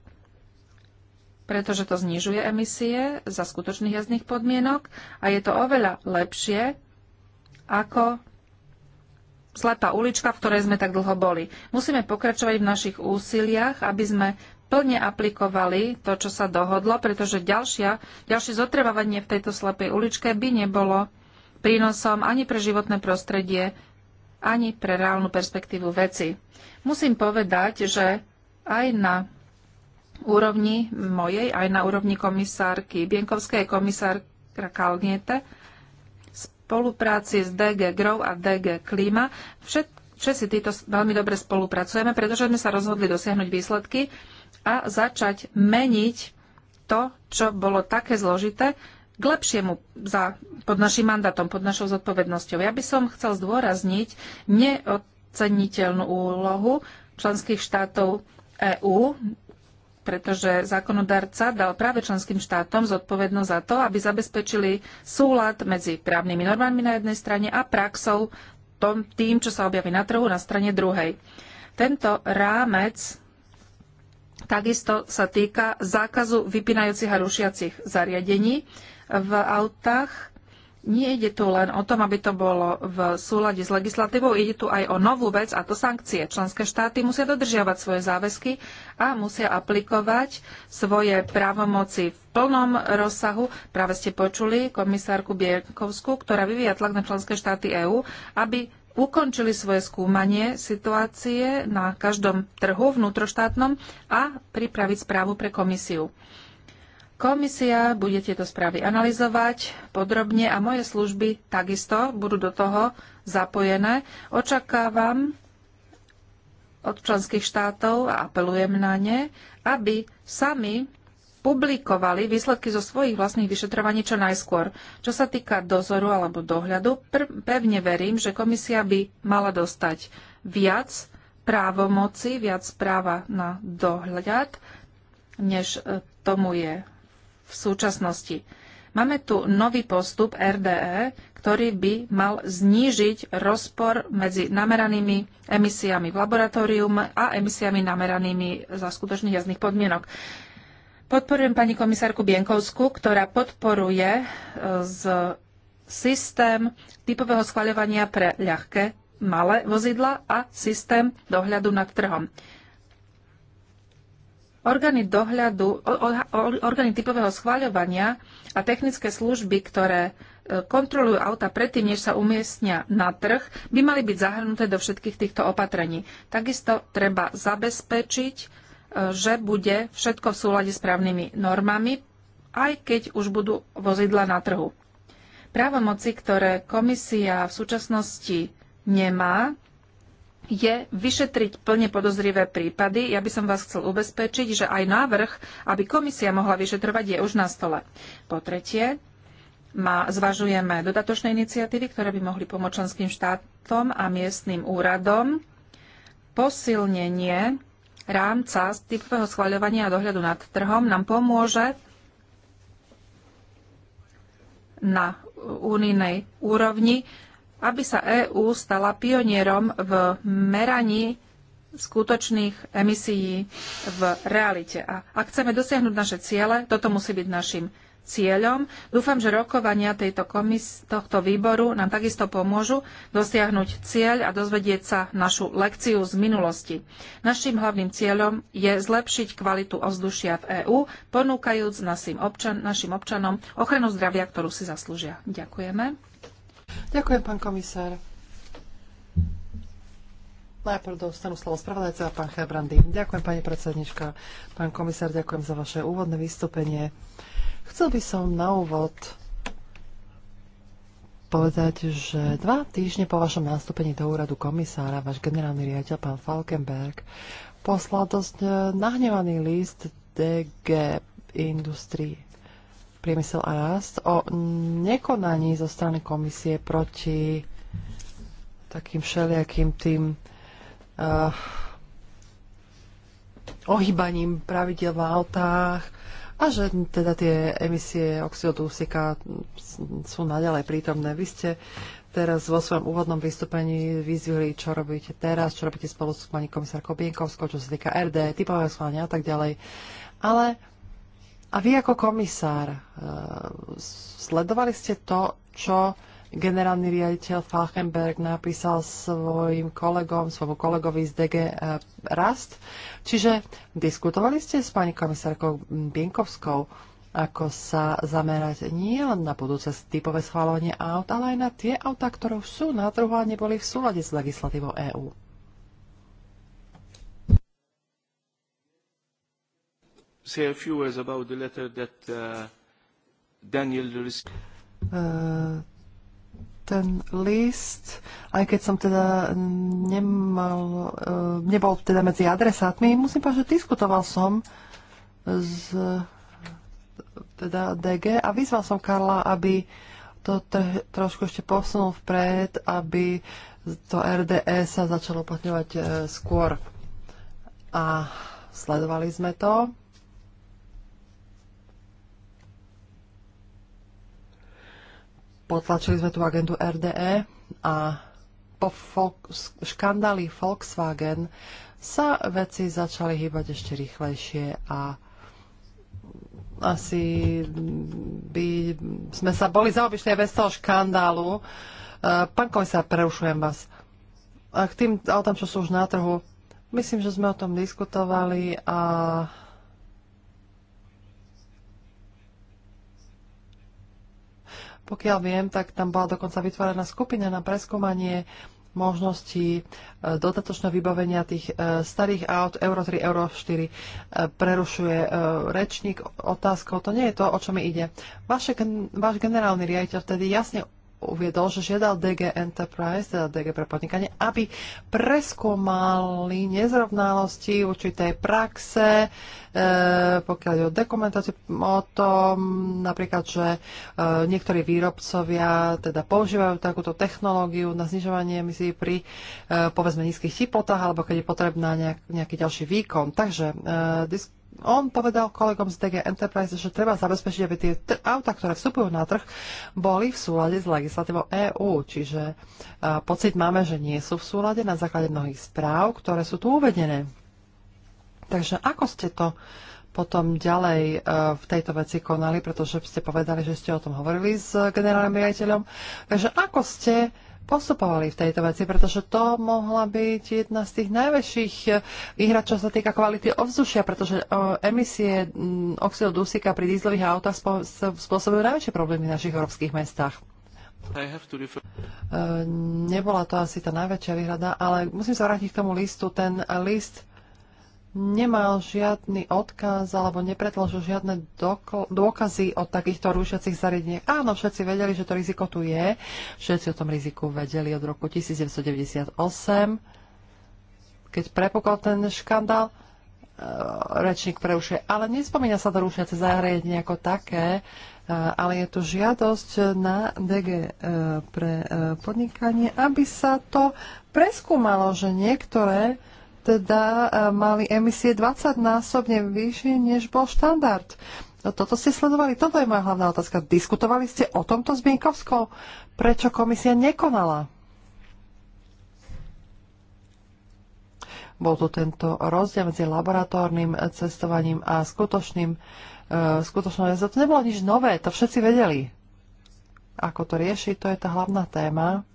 pretože to znižuje emisie za skutočných jazdných podmienok a je to oveľa lepšie ako slepá ulička, v ktorej sme tak dlho boli. Musíme pokračovať v našich úsiliach, aby sme plne aplikovali to, čo sa dohodlo, pretože ďalšia, ďalšie zotrvávanie v tejto slepej uličke by nebolo prínosom ani pre životné prostredie, ani pre reálnu perspektívu veci. Musím povedať, že aj na úrovni mojej, aj na úrovni komisárky Bienkovskej komisárka Kalniete, spolupráci s DG Grow a DG Klima. Všet, všetci títo veľmi dobre spolupracujeme, pretože sme sa rozhodli dosiahnuť výsledky a začať meniť to, čo bolo také zložité, k lepšiemu za, pod našim mandátom, pod našou zodpovednosťou. Ja by som chcel zdôrazniť neoceniteľnú úlohu členských štátov EÚ pretože zákonodarca dal práve členským štátom zodpovednosť za to, aby zabezpečili súlad medzi právnymi normami na jednej strane a praxou tom, tým, čo sa objaví na trhu na strane druhej. Tento rámec takisto sa týka zákazu vypínajúcich a rušiacich zariadení v autách nie ide tu len o tom, aby to bolo v súlade s legislatívou, ide tu aj o novú vec, a to sankcie. Členské štáty musia dodržiavať svoje záväzky a musia aplikovať svoje právomoci v plnom rozsahu. Práve ste počuli komisárku Bienkovskú, ktorá vyvíja tlak na členské štáty EÚ, aby ukončili svoje skúmanie situácie na každom trhu vnútroštátnom a pripraviť správu pre komisiu. Komisia bude tieto správy analyzovať podrobne a moje služby takisto budú do toho zapojené. Očakávam od členských štátov a apelujem na ne, aby sami publikovali výsledky zo svojich vlastných vyšetrovaní čo najskôr. Čo sa týka dozoru alebo dohľadu, pevne verím, že komisia by mala dostať viac právomoci, viac práva na dohľad, než e, tomu je v súčasnosti. Máme tu nový postup RDE, ktorý by mal znížiť rozpor medzi nameranými emisiami v laboratórium a emisiami nameranými za skutočných jazdných podmienok. Podporujem pani komisárku Bienkovskú, ktorá podporuje e, z systém typového schvaľovania pre ľahké malé vozidla a systém dohľadu nad trhom. Orgány dohľadu, orgány typového schváľovania a technické služby, ktoré e, kontrolujú auta predtým, než sa umiestnia na trh, by mali byť zahrnuté do všetkých týchto opatrení. Takisto treba zabezpečiť, e, že bude všetko v súlade s právnymi normami, aj keď už budú vozidla na trhu. Právomoci, ktoré komisia v súčasnosti nemá, je vyšetriť plne podozrivé prípady. Ja by som vás chcel ubezpečiť, že aj návrh, aby komisia mohla vyšetrovať, je už na stole. Po tretie, ma, zvažujeme dodatočné iniciatívy, ktoré by mohli pomôcť členským štátom a miestnym úradom. Posilnenie rámca typového schvaľovania a dohľadu nad trhom nám pomôže na únijnej úrovni aby sa EÚ stala pionierom v meraní skutočných emisií v realite. A ak chceme dosiahnuť naše ciele, toto musí byť našim cieľom. Dúfam, že rokovania tejto komis- tohto výboru nám takisto pomôžu dosiahnuť cieľ a dozvedieť sa našu lekciu z minulosti. Naším hlavným cieľom je zlepšiť kvalitu ovzdušia v EÚ, ponúkajúc našim, občan- našim občanom ochranu zdravia, ktorú si zaslúžia. Ďakujeme. Ďakujem, pán komisár. Najprv dostanú slovo spravodajca a pán Hebrandy. Ďakujem, pani predsednička. Pán komisár, ďakujem za vaše úvodné vystúpenie. Chcel by som na úvod povedať, že dva týždne po vašom nástupení do úradu komisára váš generálny riaditeľ pán Falkenberg poslal dosť nahnevaný list DG Industrii priemysel a rast o nekonaní zo strany komisie proti takým všelijakým tým uh, ohýbaním pravidel v autách a že teda tie emisie oxidu sika sú naďalej prítomné. Vy ste teraz vo svojom úvodnom vystúpení vyzvihli, čo robíte teraz, čo robíte spolu s pani komisárkou Bienkovskou, čo sa týka RD, typového schválenia a tak ďalej. Ale a vy ako komisár, e, sledovali ste to, čo generálny riaditeľ Falkenberg napísal svojim kolegom, svojmu kolegovi z DG e, Rast. Čiže diskutovali ste s pani komisárkou Bienkovskou, ako sa zamerať nie len na budúce typové schváľovanie aut, ale aj na tie autá, ktoré sú na trhu a neboli v súlade s legislatívou EÚ. say a few words about the letter that uh, Daniel received? Uh, ten list, aj keď som teda nemal, uh, nebol teda medzi adresátmi, musím povedať, že diskutoval som z teda DG a vyzval som Karla, aby to tr- trošku ešte posunul vpred, aby to RDE sa začalo uplatňovať e, skôr. A sledovali sme to potlačili sme tú agendu RDE a po škandáli Volkswagen sa veci začali hýbať ešte rýchlejšie a asi by sme sa boli zaobišli aj bez toho škandálu. E, pán komisár, prerušujem vás. A k tým autám, čo sú už na trhu, myslím, že sme o tom diskutovali a Pokiaľ viem, tak tam bola dokonca vytvorená skupina na preskúmanie možnosti e, dodatočného vybavenia tých e, starých aut Euro 3, Euro 4 e, prerušuje rečník otázkou. To nie je to, o čo mi ide. Vaše, váš generálny riaditeľ vtedy jasne uviedol, že žiadal DG Enterprise, teda DG pre podnikanie, aby preskúmali nezrovnalosti určitej praxe, e, pokiaľ je o dokumentáciu, o tom napríklad, že e, niektorí výrobcovia teda používajú takúto technológiu na znižovanie emisí pri e, povedzme nízkych teplotách alebo keď je potrebná nejak, nejaký ďalší výkon. Takže e, on povedal kolegom z DG Enterprise, že treba zabezpečiť, aby tie auta, ktoré vstupujú na trh, boli v súlade s legislatívou EÚ. Čiže uh, pocit máme, že nie sú v súlade na základe mnohých správ, ktoré sú tu uvedené. Takže ako ste to potom ďalej uh, v tejto veci konali, pretože ste povedali, že ste o tom hovorili s generálnym riaditeľom. Takže ako ste postupovali v tejto veci, pretože to mohla byť jedna z tých najväčších eh, výhrad, čo sa týka kvality ovzdušia, pretože eh, emisie mm, oxidu dusíka pri dízlových autách spôsobujú najväčšie problémy v našich európskych mestách. Eh, nebola to asi tá najväčšia výhrada, ale musím sa vrátiť k tomu listu. Ten list nemal žiadny odkaz alebo nepredložil žiadne dôkazy o takýchto rušiacich zariadeniach. Áno, všetci vedeli, že to riziko tu je. Všetci o tom riziku vedeli od roku 1998, keď prepukol ten škandál e, rečník preušuje. Ale nespomína sa to rušiace zariadenie ako také, e, ale je tu žiadosť na DG e, pre podnikanie, aby sa to preskúmalo, že niektoré teda e, mali emisie 20 násobne vyššie, než bol štandard. No, toto ste sledovali? Toto je moja hlavná otázka. Diskutovali ste o tomto s Binkovskou. Prečo komisia nekonala? Bol tu tento rozdiel medzi laboratórnym cestovaním a skutočným, uh, skutočnou jazdou. To nebolo nič nové, to všetci vedeli. Ako to riešiť, to je tá hlavná téma.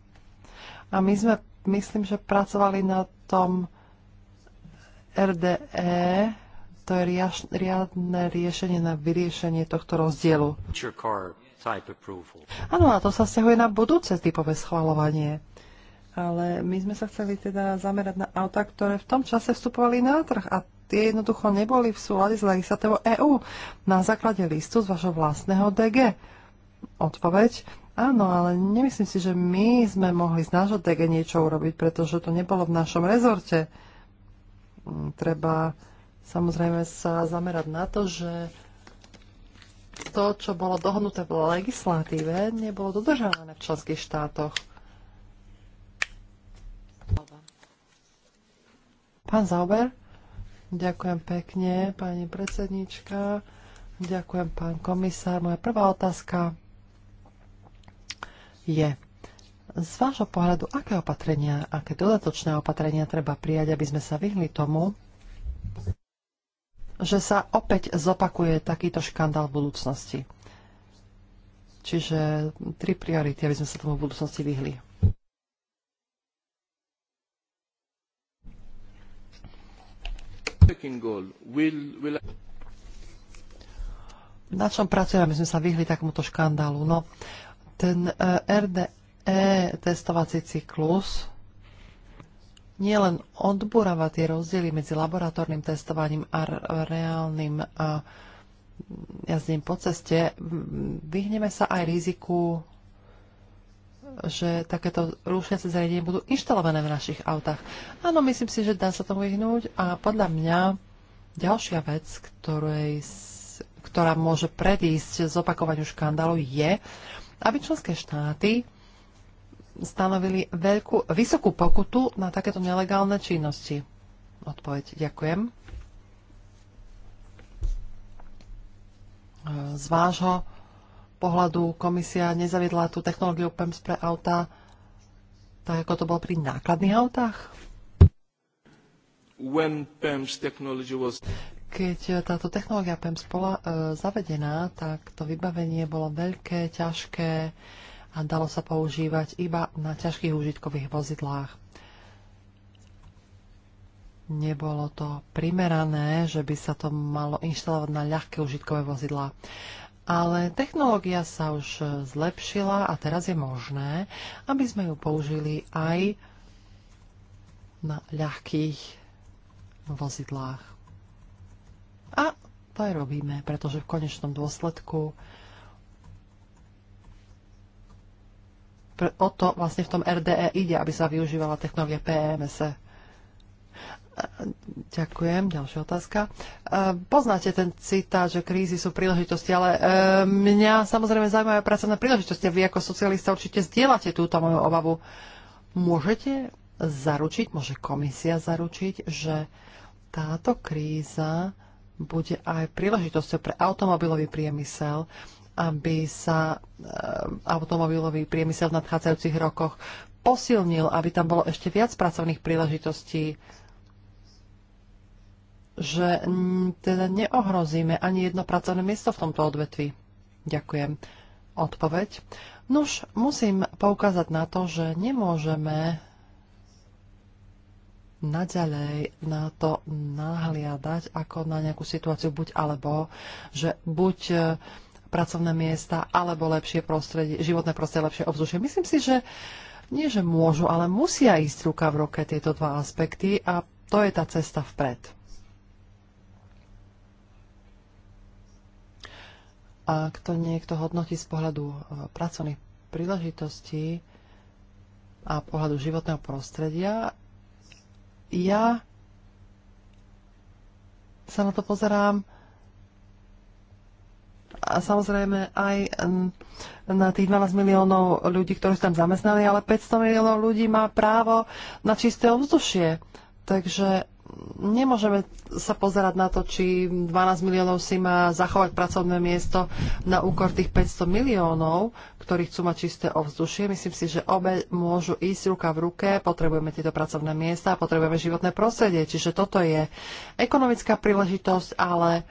A my sme, myslím, že pracovali na tom RDE to je riadne riešenie na vyriešenie tohto rozdielu. Áno, a to sa stiahuje na budúce typové schvalovanie. Ale my sme sa chceli teda zamerať na auta, ktoré v tom čase vstupovali na trh a tie jednoducho neboli v súlade s legislatívou EÚ na základe listu z vašho vlastného DG. Odpoveď? Áno, ale nemyslím si, že my sme mohli z nášho DG niečo urobiť, pretože to nebolo v našom rezorte. Mm, treba samozrejme sa zamerať na to, že to, čo bolo dohodnuté v legislatíve, nebolo dodržané v členských štátoch. Pán Zauber, ďakujem pekne, pani predsednička, ďakujem pán komisár. Moja prvá otázka je, z vášho pohľadu, aké opatrenia, aké dodatočné opatrenia treba prijať, aby sme sa vyhli tomu, že sa opäť zopakuje takýto škandál v budúcnosti? Čiže tri priority, aby sme sa tomu v budúcnosti vyhli. Na čom pracujeme, aby sme sa vyhli takomuto škandálu? No, ten eh, RD e-testovací cyklus nielen odburáva tie rozdiely medzi laboratórnym testovaním a reálnym a jazdením po ceste, vyhneme sa aj riziku, že takéto rušiace zariadenie budú inštalované v našich autách. Áno, myslím si, že dá sa tomu vyhnúť a podľa mňa ďalšia vec, ktorej, ktorá môže predísť zopakovaniu škandálu, je, aby členské štáty stanovili veľkú, vysokú pokutu na takéto nelegálne činnosti? Odpoveď. Ďakujem. E, z vášho pohľadu komisia nezaviedla tú technológiu PEMS pre auta tak, ako to bolo pri nákladných autách? When PEMS technology was... Keď e, táto technológia PEMS bola e, zavedená, tak to vybavenie bolo veľké, ťažké, a dalo sa používať iba na ťažkých užitkových vozidlách. Nebolo to primerané, že by sa to malo inštalovať na ľahké užitkové vozidlá. Ale technológia sa už zlepšila a teraz je možné, aby sme ju použili aj na ľahkých vozidlách. A to aj robíme, pretože v konečnom dôsledku o to vlastne v tom RDE ide, aby sa využívala technológia PMS. E e, ďakujem. Ďalšia otázka. E, poznáte ten citát, že krízy sú príležitosti, ale mňa samozrejme zaujímajú pracovné príležitosti. Vy ako socialista určite zdieľate túto moju obavu. Môžete zaručiť, môže komisia zaručiť, že táto kríza bude aj príležitosťou pre automobilový priemysel, aby sa eh, automobilový priemysel v nadchádzajúcich rokoch posilnil, aby tam bolo ešte viac pracovných príležitostí, že teda neohrozíme ani jedno pracovné miesto v tomto odvetvi. Ďakujem. Odpoveď. Nuž, musím poukázať na to, že nemôžeme naďalej na to nahliadať ako na nejakú situáciu buď alebo, že buď eh, pracovné miesta alebo lepšie prostredie, životné prostredie, lepšie obzdušie. Myslím si, že nie, že môžu, ale musia ísť ruka v roke tieto dva aspekty a to je tá cesta vpred. Ak to niekto hodnotí z pohľadu e, pracovných príležitostí a pohľadu životného prostredia, ja sa na to pozerám a samozrejme aj na tých 12 miliónov ľudí, ktorí sa tam zamestnali, ale 500 miliónov ľudí má právo na čisté ovzdušie. Takže nemôžeme sa pozerať na to, či 12 miliónov si má zachovať pracovné miesto na úkor tých 500 miliónov, ktorí chcú mať čisté ovzdušie. Myslím si, že obe môžu ísť ruka v ruke, potrebujeme tieto pracovné miesta, potrebujeme životné prostredie. Čiže toto je ekonomická príležitosť, ale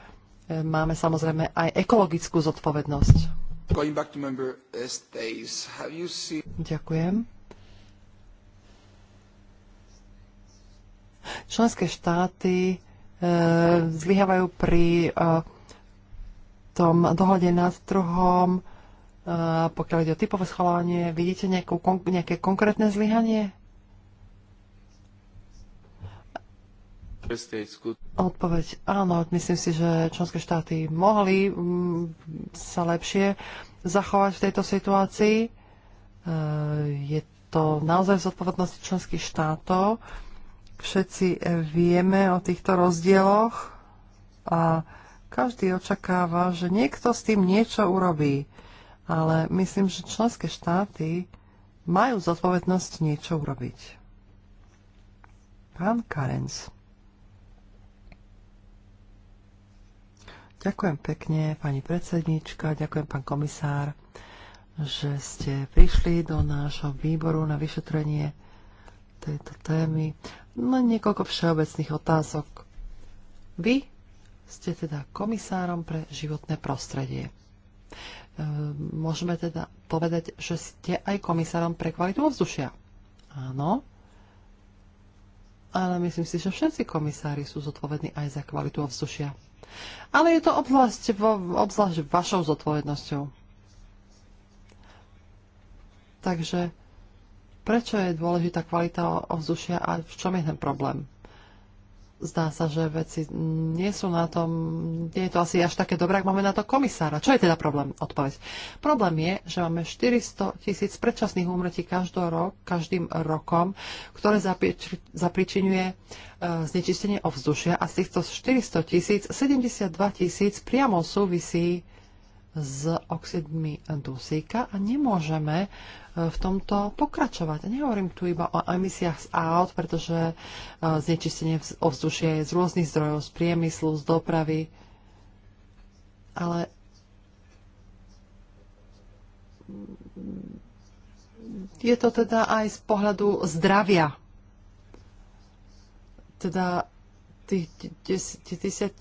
máme samozrejme aj ekologickú zodpovednosť. Seen... Ďakujem. Členské štáty e, zlyhávajú pri e, tom dohode nad trhom, e, pokiaľ ide o typové schvalovanie. Vidíte nejakú, kon, nejaké konkrétne zlyhanie? Odpoveď áno, myslím si, že členské štáty mohli mm, sa lepšie zachovať v tejto situácii. E, je to naozaj zodpovednosť členských štátov. Všetci vieme o týchto rozdieloch a každý očakáva, že niekto s tým niečo urobí. Ale myslím, že členské štáty majú zodpovednosť niečo urobiť. Pán Karens. Ďakujem pekne, pani predsednička, ďakujem, pán komisár, že ste prišli do nášho výboru na vyšetrenie tejto témy. No niekoľko všeobecných otázok. Vy ste teda komisárom pre životné prostredie. E, môžeme teda povedať, že ste aj komisárom pre kvalitu ovzdušia. Áno, ale myslím si, že všetci komisári sú zodpovední aj za kvalitu ovzdušia. Ale je to obzvlášť, vo, obzvlášť vašou zodpovednosťou. Takže prečo je dôležitá kvalita ovzdušia a v čom je ten problém? Zdá sa, že veci nie sú na tom, nie je to asi až také dobré, ak máme na to komisára. Čo je teda problém? Odpoveď. Problém je, že máme 400 tisíc predčasných úmrtí rok, každým rokom, ktoré zapričinuje e, znečistenie ovzdušia a z týchto 400 tisíc, 72 tisíc priamo súvisí s oxidmi dusíka a nemôžeme e, v tomto pokračovať. Nehovorím tu iba o emisiách z aut, pretože e, znečistenie ovzdušia je z rôznych zdrojov, z priemyslu, z dopravy, ale je to teda aj z pohľadu zdravia. Teda tých 10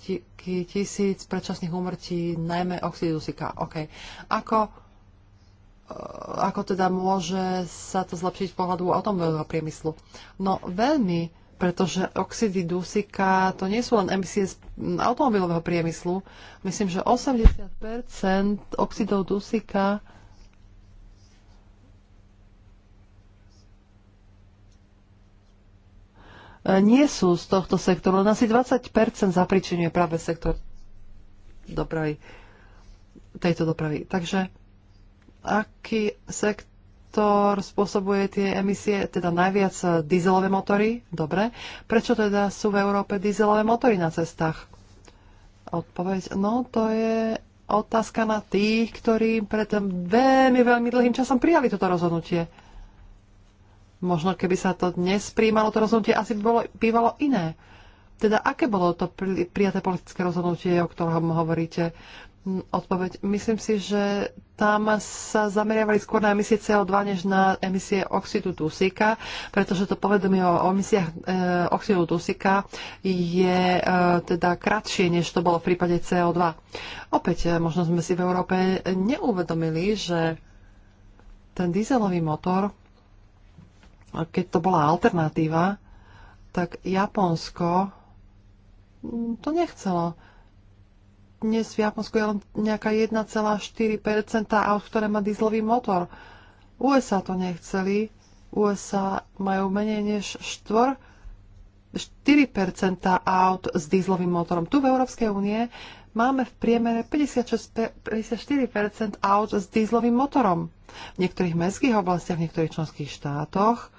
tisíc predčasných umrtí, najmä oxidu dusíka. OK. Ako, eh, ako teda môže sa to zlepšiť v pohľadu automobilového priemyslu? No veľmi, pretože oxidy dusíka to nie sú len emisie z automobilového priemyslu. Myslím, že 80 oxidov dusíka nie sú z tohto sektoru. Len asi 20% zapričinuje práve sektor dopravy, tejto dopravy. Takže aký sektor spôsobuje tie emisie, teda najviac dieselové motory? Dobre. Prečo teda sú v Európe dieselové motory na cestách? Odpoveď, no to je otázka na tých, ktorí pred veľmi, veľmi dlhým časom prijali toto rozhodnutie. Možno keby sa to dnes príjmalo, to rozhodnutie asi by bolo, bývalo iné. Teda aké bolo to pri, prijaté politické rozhodnutie, o ktorom hovoríte? Hm, odpoveď. Myslím si, že tam sa zameriavali skôr na emisie CO2 než na emisie oxidu dusíka, pretože to povedomie o emisiách e, oxidu dusíka je e, teda kratšie, než to bolo v prípade CO2. Opäť, e, možno sme si v Európe neuvedomili, že ten dieselový motor keď to bola alternatíva, tak Japonsko mm, to nechcelo. Dnes v Japonsku je len nejaká 1,4% aut, ktoré má dieselový motor. USA to nechceli. USA majú menej než 4, 4% aut s dieselovým motorom. Tu v Európskej únie máme v priemere 56, 54% aut s dieselovým motorom. V niektorých mestských oblastiach, v niektorých členských štátoch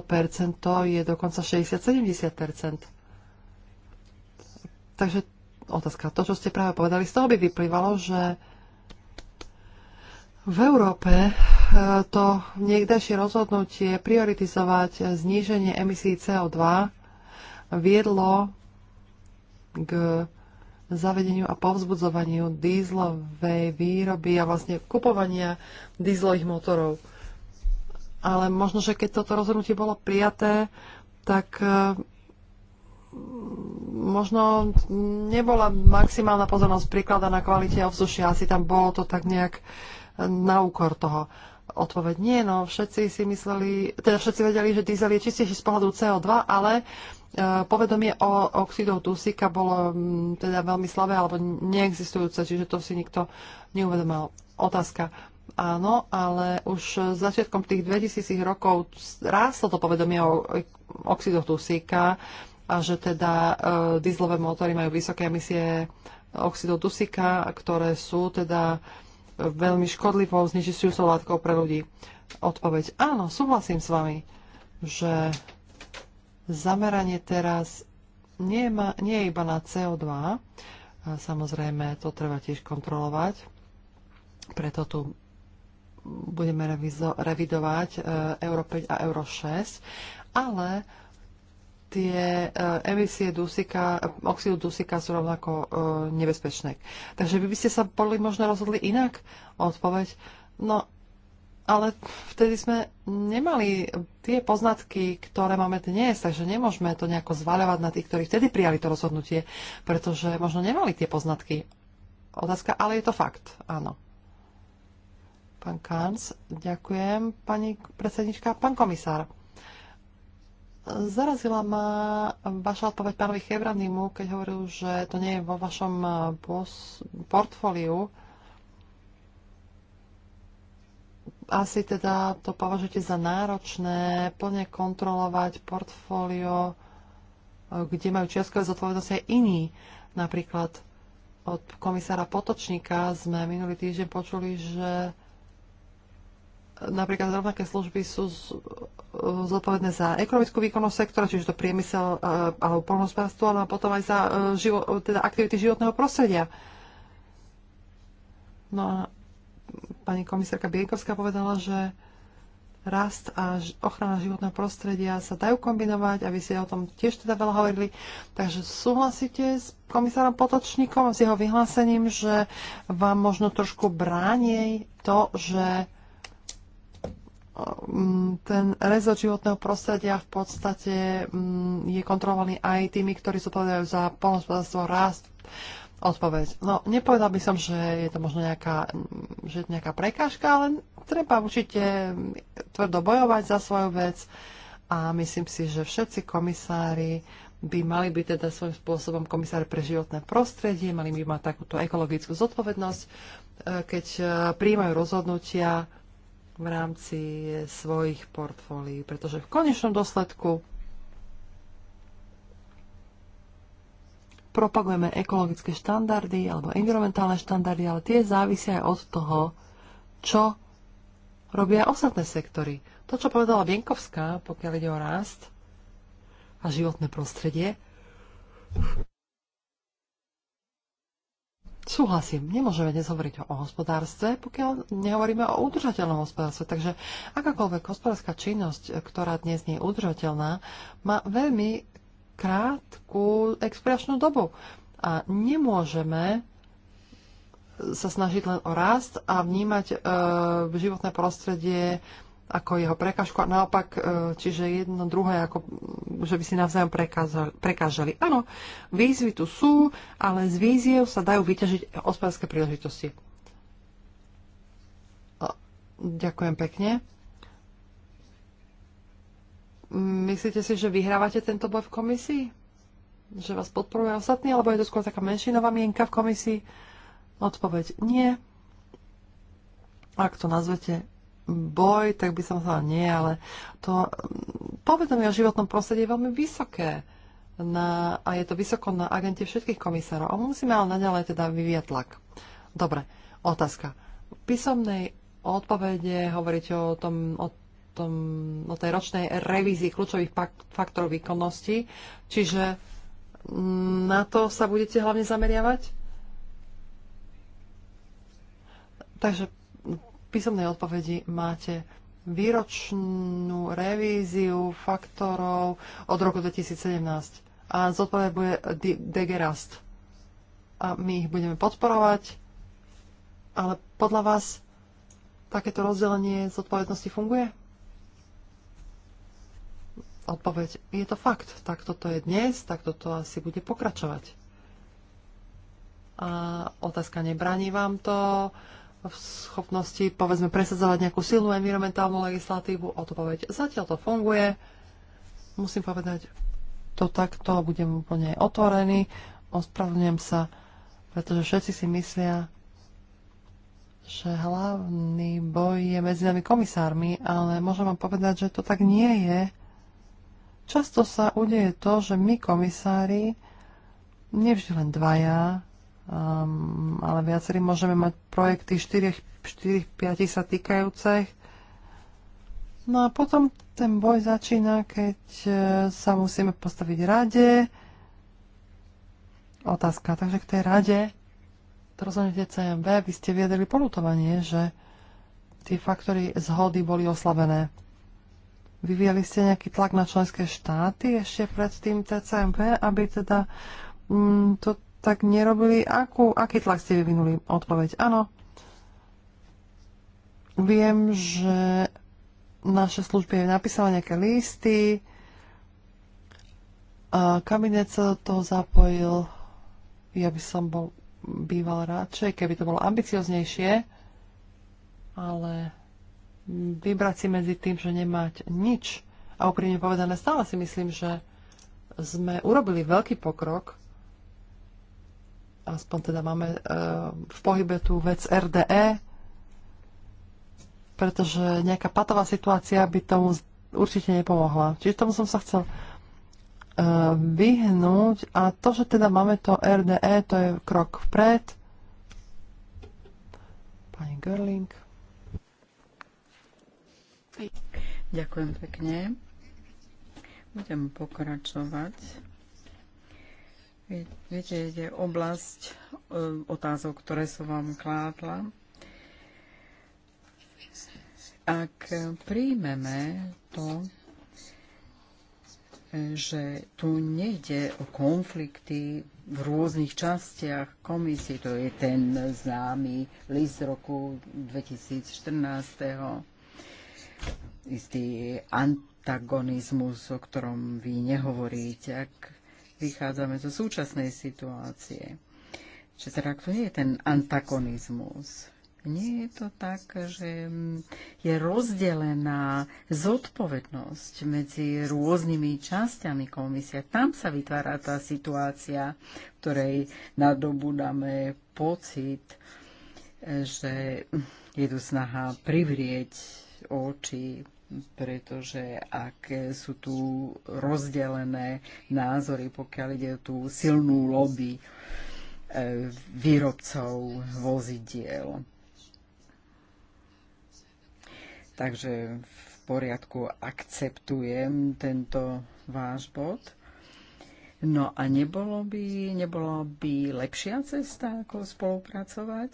to je dokonca 60-70%. Takže otázka, to, čo ste práve povedali, z toho by vyplývalo, že v Európe e, to niekdejšie rozhodnutie prioritizovať zníženie emisí CO2 viedlo k zavedeniu a povzbudzovaniu dízlovej výroby a vlastne kupovania dízlových motorov ale možno, že keď toto rozhodnutie bolo prijaté, tak e, možno nebola maximálna pozornosť prikladaná kvalite ovzdušia, asi tam bolo to tak nejak e, na úkor toho. Odpoveď nie, no všetci si mysleli, teda všetci vedeli, že diesel je čistejší z pohľadu CO2, ale e, povedomie o oxidov dusíka bolo teda veľmi slabé alebo neexistujúce, čiže to si nikto neuvedomal. Otázka áno, ale už začiatkom tých 2000 rokov rástlo to povedomie o oxidoch dusíka a že teda e, dieslové motory majú vysoké emisie oxidov dusíka, ktoré sú teda veľmi škodlivou sa látkou pre ľudí. Odpoveď. Áno, súhlasím s vami, že zameranie teraz nie, ma, nie je iba na CO2, a samozrejme to treba tiež kontrolovať, preto tu budeme revizo- revidovať e, Euro 5 a Euro 6, ale tie e, emisie dusika, oxidu dusika sú rovnako e, nebezpečné. Takže vy by ste sa boli možno rozhodli inak? Odpoveď, no ale vtedy sme nemali tie poznatky, ktoré máme dnes, takže nemôžeme to nejako zvaľovať na tých, ktorí vtedy prijali to rozhodnutie, pretože možno nemali tie poznatky. Otázka, ale je to fakt, áno. Pán ďakujem, pani predsednička. Pán komisár, zarazila ma vaša odpoveď pánovi Chebranimu, keď hovoril, že to nie je vo vašom eh, portfóliu. Asi teda to považujete za náročné plne kontrolovať portfólio, eh, kde majú čiastkové zodpovednosti aj iní. Napríklad od komisára Potočníka sme minulý týždeň počuli, že napríklad rovnaké služby sú e, zodpovedné za ekonomickú výkonnosť sektora, čiže to priemysel e, alebo polnospodárstvo, ale potom aj za e, živo, teda aktivity životného prostredia. No a pani komisárka Bienkovská povedala, že rast a ochrana životného prostredia sa dajú kombinovať a vy ste o tom tiež teda veľa hovorili. Takže súhlasíte s komisárom Potočníkom, s jeho vyhlásením, že vám možno trošku bráni to, že Mm, ten rezort životného prostredia v podstate mm, je kontrolovaný aj tými, ktorí zodpovedajú za polnospodárstvo, rast, odpoveď. No, nepovedal by som, že je to možno nejaká, mm, že je nejaká prekážka, ale treba určite tvrdo bojovať za svoju vec a myslím si, že všetci komisári by mali byť teda svojím spôsobom komisári pre životné prostredie, mali by mať takúto ekologickú zodpovednosť, e, keď e, príjmajú rozhodnutia v rámci svojich portfólií, pretože v konečnom dôsledku propagujeme ekologické štandardy alebo environmentálne štandardy, ale tie závisia aj od toho, čo robia ostatné sektory. To, čo povedala Vienkovská, pokiaľ ide o rast a životné prostredie, Súhlasím, nemôžeme dnes hovoriť o hospodárstve, pokiaľ nehovoríme o udržateľnom hospodárstve. Takže akákoľvek hospodárska činnosť, ktorá dnes nie je udržateľná, má veľmi krátku expiračnú dobu. A nemôžeme sa snažiť len o rast a vnímať e, životné prostredie ako jeho prekažku a naopak, e, čiže jedno druhé, ako, že by si navzájom prekážali. Áno, výzvy tu sú, ale z víziev sa dajú vyťažiť hospodárske príležitosti. Ďakujem pekne. Myslíte si, že vyhrávate tento boj v komisii? Že vás podporuje ostatní, alebo je to skôr taká menšinová mienka v komisii? Odpoveď nie. Ak to nazvete boj, tak by som povedala nie, ale to mm, povedomie o životnom prostredí je veľmi vysoké na, a je to vysoko na agente všetkých komisárov. A musíme ale naďalej teda vyvíjať tlak. Dobre, otázka. V písomnej odpovede hovoríte o tom, o tom, o tej ročnej revízii kľúčových faktorov výkonnosti, čiže mm, na to sa budete hlavne zameriavať? Takže písomnej odpovedi máte výročnú revíziu faktorov od roku 2017 a zodpovedať bude Degerast. A my ich budeme podporovať, ale podľa vás takéto rozdelenie zodpovednosti funguje? Odpoveď je to fakt. Tak toto je dnes, tak toto asi bude pokračovať. A otázka nebraní vám to, v schopnosti, povedzme, presadzovať nejakú silnú environmentálnu legislatívu. Odpoveď, zatiaľ to funguje. Musím povedať, to takto budem úplne otvorený. Ospravňujem sa, pretože všetci si myslia, že hlavný boj je medzi nami komisármi, ale môžem vám povedať, že to tak nie je. Často sa udeje to, že my komisári, nevždy len dvaja, um, ale viacerí môžeme mať projekty 4-5 sa týkajúcech. No a potom ten boj začína, keď e, sa musíme postaviť rade. Otázka, takže k tej rade, to rozhodnete CMB, vy ste viedeli polutovanie, že tie faktory zhody boli oslabené. Vyvíjali ste nejaký tlak na členské štáty ešte pred tým TCMP, aby teda mm, to tak nerobili, akú, aký tlak ste vyvinuli? Odpoveď áno. Viem, že naše služby napísala nejaké listy, a kabinet sa do toho zapojil. Ja by som bol býval radšej, keby to bolo ambicioznejšie, ale vybrať si medzi tým, že nemať nič a úprimne povedané stále si myslím, že sme urobili veľký pokrok aspoň teda máme e, v pohybe tú vec RDE, pretože nejaká patová situácia by tomu určite nepomohla. Čiže tomu som sa chcel e, vyhnúť a to, že teda máme to RDE, to je krok vpred. Pani Görling. Ďakujem pekne. Budem pokračovať Viete, je oblasť e, otázok, ktoré som vám kládla. Ak príjmeme to, že tu nejde o konflikty v rôznych častiach komisie, to je ten známy list roku 2014. Istý antagonizmus, o ktorom vy nehovoríte. Ak vychádzame zo súčasnej situácie. Čiže teda to nie je ten antagonizmus. Nie je to tak, že je rozdelená zodpovednosť medzi rôznymi časťami komisia. Tam sa vytvára tá situácia, v ktorej nadobudáme pocit, že je tu snaha privrieť oči pretože ak sú tu rozdelené názory, pokiaľ ide o tú silnú lobby e, výrobcov vozidiel. Takže v poriadku akceptujem tento váš bod. No a nebolo by, nebola by lepšia cesta, ako spolupracovať?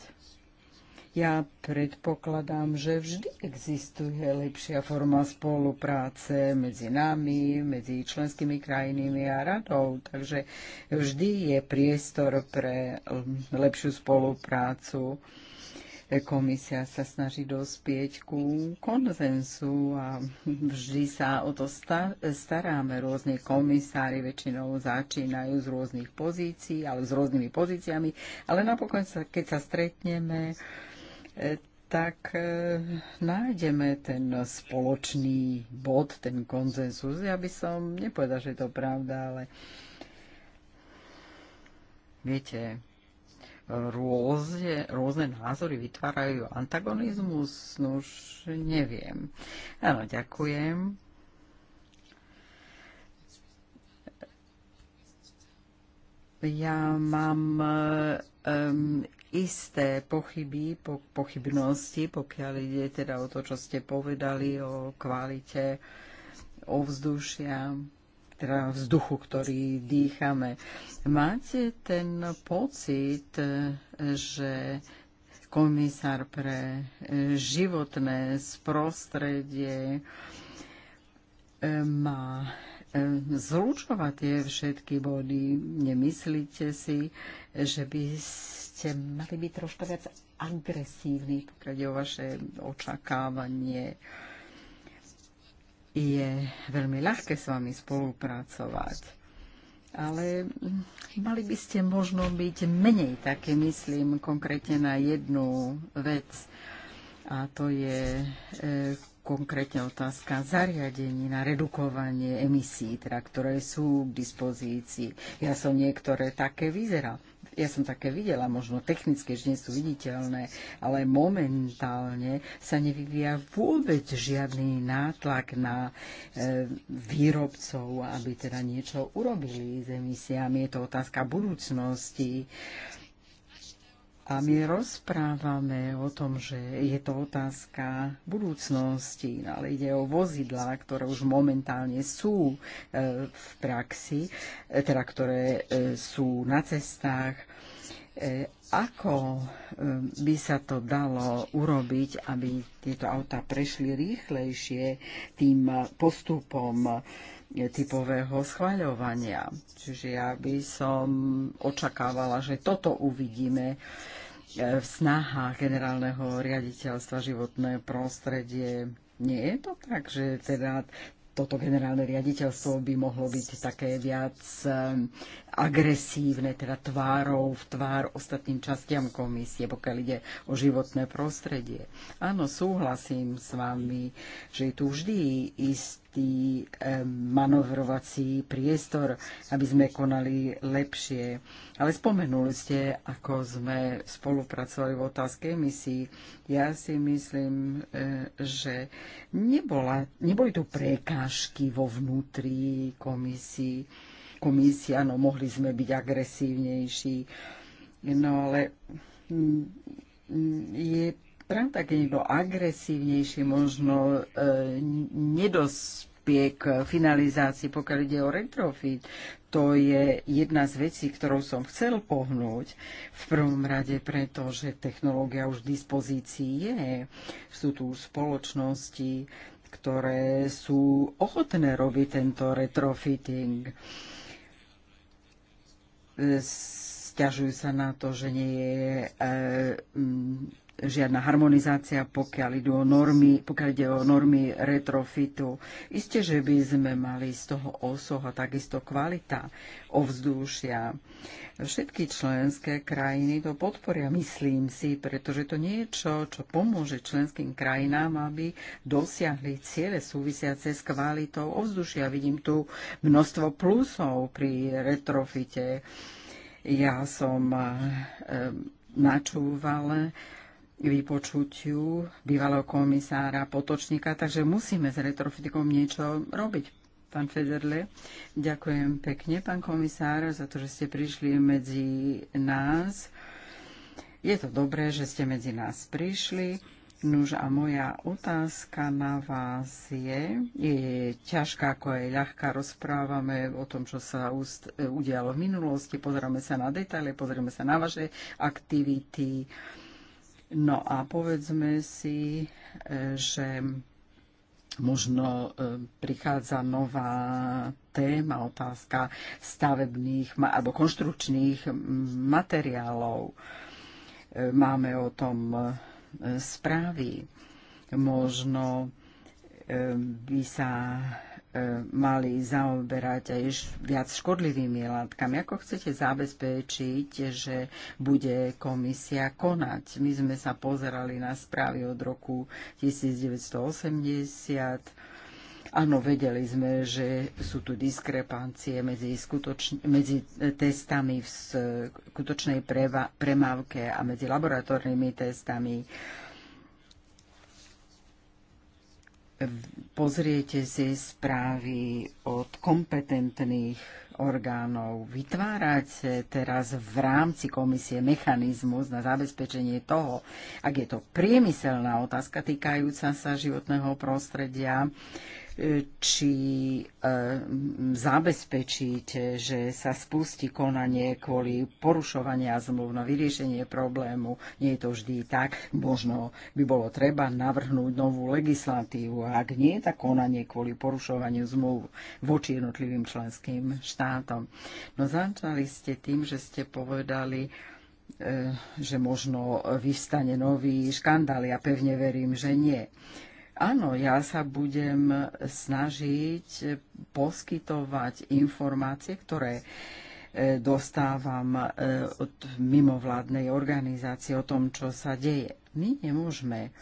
Ja predpokladám, že vždy existuje lepšia forma spolupráce medzi nami, medzi členskými krajinami a radou, takže vždy je priestor pre um, lepšiu spoluprácu komisia sa snaží dospieť ku konzensu a vždy sa o to staráme. Rôzne komisári väčšinou začínajú z rôznych pozícií, ale s rôznymi pozíciami, ale napokon, sa, keď sa stretneme, tak e, nájdeme ten spoločný bod, ten konzensus. Ja by som nepovedal, že je to pravda, ale viete, rôzne, rôzne názory vytvárajú antagonizmus, no už neviem. Áno, ďakujem. Ja mám um, isté pochyby, po, pochybnosti, pokiaľ ide teda o to, čo ste povedali o kvalite ovzdušia, teda vzduchu, ktorý dýchame. Máte ten pocit, že komisár pre životné sprostredie eh, má eh, zlučovať tie všetky body. Nemyslíte si, že by ste ste mali byť troška viac agresívni, pokiaľ je o vaše očakávanie. Je veľmi ľahké s vami spolupracovať ale mali by ste možno byť menej také, myslím konkrétne na jednu vec. A to je e, konkrétne otázka zariadení na redukovanie emisí, teda, ktoré sú k dispozícii. Ja som niektoré také vyzeral. Ja som také videla, možno technicky ešte nie sú viditeľné, ale momentálne sa nevyvíja vôbec žiadny nátlak na e, výrobcov, aby teda niečo urobili s emisiami. Je to otázka budúcnosti. A my rozprávame o tom, že je to otázka budúcnosti, ale ide o vozidlá, ktoré už momentálne sú e, v praxi, e, teda ktoré e, sú na cestách. Ako by sa to dalo urobiť, aby tieto autá prešli rýchlejšie tým postupom typového schvaľovania. Čiže ja by som očakávala, že toto uvidíme e, v snahách generálneho riaditeľstva životné prostredie. Nie je to tak, že teda toto generálne riaditeľstvo by mohlo byť také viac e, agresívne, teda tvárou v tvár ostatným častiam komisie, pokiaľ ide o životné prostredie. Áno, súhlasím s vami, že je tu vždy ist určitý eh, manovrovací priestor, aby sme konali lepšie. Ale spomenuli ste, ako sme spolupracovali v otázke misií. Ja si myslím, eh, že nebola, neboli to prekážky vo vnútri komisii. Komisia, no mohli sme byť agresívnejší. No ale je trh taký niekto agresívnejší možno e, nedospie k finalizácii, pokiaľ ide o retrofit. To je jedna z vecí, ktorou som chcel pohnúť. V prvom rade preto, že technológia už v dispozícii je. Sú tu už spoločnosti, ktoré sú ochotné robiť tento retrofitting. E, sťažujú sa na to, že nie je e, žiadna harmonizácia, pokiaľ, idú o normy, pokiaľ ide o normy retrofitu. Isté, že by sme mali z toho osoha takisto kvalita ovzdušia. Všetky členské krajiny to podporia, myslím si, pretože to niečo, čo pomôže členským krajinám, aby dosiahli ciele súvisiace s kvalitou ovzdušia. Vidím tu množstvo plusov pri retrofite. Ja som eh, načúval vypočutiu bývalého komisára Potočníka, takže musíme s retrofitikom niečo robiť. Pán Federle, ďakujem pekne, pán komisár, za to, že ste prišli medzi nás. Je to dobré, že ste medzi nás prišli. Nuž a moja otázka na vás je, je ťažká ako je ľahká, rozprávame o tom, čo sa ust, e, udialo v minulosti, pozrieme sa na detaily, pozrieme sa na vaše aktivity, No a povedzme si, e, že možno e, prichádza nová téma, otázka stavebných alebo konštrukčných materiálov. E, máme o tom správy. Možno by sa E, mali zaoberať aj viac škodlivými látkami. Ako chcete zabezpečiť, že bude komisia konať? My sme sa pozerali na správy od roku 1980. Áno, vedeli sme, že sú tu diskrepancie medzi, skutočne, medzi e, testami v skutočnej preva, premávke a medzi laboratórnymi testami. Uh, pozriete si správy od kompetentných orgánov. Vytvárať teraz v rámci komisie mechanizmus na zabezpečenie toho, ak je to priemyselná otázka týkajúca sa životného prostredia, či eh, zabezpečiť, že sa spustí konanie kvôli porušovania zmluv na vyriešenie problému. Nie je to vždy tak. Možno by bolo treba navrhnúť novú legislatívu. ak nie, tak konanie kvôli porušovaniu zmluv voči jednotlivým členským štátom. No začali ste tým, že ste povedali, eh, že možno vystane nový škandál. Ja pevne verím, že nie. Áno, ja sa budem snažiť poskytovať informácie, ktoré e, dostávam e, od mimovládnej organizácie o tom, čo sa deje. My nemôžeme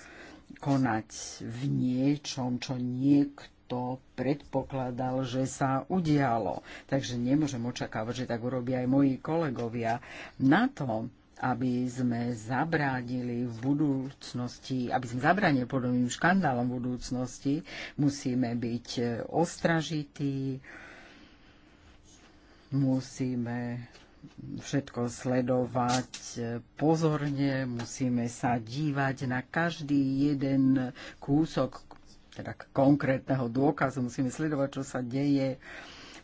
konať v niečom, čo niekto predpokladal, že sa udialo. Takže nemôžem očakávať, že tak urobia aj moji kolegovia. Na tom aby sme zabránili v budúcnosti, aby sme zabránili podobným škandálom v budúcnosti, musíme byť e, ostražití, musíme všetko sledovať e, pozorne, musíme sa dívať na každý jeden kúsok teda konkrétneho dôkazu, musíme sledovať, čo sa deje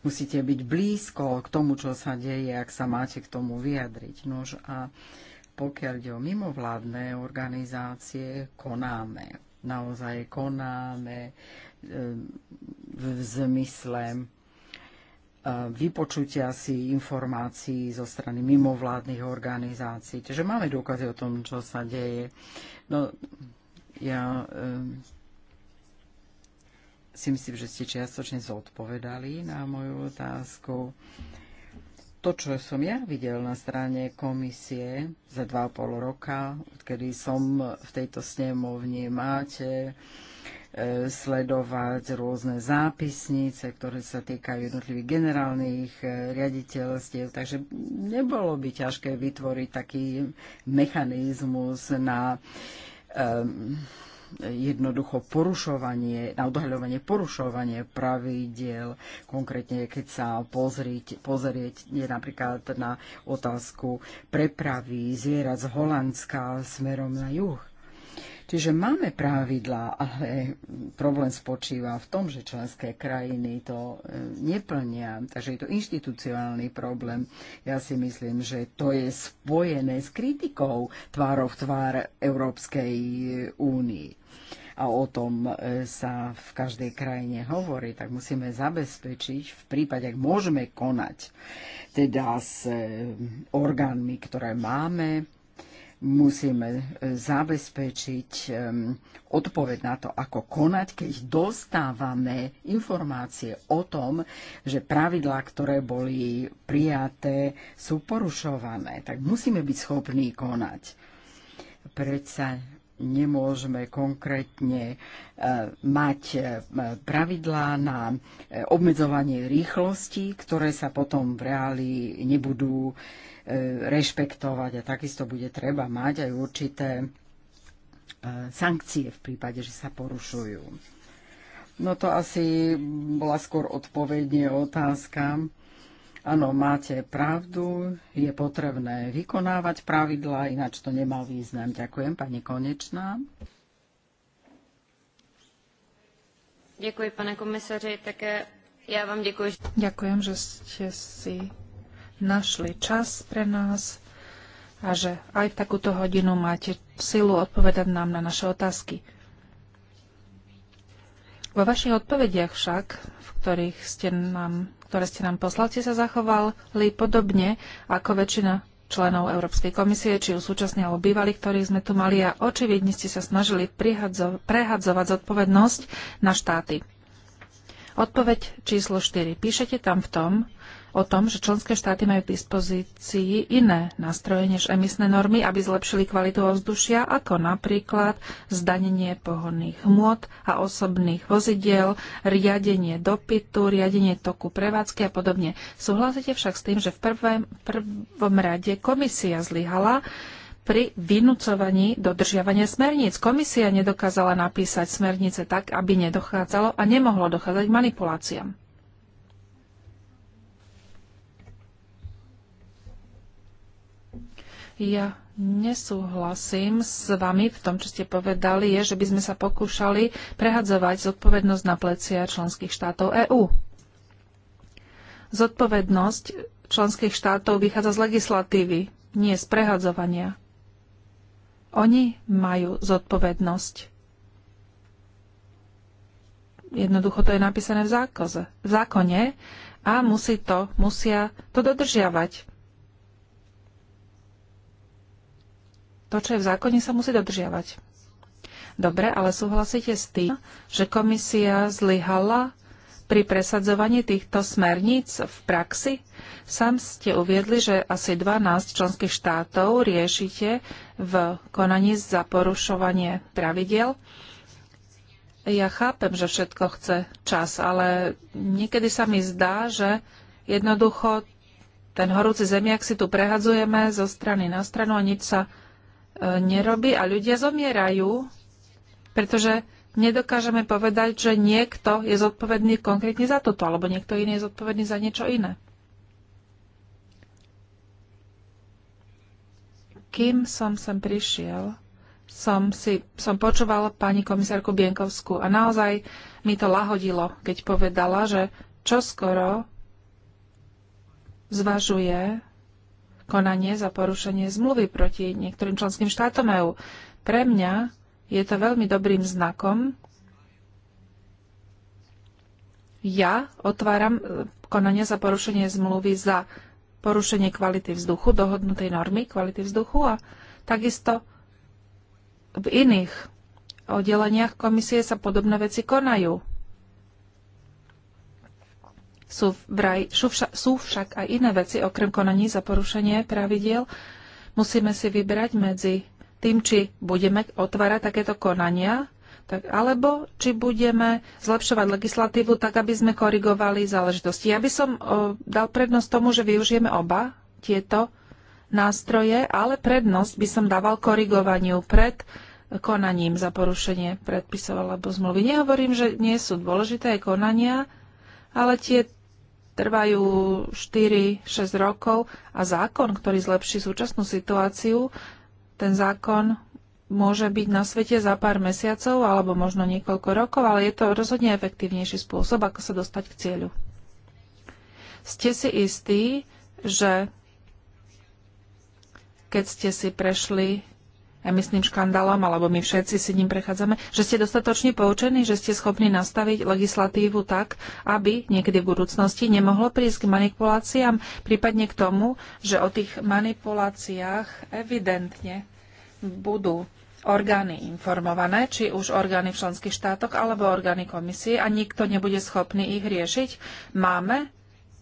musíte byť blízko k tomu, čo sa deje, ak sa máte k tomu vyjadriť. Nož a pokiaľ ide o mimovládne organizácie, konáme. Naozaj konáme e, v zmysle e, vypočutia si informácií zo strany mimovládnych organizácií. Čiže máme dôkazy o tom, čo sa deje. No, ja e, si myslím, že ste čiastočne zodpovedali na moju otázku. To, čo som ja videl na strane komisie za dva pol roka, odkedy som v tejto snemovni, máte e, sledovať rôzne zápisnice, ktoré sa týkajú jednotlivých generálnych e, riaditeľstiev. Takže nebolo by ťažké vytvoriť taký mechanizmus na um, jednoducho porušovanie, na odhaľovanie porušovanie pravidiel, konkrétne keď sa pozrieť, pozrieť napríklad na otázku prepravy zvierat z Holandska smerom na juh Čiže máme pravidlá, ale problém spočíva v tom, že členské krajiny to e, neplnia, takže je to inštitucionálny problém. Ja si myslím, že to je spojené s kritikou tvárov tvár Európskej únii a o tom e, sa v každej krajine hovorí, tak musíme zabezpečiť v prípade, ak môžeme konať teda s e, orgánmi, ktoré máme, musíme e, zabezpečiť e, odpoveď na to, ako konať, keď dostávame informácie o tom, že pravidlá, ktoré boli prijaté, sú porušované. Tak musíme byť schopní konať. Predsa nemôžeme konkrétne e, mať e, pravidlá na e, obmedzovanie rýchlosti, ktoré sa potom v reáli nebudú rešpektovať a takisto bude treba mať aj určité sankcie v prípade, že sa porušujú. No to asi bola skôr odpovedne otázka. Áno, máte pravdu, je potrebné vykonávať pravidla, ináč to nemal význam. Ďakujem, pani Konečná. Ďakujem, pane komisaři, také ja vám ďakujem. Ďakujem, že ste si našli čas pre nás a že aj v takúto hodinu máte silu odpovedať nám na naše otázky. Vo vašich odpovediach však, v ktorých ste nám, ktoré ste nám poslal, ste sa zachovali podobne ako väčšina členov Európskej komisie, či už súčasne alebo bývalých, ktorých sme tu mali a očividne ste sa snažili prehadzovať zodpovednosť na štáty. Odpoveď číslo 4. Píšete tam v tom, o tom, že členské štáty majú k dispozícii iné nástroje než emisné normy, aby zlepšili kvalitu ovzdušia, ako napríklad zdanenie pohonných hmôt a osobných vozidiel, riadenie dopytu, riadenie toku prevádzky a podobne. Súhlasíte však s tým, že v prvom, prvom rade komisia zlyhala pri vynúcovaní dodržiavania smerníc. Komisia nedokázala napísať smernice tak, aby nedochádzalo a nemohlo dochádzať k manipuláciám. Ja nesúhlasím s vami v tom, čo ste povedali, je, že by sme sa pokúšali prehadzovať zodpovednosť na plecia členských štátov EÚ. Zodpovednosť členských štátov vychádza z legislatívy, nie z prehadzovania. Oni majú zodpovednosť. Jednoducho to je napísané v, zákoze, v zákone a musí to, musia to dodržiavať to, čo je v zákone, sa musí dodržiavať. Dobre, ale súhlasíte s tým, že komisia zlyhala pri presadzovaní týchto smerníc v praxi? Sám ste uviedli, že asi 12 členských štátov riešite v konaní za porušovanie pravidel. Ja chápem, že všetko chce čas, ale niekedy sa mi zdá, že jednoducho ten horúci zemiak si tu prehadzujeme zo strany na stranu a nič sa nerobí a ľudia zomierajú, pretože nedokážeme povedať, že niekto je zodpovedný konkrétne za toto, alebo niekto iný je zodpovedný za niečo iné. Kým som sem prišiel, som, si, som počúval pani komisárku Bienkovskú a naozaj mi to lahodilo, keď povedala, že čoskoro zvažuje konanie za porušenie zmluvy proti niektorým členským štátom EÚ. Pre mňa je to veľmi dobrým znakom. Ja otváram e, konanie za porušenie zmluvy za porušenie kvality vzduchu, dohodnutej normy kvality vzduchu a takisto v iných oddeleniach komisie sa podobné veci konajú. Sú, vraj, sú však aj iné veci, okrem konaní za porušenie pravidiel. Musíme si vybrať medzi tým, či budeme otvárať takéto konania, tak, alebo či budeme zlepšovať legislatívu tak, aby sme korigovali záležitosti. Ja by som o, dal prednosť tomu, že využijeme oba tieto nástroje, ale prednosť by som dával korigovaniu pred konaním za porušenie predpisov alebo zmluvy. Nehovorím, že nie sú dôležité konania, ale tie trvajú 4-6 rokov a zákon, ktorý zlepší súčasnú situáciu, ten zákon môže byť na svete za pár mesiacov alebo možno niekoľko rokov, ale je to rozhodne efektívnejší spôsob, ako sa dostať k cieľu. Ste si istí, že keď ste si prešli emisným škandálom, alebo my všetci si ním prechádzame, že ste dostatočne poučení, že ste schopní nastaviť legislatívu tak, aby niekedy v budúcnosti nemohlo prísť k manipuláciám, prípadne k tomu, že o tých manipuláciách evidentne budú orgány informované, či už orgány v členských štátoch alebo orgány komisie a nikto nebude schopný ich riešiť. Máme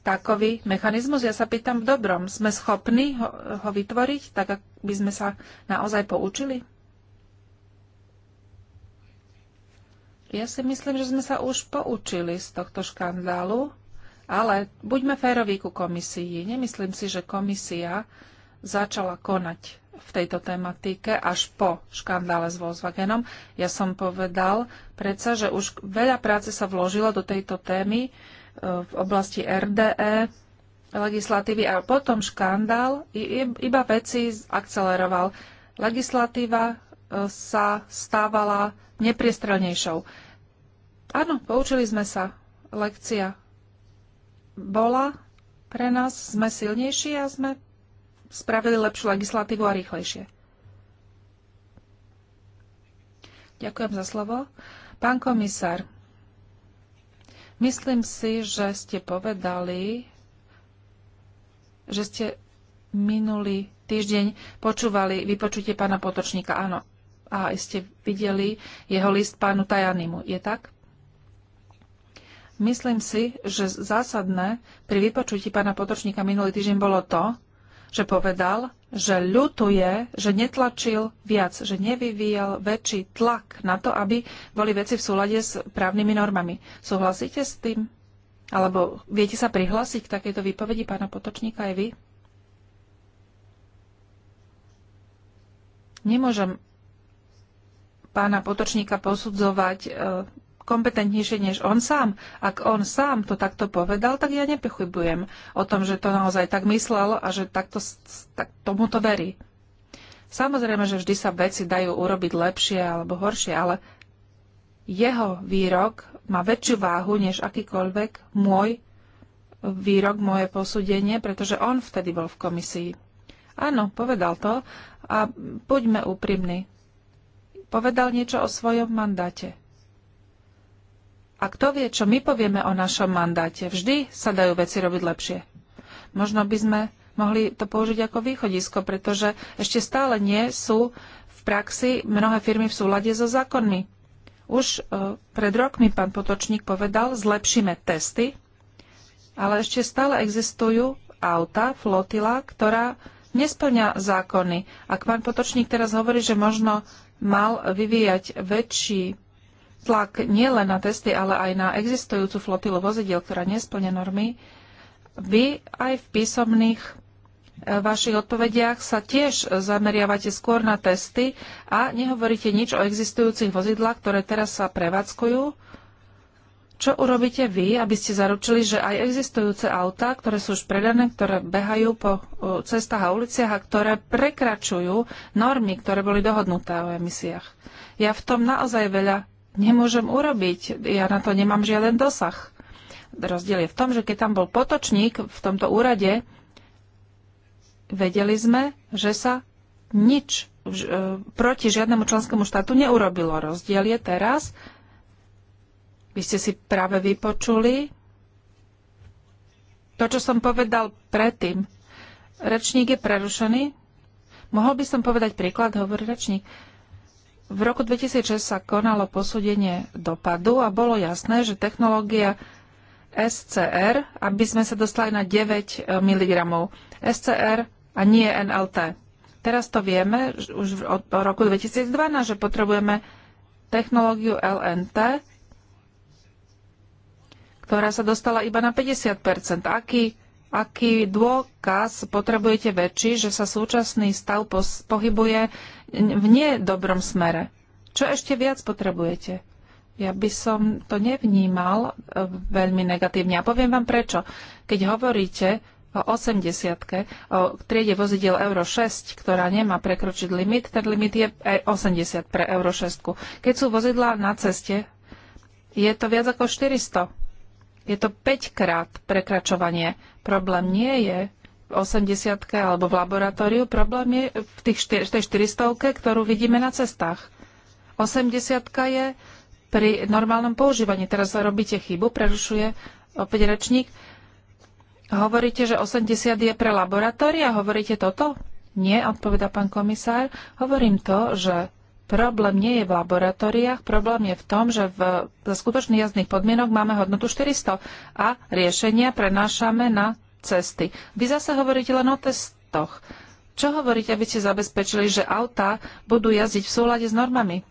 takový mechanizmus? Ja sa pýtam v dobrom. Sme schopní ho, ho vytvoriť, tak aby sme sa naozaj poučili? Ja si myslím, že sme sa už poučili z tohto škandálu, ale buďme féroví ku komisii. Nemyslím si, že komisia začala konať v tejto tematike až po škandále s Volkswagenom. Ja som povedal predsa, že už veľa práce sa vložilo do tejto témy, v oblasti RDE legislatívy a potom škandál iba veci akceleroval. Legislatíva e, sa stávala nepriestrelnejšou. Áno, poučili sme sa. Lekcia bola pre nás, sme silnejší a sme spravili lepšiu legislatívu a rýchlejšie. Ďakujem za slovo. Pán komisár, Myslím si, že ste povedali, že ste minulý týždeň počúvali vypočutie pána Potočníka. Áno. A ste videli jeho list pánu Tajanimu. Je tak? Myslím si, že zásadné pri vypočutí pána Potočníka minulý týždeň bolo to, že povedal, že ľutuje, že netlačil viac, že nevyvíjal väčší tlak na to, aby boli veci v súlade s právnymi normami. Súhlasíte s tým? Alebo viete sa prihlásiť k takejto výpovedi pána Potočníka aj vy? Nemôžem pána Potočníka posudzovať e, kompetentnejšie než on sám. Ak on sám to takto povedal, tak ja nepochybujem o tom, že to naozaj tak myslel a že takto, tak tomu to verí. Samozrejme, že vždy sa veci dajú urobiť lepšie alebo horšie, ale jeho výrok má väčšiu váhu než akýkoľvek môj výrok, moje posúdenie, pretože on vtedy bol v komisii. Áno, povedal to a buďme úprimní. Povedal niečo o svojom mandáte. A kto vie, čo my povieme o našom mandáte? Vždy sa dajú veci robiť lepšie. Možno by sme mohli to použiť ako východisko, pretože ešte stále nie sú v praxi mnohé firmy v súlade so zákonmi. Už e, pred rokmi pán Potočník povedal, zlepšíme testy, ale ešte stále existujú auta, flotila, ktorá nesplňa zákony. Ak pán Potočník teraz hovorí, že možno mal vyvíjať väčší tlak nielen na testy, ale aj na existujúcu flotilu vozidiel, ktorá nesplňa normy, vy aj v písomných eh, vašich odpovediach sa tiež zameriavate skôr na testy a nehovoríte nič o existujúcich vozidlách, ktoré teraz sa prevádzkujú. Čo urobíte vy, aby ste zaručili, že aj existujúce autá, ktoré sú už predané, ktoré behajú po eh, cestách a uliciach a ktoré prekračujú normy, ktoré boli dohodnuté o emisiách? Ja v tom naozaj veľa nemôžem urobiť. Ja na to nemám žiaden dosah. Rozdiel je v tom, že keď tam bol potočník v tomto úrade, vedeli sme, že sa nič e, proti žiadnemu členskému štátu neurobilo. Rozdiel je teraz. Vy ste si práve vypočuli to, čo som povedal predtým. Rečník je prerušený. Mohol by som povedať príklad, hovorí rečník. Uh, v roku 2006 sa konalo posúdenie dopadu a bolo jasné, že technológia SCR, aby sme sa dostali na 9 mg SCR a nie NLT. Teraz to vieme už od roku 2012, že potrebujeme technológiu LNT, ktorá sa dostala iba na 50 Aký, aký dôkaz potrebujete väčší, že sa súčasný stav pohybuje v nedobrom smere. Čo ešte viac potrebujete? Ja by som to nevnímal e, veľmi negatívne. A poviem vám prečo. Keď hovoríte o 80 o triede vozidiel Euro 6, ktorá nemá prekročiť limit, ten limit je 80 pre Euro 6. Keď sú vozidlá na ceste, je to viac ako 400. Je to 5 krát prekračovanie. Problém nie je 80 alebo v laboratóriu. Problém je v, tých, štyr, tej 400 ktorú vidíme na cestách. 80 je pri normálnom používaní. Teraz robíte chybu, prerušuje opäť rečník. Hovoríte, že 80 je pre laboratória? Hovoríte toto? Nie, odpoveda pán komisár. Hovorím to, že problém nie je v laboratóriách, problém je v tom, že v, za skutočných jazdných podmienok máme hodnotu 400 a riešenia prenášame na cesty. Vy zase hovoríte len o testoch. Čo hovoríte, aby ste zabezpečili, že autá budú jazdiť v súlade s normami?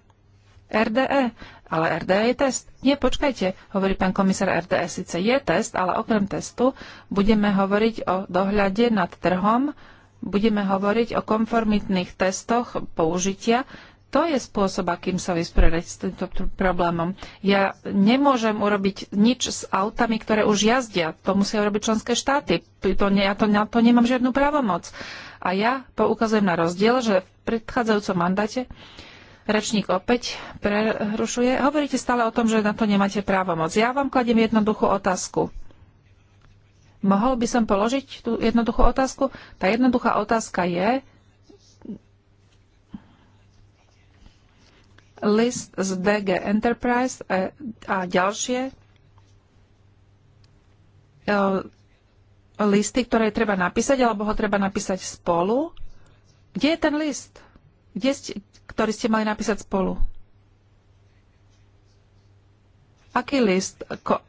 RDE. Ale RDE je test. Nie, počkajte, hovorí pán komisár RDE. Sice je test, ale okrem testu budeme hovoriť o dohľade nad trhom, budeme hovoriť o konformitných testoch použitia to je spôsob, akým sa vysporiadať s týmto problémom. Ja nemôžem urobiť nič s autami, ktoré už jazdia. To musia urobiť členské štáty. To, ja to, na to nemám žiadnu právomoc. A ja poukazujem na rozdiel, že v predchádzajúcom mandáte rečník opäť prerušuje. Hovoríte stále o tom, že na to nemáte právomoc. Ja vám kladiem jednoduchú otázku. Mohol by som položiť tú jednoduchú otázku? Tá jednoduchá otázka je, list z DG Enterprise e, a ďalšie e, listy, ktoré treba napísať, alebo ho treba napísať spolu. Kde je ten list, Kde ste, ktorý ste mali napísať spolu? Aký list? Ko-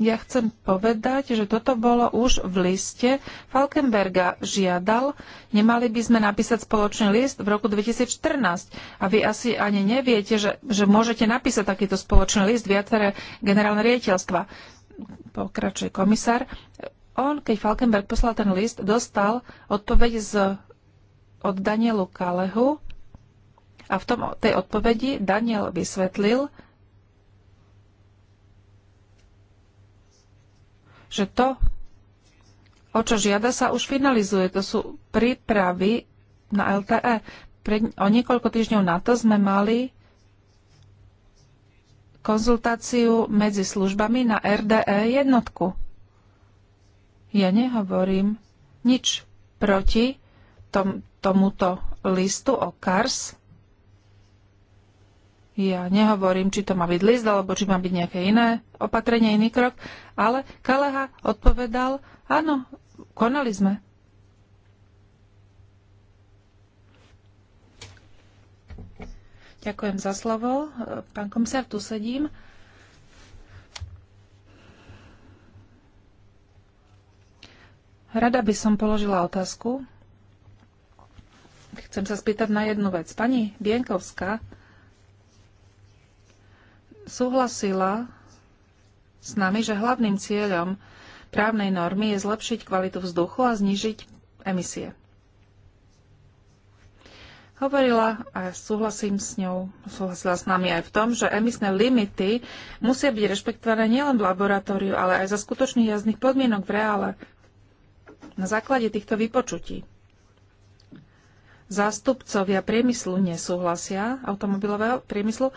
ja chcem povedať, že toto bolo už v liste. Falkenberga žiadal, nemali by sme napísať spoločný list v roku 2014. A vy asi ani neviete, že, že môžete napísať takýto spoločný list viaceré generálne riaditeľstva. Pokračuje komisár. On, keď Falkenberg poslal ten list, dostal odpoveď z, od Danielu Kalehu a v tom, tej odpovedi Daniel vysvetlil, že to, o čo žiada, sa už finalizuje. To sú prípravy na LTE. Pre, o niekoľko týždňov na to sme mali konzultáciu medzi službami na RDE jednotku. Ja nehovorím nič proti tom, tomuto listu o CARS, ja nehovorím, či to má byť list, alebo či má byť nejaké iné opatrenie, iný krok, ale Kaleha odpovedal, áno, konali sme. Ďakujem za slovo. Pán komisár, tu sedím. Rada by som položila otázku. Chcem sa spýtať na jednu vec. Pani Bienkovská súhlasila s nami, že hlavným cieľom právnej normy je zlepšiť kvalitu vzduchu a znižiť emisie. Hovorila a súhlasím s ňou, súhlasila s nami aj v tom, že emisné limity musia byť rešpektované nielen v laboratóriu, ale aj za skutočných jazdných podmienok v reále. Na základe týchto vypočutí zástupcovia priemyslu nesúhlasia, automobilového priemyslu,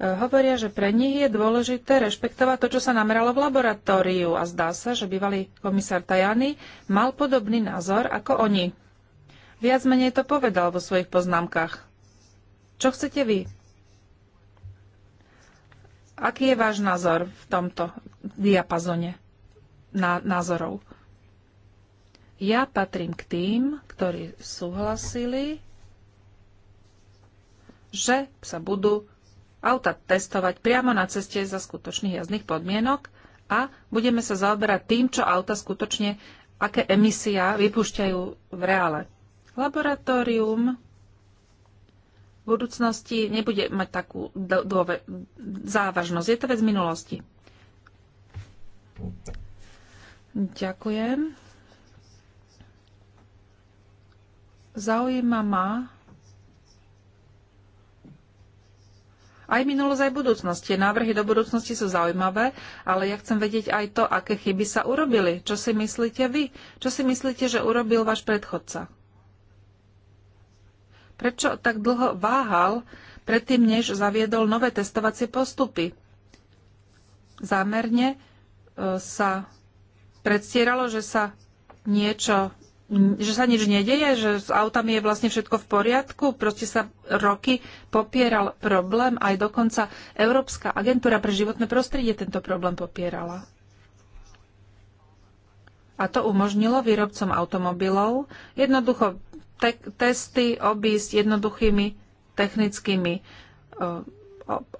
hovoria, že pre nich je dôležité rešpektovať to, čo sa nameralo v laboratóriu a zdá sa, že bývalý komisár Tajany mal podobný názor ako oni. Viac menej to povedal vo svojich poznámkach. Čo chcete vy? Aký je váš názor v tomto diapazone názorov? Ja patrím k tým, ktorí súhlasili, že sa budú auta testovať priamo na ceste za skutočných jazdných podmienok a budeme sa zaoberať tým, čo auta skutočne, aké emisia vypúšťajú v reále. Laboratórium v budúcnosti nebude mať takú závažnosť. Je to vec minulosti. Ďakujem. Zaujíma ma, Aj minulosť, aj budúcnosť. Tie návrhy do budúcnosti sú zaujímavé, ale ja chcem vedieť aj to, aké chyby sa urobili. Čo si myslíte vy? Čo si myslíte, že urobil váš predchodca? Prečo tak dlho váhal predtým, než zaviedol nové testovacie postupy? Zámerne e, sa predstieralo, že sa niečo že sa nič nedeje, že s autami je vlastne všetko v poriadku, proste sa roky popieral problém, aj dokonca Európska agentúra pre životné prostredie tento problém popierala. A to umožnilo výrobcom automobilov jednoducho te- testy obísť jednoduchými technickými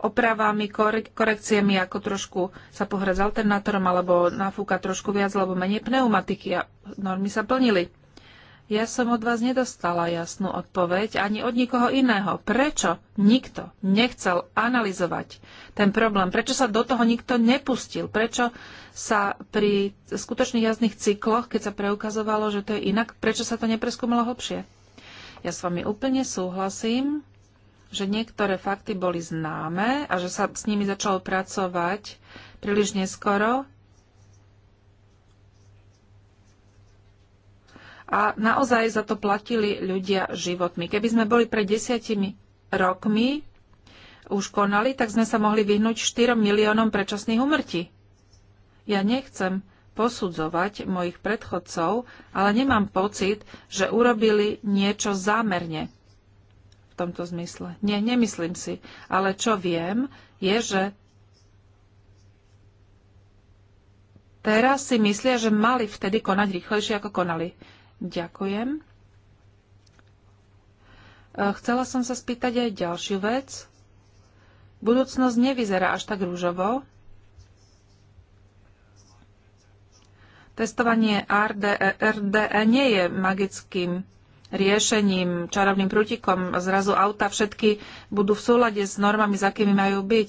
opravami, korekciami, ako trošku sa pohrať s alternátorom alebo nafúka trošku viac, alebo menej pneumatiky a normy sa plnili. Ja som od vás nedostala jasnú odpoveď ani od nikoho iného. Prečo nikto nechcel analyzovať ten problém? Prečo sa do toho nikto nepustil? Prečo sa pri skutočných jazdných cykloch, keď sa preukazovalo, že to je inak, prečo sa to nepreskúmalo hlbšie? Ja s vami úplne súhlasím, že niektoré fakty boli známe a že sa s nimi začalo pracovať príliš neskoro a naozaj za to platili ľudia životmi. Keby sme boli pred desiatimi rokmi už konali, tak sme sa mohli vyhnúť 4 miliónom predčasných umrtí. Ja nechcem posudzovať mojich predchodcov, ale nemám pocit, že urobili niečo zámerne v tomto zmysle. Nie, nemyslím si. Ale čo viem, je, že teraz si myslia, že mali vtedy konať rýchlejšie, ako konali. Ďakujem. E, chcela som sa spýtať aj ďalšiu vec. Budúcnosť nevyzerá až tak rúžovo. Testovanie RDE, e nie je magickým riešením, čarovným prútikom. Zrazu auta všetky budú v súlade s normami, za akými majú byť.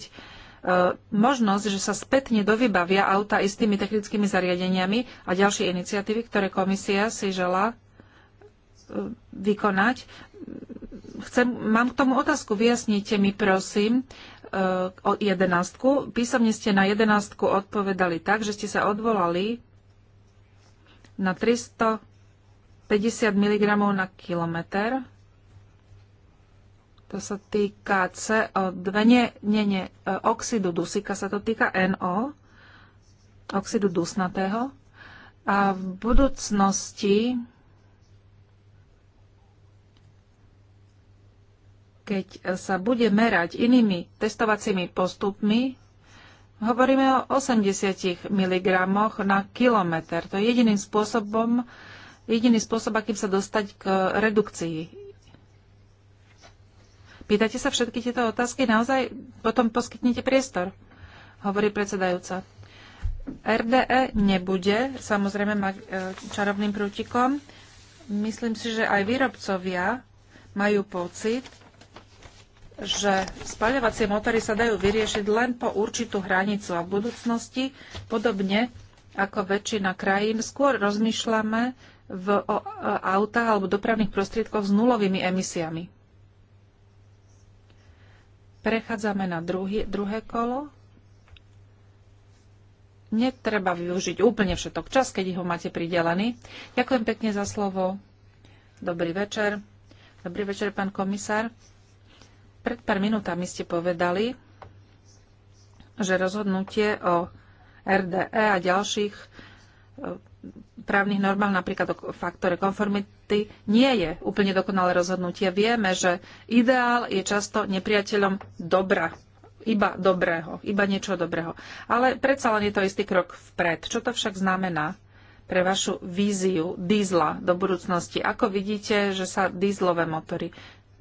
E, možnosť, že sa spätne dovybavia auta istými technickými zariadeniami a ďalšie iniciatívy, ktoré komisia si žela e, vykonať. Chcem, mám k tomu otázku. Vyjasnite mi, prosím, e, o jedenástku. Písomne ste na jedenástku odpovedali tak, že ste sa odvolali na 350 mg na kilometr. To sa týka CO2, nie, nie, nie, e, oxidu dusíka sa to týka NO, oxidu dusnatého. A v budúcnosti, keď sa bude merať inými testovacími postupmi, hovoríme o 80 mg na kilometr. To je jediným spôsobom, jediný spôsob, akým sa dostať k redukcii Pýtate sa všetky tieto otázky, naozaj potom poskytnite priestor, hovorí predsedajúca. RDE nebude samozrejme mať e, čarovným prútikom. Myslím si, že aj výrobcovia majú pocit, že spaľovacie motory sa dajú vyriešiť len po určitú hranicu a v budúcnosti, podobne ako väčšina krajín, skôr rozmýšľame v, o, o e, autách alebo dopravných prostriedkoch s nulovými emisiami. Prechádzame na druhý, druhé kolo. Netreba využiť úplne všetok čas, keď ho máte pridelený. Ďakujem pekne za slovo. Dobrý večer. Dobrý večer, pán komisár. Pred pár minútami ste povedali, že rozhodnutie o RDE a ďalších právnych normách, napríklad o faktore konformity, nie je úplne dokonalé rozhodnutie. Vieme, že ideál je často nepriateľom dobra, iba dobrého, iba niečo dobrého. Ale predsa len je to istý krok vpred. Čo to však znamená pre vašu víziu dízla do budúcnosti? Ako vidíte, že sa dízlové motory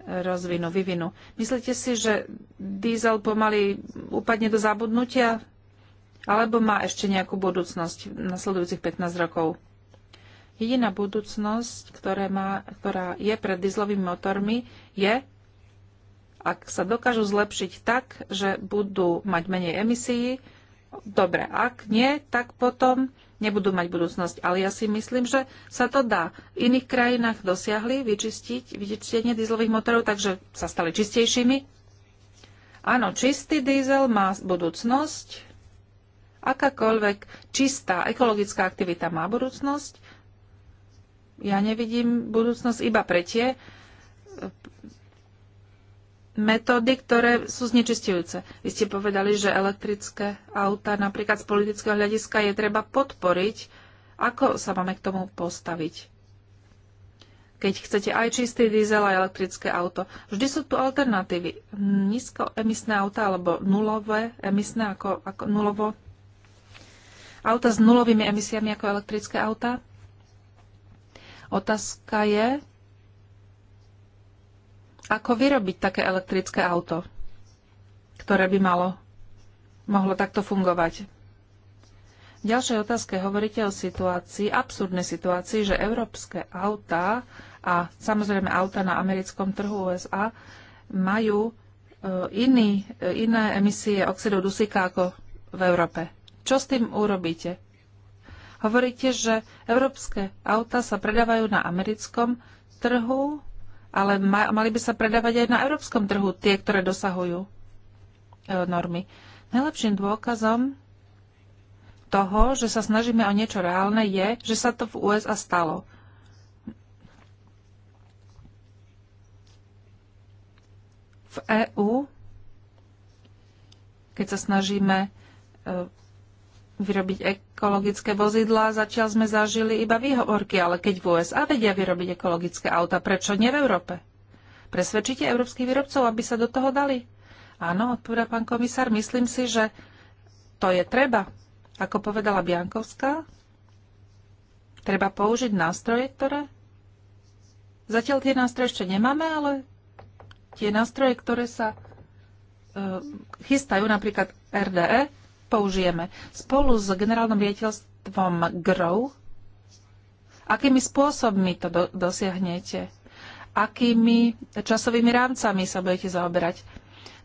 rozvinú, vyvinú? Myslíte si, že dízel pomaly upadne do zabudnutia alebo má ešte nejakú budúcnosť v nasledujúcich 15 rokov? Jediná budúcnosť, ktoré má, ktorá je pred dieslovými motormi, je, ak sa dokážu zlepšiť tak, že budú mať menej emisií, dobre, ak nie, tak potom nebudú mať budúcnosť. Ale ja si myslím, že sa to dá. V iných krajinách dosiahli vyčistiť vyčistenie dieslových motorov, takže sa stali čistejšími. Áno, čistý diesel má budúcnosť, Akákoľvek čistá ekologická aktivita má budúcnosť. Ja nevidím budúcnosť iba pre tie eh, metódy, ktoré sú znečistujúce. Vy ste povedali, že elektrické auta napríklad z politického hľadiska je treba podporiť. Ako sa máme k tomu postaviť? Keď chcete aj čistý diesel, aj elektrické auto. Vždy sú tu alternatívy. Nízkoemisné auta alebo nulové emisné, ako, ako nulovo Auta s nulovými emisiami ako elektrické auta? Otázka je, ako vyrobiť také elektrické auto, ktoré by malo, mohlo takto fungovať. V ďalšej otázke hovoríte o situácii, absurdnej situácii, že európske auta a samozrejme auta na americkom trhu USA majú e, iný, e, iné emisie oxidov dusíka ako v Európe. Čo s tým urobíte? Hovoríte, že európske auta sa predávajú na americkom trhu, ale mali by sa predávať aj na európskom trhu tie, ktoré dosahujú e, normy. Najlepším dôkazom toho, že sa snažíme o niečo reálne, je, že sa to v USA stalo. V EU, keď sa snažíme e, vyrobiť ekologické vozidlá. Zatiaľ sme zažili iba výhovorky, ale keď v USA vedia vyrobiť ekologické auta, prečo nie v Európe? Presvedčíte európskych výrobcov, aby sa do toho dali? Áno, odpovedá pán komisár, myslím si, že to je treba. Ako povedala Biankovská, treba použiť nástroje, ktoré... Zatiaľ tie nástroje ešte nemáme, ale tie nástroje, ktoré sa e, chystajú, napríklad RDE, použijeme. Spolu s generálnym riaditeľstvom GROW, akými spôsobmi to do, dosiahnete? Akými časovými rámcami sa budete zaoberať?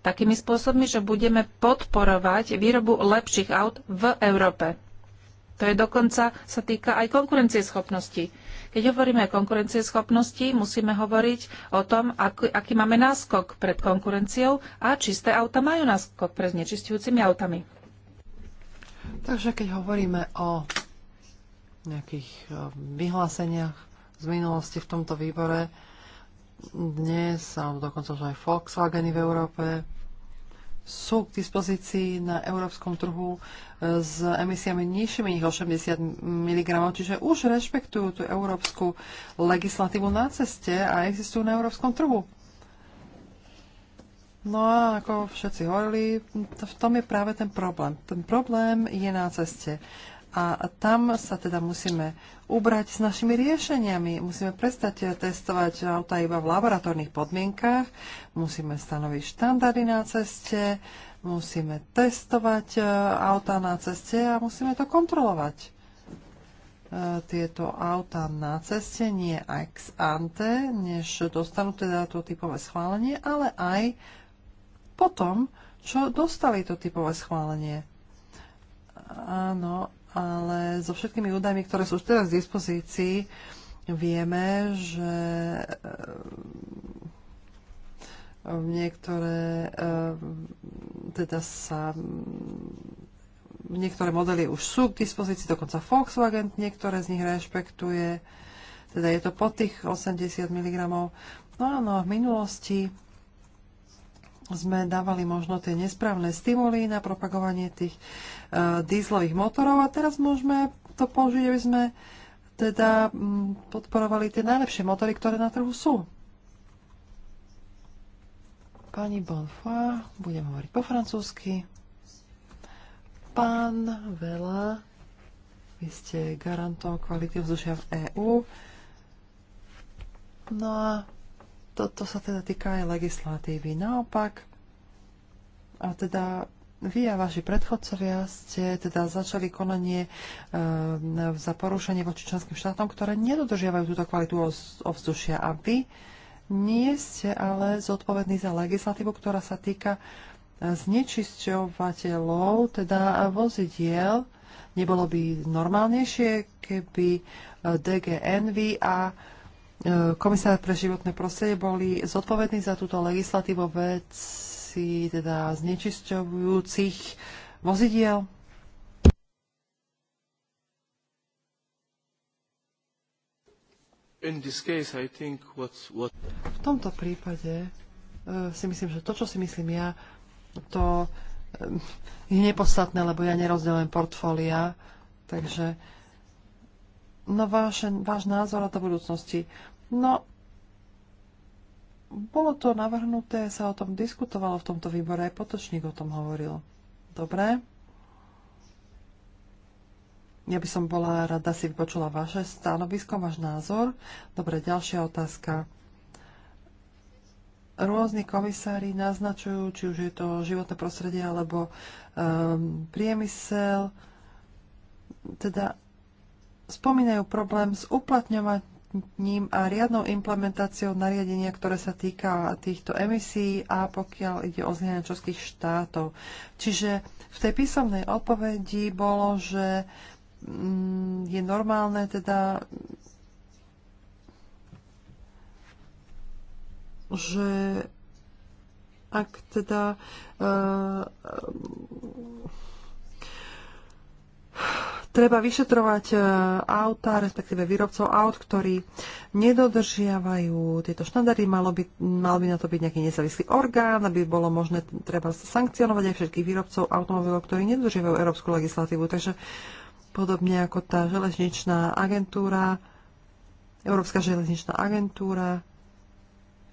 Takými spôsobmi, že budeme podporovať výrobu lepších aut v Európe. To je dokonca sa týka aj konkurencieschopnosti. Keď hovoríme o konkurencieschopnosti, musíme hovoriť o tom, aký, aký máme náskok pred konkurenciou a čisté auta majú náskok pred znečistujúcimi autami. Takže keď hovoríme o nejakých e, vyhláseniach z minulosti v tomto výbore, dnes, alebo dokonca už aj Volkswageny v Európe, sú k dispozícii na európskom trhu e, s emisiami nižšími než 80 mg, čiže už rešpektujú tú európsku legislatívu na ceste a existujú na európskom trhu. No a ako všetci hovorili, v tom je práve ten problém. Ten problém je na ceste. A tam sa teda musíme ubrať s našimi riešeniami. Musíme prestať testovať auta iba v laboratórnych podmienkách, musíme stanoviť štandardy na ceste, musíme testovať e, auta na ceste a musíme to kontrolovať. E, tieto auta na ceste nie ex ante, než dostanú teda to typové schválenie, ale aj potom, čo dostali to typové schválenie. Áno, ale so všetkými údajmi, ktoré sú už teraz k dispozícii, vieme, že e, niektoré e, teda sa niektoré modely už sú k dispozícii, dokonca Volkswagen niektoré z nich rešpektuje, teda je to po tých 80 mg. No áno, v minulosti sme dávali možno tie nesprávne stimuly na propagovanie tých uh, dízlových motorov a teraz môžeme to použiť, aby sme teda um, podporovali tie najlepšie motory, ktoré na trhu sú. Pani Bonfoy, budem hovoriť po francúzsky. Pán Vela, vy ste garantom kvality vzdušia v EÚ. No a toto sa teda týka aj legislatívy. Naopak, a teda vy a vaši predchodcovia ste teda začali konanie e, za porušenie voči členským štátom, ktoré nedodržiavajú túto kvalitu ovzdušia. A vy nie ste ale zodpovední za legislatívu, ktorá sa týka eh, znečisťovateľov, teda vozidiel. Nebolo by normálnejšie, keby eh, DGNV a E, komisár pre životné prostredie boli zodpovední za túto legislatívu veci teda znečisťujúcich vozidiel. Case, what... V tomto prípade uh, si myslím, že to, čo si myslím ja, to uh, je nepodstatné, lebo ja nerozdelujem portfólia, takže no váš, váš názor na to budúcnosti. No, bolo to navrhnuté, sa o tom diskutovalo v tomto výbore, aj Potočník o tom hovoril. Dobre. Ja by som bola rada si vypočula vaše stanovisko, váš názor. Dobre, ďalšia otázka. Rôzni komisári naznačujú, či už je to životné prostredie alebo um, priemysel, teda spomínajú problém s uplatňovaním ním a riadnou implementáciou nariadenia, ktoré sa týka týchto emisí a pokiaľ ide o zlyhanie členských štátov. Čiže v tej písomnej odpovedi bolo, že mm, je normálne teda že ak teda uh, Treba vyšetrovať e, auta, respektíve výrobcov aut, ktorí nedodržiavajú tieto štandardy. Malo by, mal by na to byť nejaký nezávislý orgán, aby bolo možné treba sankcionovať aj všetkých výrobcov automobilov, ktorí nedodržiavajú európsku legislatívu. Takže podobne ako tá železničná agentúra, Európska železničná agentúra,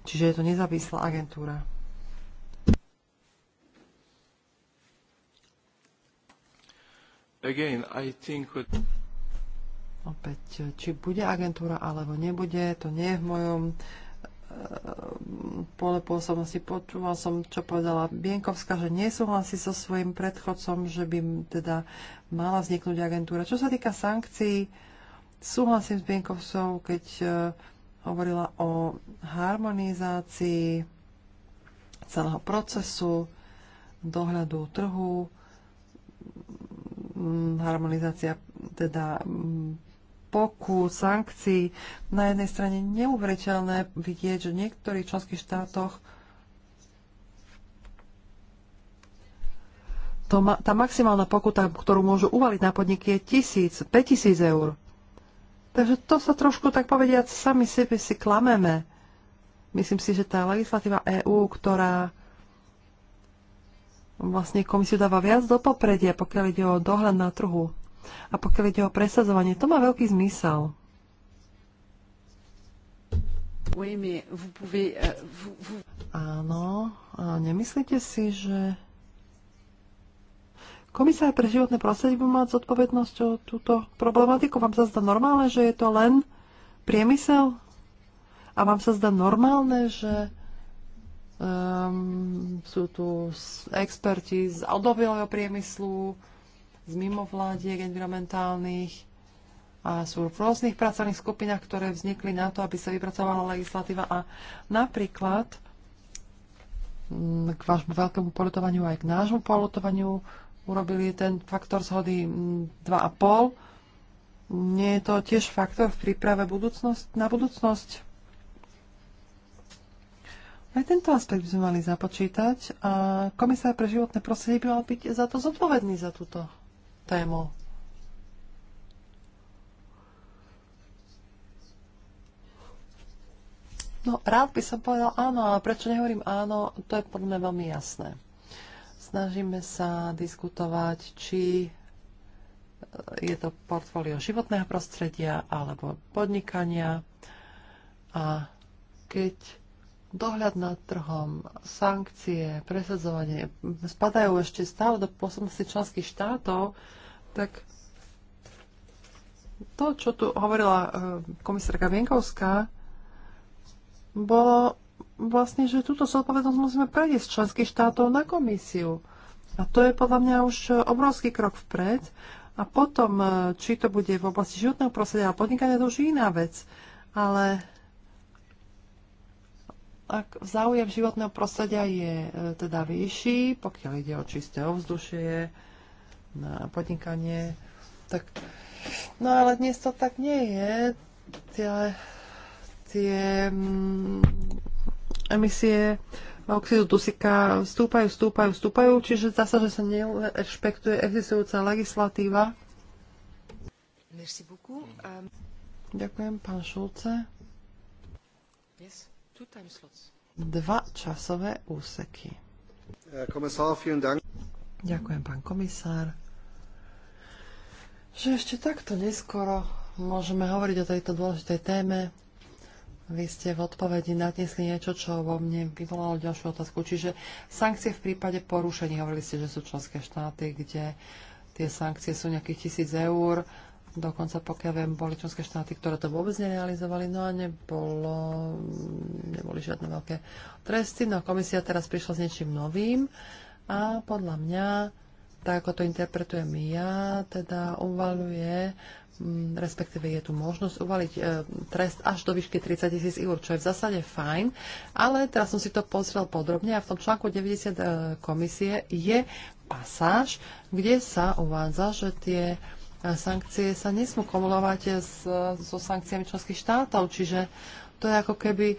čiže je to nezávislá agentúra. Again, I think what... Opäť, e, či bude agentúra alebo nebude, to nie je v mojom e, pole pôsobnosti. Počúval som, čo povedala Bienkovská, že nesúhlasí so svojim predchodcom, že by teda mala vzniknúť agentúra. Čo sa týka sankcií, súhlasím s Bienkovsou, keď e, hovorila o harmonizácii celého procesu dohľadu trhu harmonizácia teda poku, sankcií. Na jednej strane neuveriteľné vidieť, že v niektorých členských štátoch to ma, tá maximálna pokuta, ktorú môžu uvaliť na podniky, je 1000, 5000 eur. Takže to sa trošku, tak povediať, sami si, si klameme. Myslím si, že tá legislatíva EÚ, ktorá vlastne komisiu dáva viac do popredia, pokiaľ ide o dohľad na trhu a pokiaľ ide o presadzovanie. To má veľký zmysel. Oui, mais vous pouvez, euh, vous, vous... Áno, a nemyslíte si, že komisár pre životné prostredie by mal zodpovednosť o túto problematiku? Vám sa zdá normálne, že je to len priemysel? A vám sa zdá normálne, že Um, sú tu experti z automobilového priemyslu, z mimovládiek environmentálnych a sú v rôznych pracovných skupinách, ktoré vznikli na to, aby sa vypracovala legislatíva a napríklad mm, k vášmu veľkému polutovaniu aj k nášmu polutovaniu urobili ten faktor zhody 2,5. Mm, Nie je to tiež faktor v príprave budúcnosť, na budúcnosť? Aj tento aspekt by sme mali započítať a komisár pre životné prostredie by mal byť za to zodpovedný za túto tému. No, rád by som povedal áno, ale prečo nehovorím áno, to je podľa mňa veľmi jasné. Snažíme sa diskutovať, či e, je to portfólio životného prostredia alebo podnikania. A keď dohľad nad trhom, sankcie, presadzovanie spadajú ešte stále do pôsobnosti členských štátov, tak to, čo tu hovorila e, komisárka Vienkovská, bolo vlastne, že túto zodpovednosť musíme prejsť z členských štátov na komisiu. A to je podľa mňa už obrovský krok vpred. A potom, e, či to bude v oblasti životného prostredia a podnikania, to už je iná vec. Ale ak záujem životného prostredia je e, teda vyšší, pokiaľ ide o čisté ovzdušie, na podnikanie, tak... No ale dnes to tak nie je. Tie, tie mm, emisie oxidu dusika stúpajú, stúpajú, stúpajú, čiže zase, že sa nerešpektuje existujúca legislatíva. Merci beaucoup. Um... Ďakujem, pán Šulce. Dva časové úseky. Ďakujem, pán komisár, že ešte takto neskoro môžeme hovoriť o tejto dôležitej téme. Vy ste v odpovedi natiesli niečo, čo vo mne vyvolalo ďalšiu otázku. Čiže sankcie v prípade porušení. Hovorili ste, že sú členské štáty, kde tie sankcie sú nejakých tisíc eur Dokonca, pokiaľ viem, boli členské štáty, ktoré to vôbec nerealizovali, no a nebolo, neboli žiadne veľké tresty. No a komisia teraz prišla s niečím novým a podľa mňa, tak ako to interpretujem ja, teda uvaluje, mm, respektíve je tu možnosť uvaliť e, trest až do výšky 30 tisíc eur, čo je v zásade fajn, ale teraz som si to pozrel podrobne a v tom článku 90 e, komisie je pasáž, kde sa uvádza, že tie sankcie sa nesmú kumulovať s, so sankciami členských štátov, čiže to je ako keby e,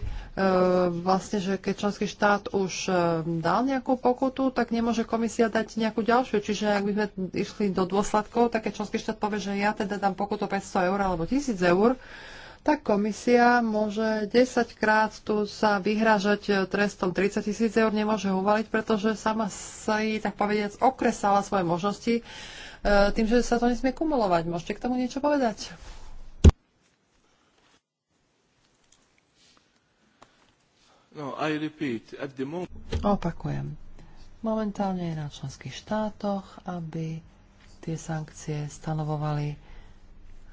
vlastne, že keď členský štát už e, dal nejakú pokutu, tak nemôže komisia dať nejakú ďalšiu. Čiže ak by sme išli do dôsledkov, tak keď členský štát povie, že ja teda dám pokutu 500 eur alebo 1000 eur, tak komisia môže 10 krát tu sa vyhrážať trestom 30 tisíc eur, nemôže uvaliť, pretože sama sa jej, tak povediac, okresala svoje možnosti Eh, tým, že sa to nesmie kumulovať. Môžete k tomu niečo povedať? No, I repeat, at the moment... Opakujem. Momentálne je na členských štátoch, aby tie sankcie stanovovali.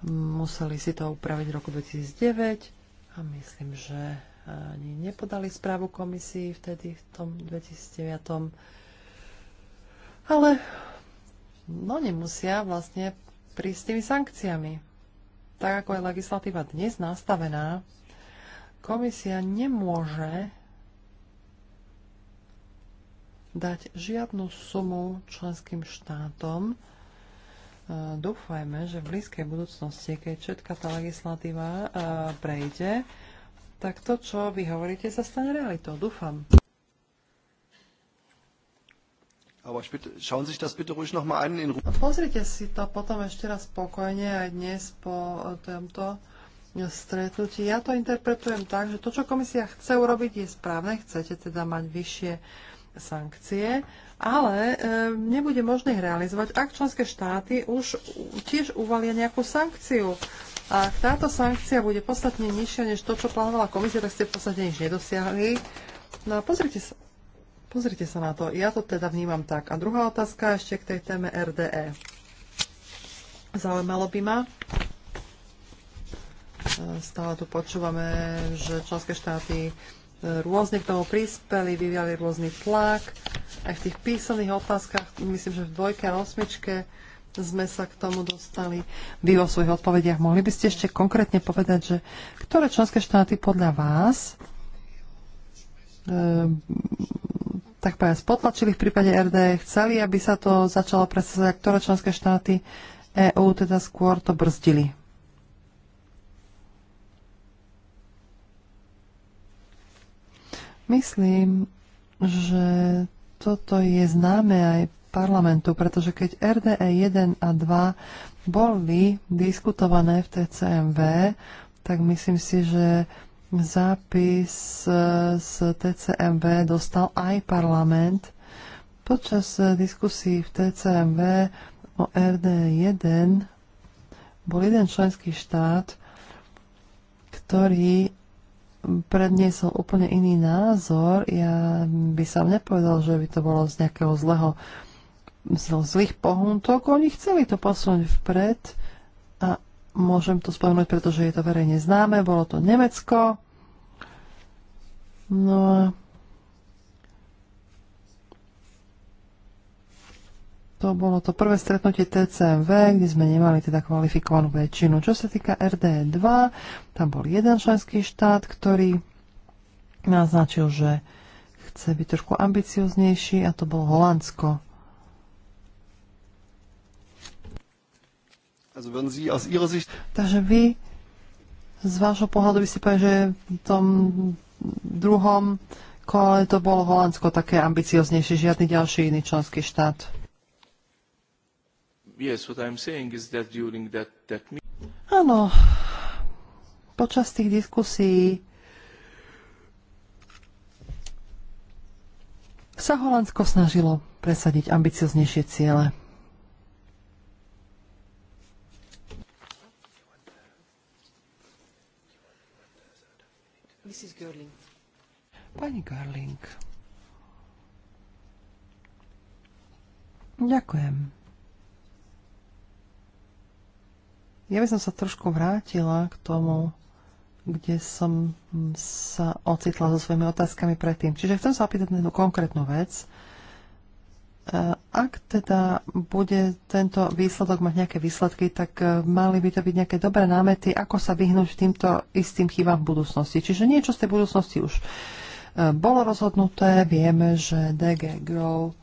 Museli si to upraviť v roku 2009 a myslím, že ani nepodali správu komisii vtedy v tom 2009. Ale no nemusia vlastne prísť s tými sankciami. Tak ako je legislatíva dnes nastavená, komisia nemôže dať žiadnu sumu členským štátom. E, dúfajme, že v blízkej budúcnosti, keď všetka tá legislatíva e, prejde, tak to, čo vy hovoríte, sa stane realitou. Dúfam. Aber nochmal In Pozrite si to potom ešte raz spokojne aj dnes po tomto stretnutí. Ja to interpretujem tak, že to, čo komisia chce urobiť, je správne. Chcete teda mať vyššie sankcie, ale e, nebude možné ich realizovať, ak členské štáty už tiež uvalia nejakú sankciu. A ak táto sankcia bude podstatne nižšia než to, čo plánovala komisia, tak ste v podstate nič nedosiahli. No a pozrite sa, Pozrite sa na to. Ja to teda vnímam tak. A druhá otázka ešte k tej téme RDE. Zaujímalo by ma, e, stále tu počúvame, že členské štáty e, rôzne k tomu prispeli, vyviali rôzny tlak. Aj v tých písaných otázkach, myslím, že v dvojke a osmičke sme sa k tomu dostali. Vy vo svojich odpovediach mohli by ste ešte konkrétne povedať, že ktoré členské štáty podľa vás e, tak povedať, potlačili v prípade RD, chceli, aby sa to začalo presadzovať, ktoré členské štáty EÚ teda skôr to brzdili. Myslím, že toto je známe aj parlamentu, pretože keď RDE e 1 a 2 boli diskutované v TCMV, tak myslím si, že Zápis e, z TCMV dostal aj parlament. Počas e, diskusí v TCMV o RD1 bol jeden členský štát, ktorý predniesol úplne iný názor. Ja by som nepovedal, že by to bolo z nejakého zlého zlých pohúntok. Oni chceli to posunúť vpred a Môžem to spomenúť, pretože je to verejne známe. Bolo to Nemecko. No a to bolo to prvé stretnutie TCMV, kde sme nemali teda kvalifikovanú väčšinu. Čo sa týka RD2, tam bol jeden členský štát, ktorý naznačil, že chce byť trošku ambicioznejší a to bolo Holandsko. Takže vy z vášho pohľadu by ste povedali, že v tom druhom kole to bolo Holandsko také ambicioznejšie, žiadny ďalší iný členský štát. Yes, that that, that... Áno, počas tých diskusí sa Holandsko snažilo presadiť ambicioznejšie ciele. Mrs. Görling. Pani Görling. Ďakujem. Ja by som sa trošku vrátila k tomu, kde som sa ocitla so svojimi otázkami predtým. Čiže chcem sa opýtať na jednu konkrétnu vec. Eh, ak teda bude tento výsledok mať nejaké výsledky, tak eh, mali by to byť nejaké dobré námety, ako sa vyhnúť týmto istým chybám v budúcnosti. Čiže niečo z tej budúcnosti už eh, bolo rozhodnuté. Vieme, že DG Grow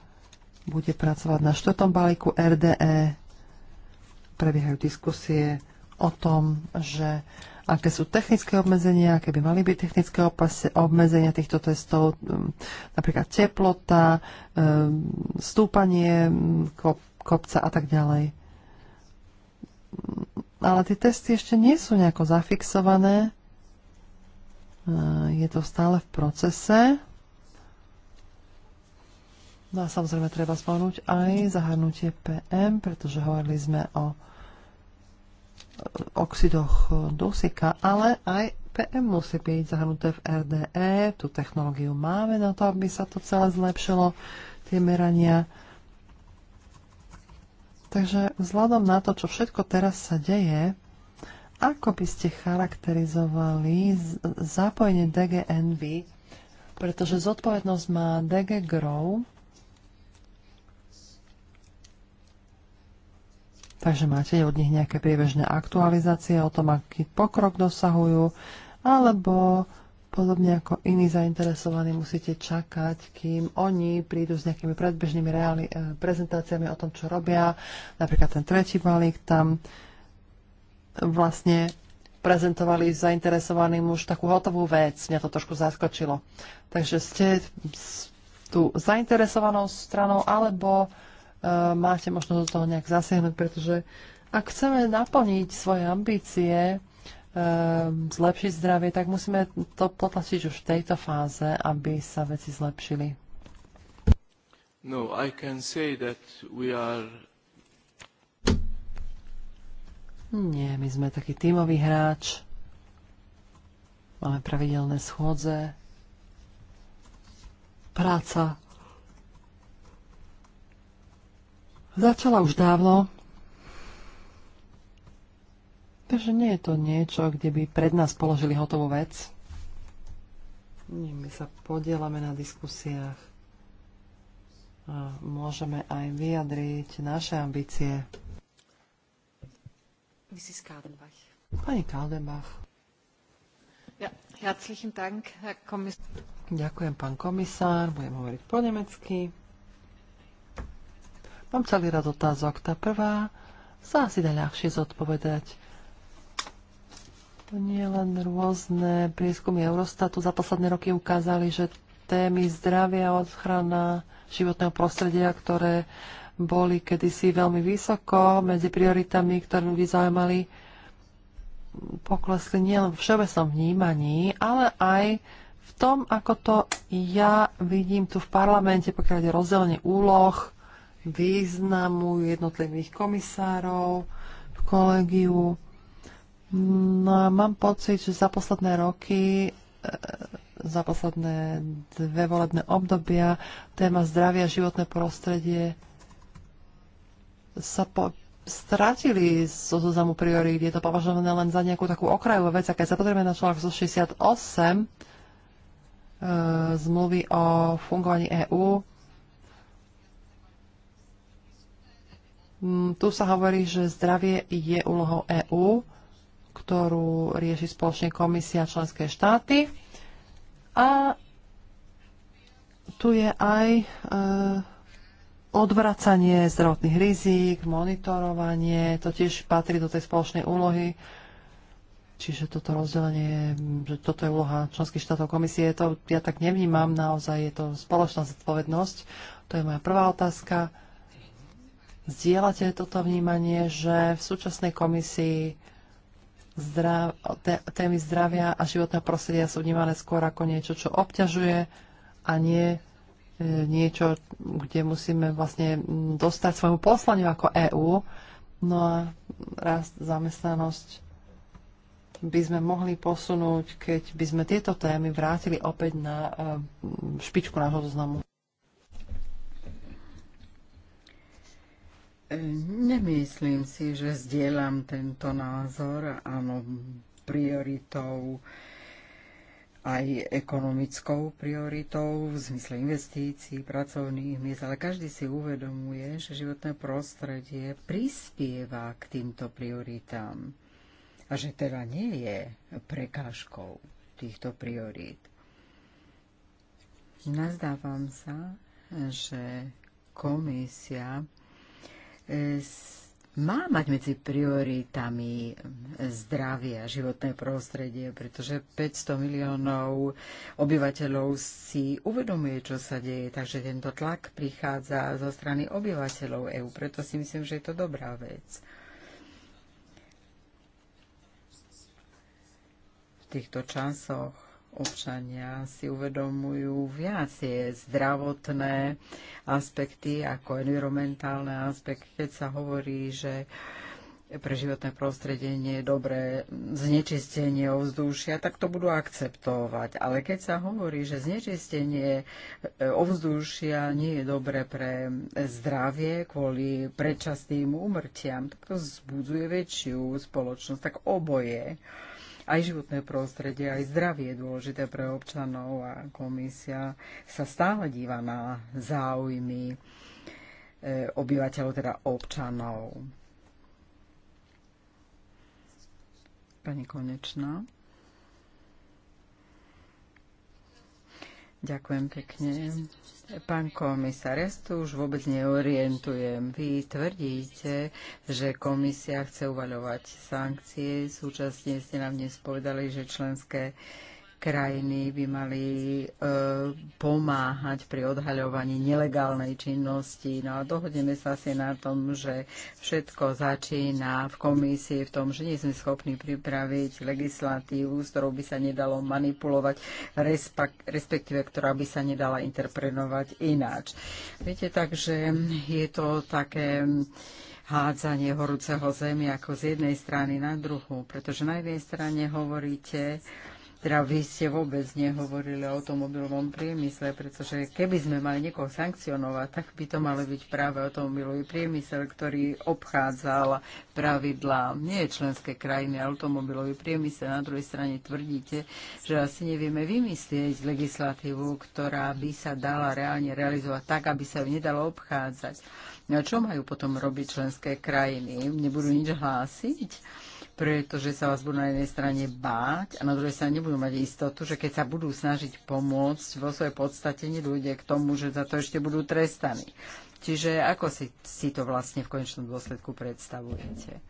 bude pracovať na štvrtom balíku RDE. Prebiehajú diskusie o tom, že aké sú technické obmedzenia, aké by mali byť technické obmedzenia týchto testov, um, napríklad teplota, um, stúpanie um, kopca a tak ďalej. Ale tie testy ešte nie sú nejako zafixované. Je to stále v procese. No a samozrejme treba spomenúť aj zahrnutie PM, pretože hovorili sme o oxidoch dusika, ale aj PM musí byť zahrnuté v RDE. Tú technológiu máme na to, aby sa to celé zlepšilo, tie merania. Takže vzhľadom na to, čo všetko teraz sa deje, ako by ste charakterizovali zapojenie DGNV, pretože zodpovednosť má DG Grow, takže máte od nich nejaké priebežné aktualizácie o tom, aký pokrok dosahujú, alebo podobne ako iní zainteresovaní musíte čakať, kým oni prídu s nejakými predbežnými reali- e, prezentáciami o tom, čo robia. Napríklad ten tretí balík tam vlastne prezentovali zainteresovaným už takú hotovú vec. Mňa to trošku zaskočilo. Takže ste tu zainteresovanou stranou alebo Eh, máte možnosť do toho nejak zasiahnuť, pretože ak chceme naplniť svoje ambície, eh, zlepšiť zdravie, tak musíme to potlačiť už v tejto fáze, aby sa veci zlepšili. No, I can say that we are... Nie, my sme taký tímový hráč. Máme pravidelné schôdze. Práca začala už dávno. Takže nie je to niečo, kde by pred nás položili hotovú vec. My sa podielame na diskusiách a môžeme aj vyjadriť naše ambície. Mrs. Kaldenbach. Pani Kaldenbach. Ja, herzlichen Dank, Herr Kommissar. Ďakujem, pán komisár. Budem hovoriť po nemecky. Mám celý rad otázok. Tá prvá sa asi dá ľahšie zodpovedať. Nie len rôzne prieskumy Eurostatu za posledné roky ukázali, že témy zdravia, ochrana životného prostredia, ktoré boli kedysi veľmi vysoko medzi prioritami, ktoré ľudí zaujímali, poklesli nielen v všeobecnom vnímaní, ale aj v tom, ako to ja vidím tu v parlamente, pokiaľ je rozdelenie úloh, významu jednotlivých komisárov v kolegiu. No a mám pocit, že za posledné roky, e, za posledné dve volebné obdobia téma zdravia, a životné prostredie sa po, stratili zo zoznamu priorít. Je to považované len za nejakú takú okrajovú vec. A keď sa na článok 168 e, zmluvy o fungovaní EÚ, Mm, tu sa hovorí, že zdravie je úlohou EÚ, ktorú rieši spoločne komisia členské štáty. A tu je aj e, odvracanie zdravotných rizík, monitorovanie, to tiež patrí do tej spoločnej úlohy. Čiže toto rozdelenie, že toto je úloha členských štátov komisie, to ja tak nevnímam, naozaj je to spoločná zodpovednosť. To je moja prvá otázka. Zdieľate toto vnímanie, že v súčasnej komisii zdrav, té, témy zdravia a životného prostredia sú vnímané skôr ako niečo, čo obťažuje a nie e, niečo, kde musíme vlastne dostať svojmu poslaniu ako EÚ. No a rast zamestnanosť by sme mohli posunúť, keď by sme tieto témy vrátili opäť na e, špičku nášho zoznamu. Nemyslím si, že zdieľam tento názor. Áno, prioritou aj ekonomickou prioritou v zmysle investícií, pracovných miest, ale každý si uvedomuje, že životné prostredie prispieva k týmto prioritám a že teda nie je prekážkou týchto priorít. Nazdávam sa, že komisia má mať medzi prioritami zdravie a životné prostredie, pretože 500 miliónov obyvateľov si uvedomuje, čo sa deje, takže tento tlak prichádza zo strany obyvateľov EÚ, preto si myslím, že je to dobrá vec. V týchto časoch občania si uvedomujú viac tie zdravotné aspekty ako environmentálne aspekty, keď sa hovorí, že pre životné prostredie nie je dobré znečistenie ovzdušia, tak to budú akceptovať. Ale keď sa hovorí, že znečistenie e, ovzdušia nie je dobré pre zdravie kvôli predčasným úmrtiam, tak to zbudzuje väčšiu spoločnosť. Tak oboje aj životné prostredie, aj zdravie je dôležité pre občanov a komisia sa stále díva na záujmy e, obyvateľov, teda občanov. Pani Konečná. Ďakujem pekne. Pán komisár, ja tu už vôbec neorientujem. Vy tvrdíte, že komisia chce uvaľovať sankcie, súčasne ste nám dnes povedali, že členské Krajiny by mali e, pomáhať pri odhaľovaní nelegálnej činnosti. No a dohodneme sa si na tom, že všetko začína v komisii v tom, že nie sme schopní pripraviť legislatívu, s ktorou by sa nedalo manipulovať, respektíve ktorá by sa nedala interpretovať ináč. Viete, takže je to také hádzanie horúceho zemi ako z jednej strany na druhú, pretože na jednej strane hovoríte, teda vy ste vôbec nehovorili o automobilovom priemysle, pretože keby sme mali niekoho sankcionovať, tak by to malo byť práve automobilový priemysel, ktorý obchádzal pravidlá nie členské krajiny, automobilový priemysel. Na druhej strane tvrdíte, že asi nevieme vymyslieť legislatívu, ktorá by sa dala reálne realizovať tak, aby sa ju nedalo obchádzať. No a čo majú potom robiť členské krajiny? Nebudú nič hlásiť? pretože sa vás budú na jednej strane báť a na druhej strane nebudú mať istotu, že keď sa budú snažiť pomôcť, vo svojej podstate nedôjde k tomu, že za to ešte budú trestaní. Čiže ako si, si to vlastne v konečnom dôsledku predstavujete?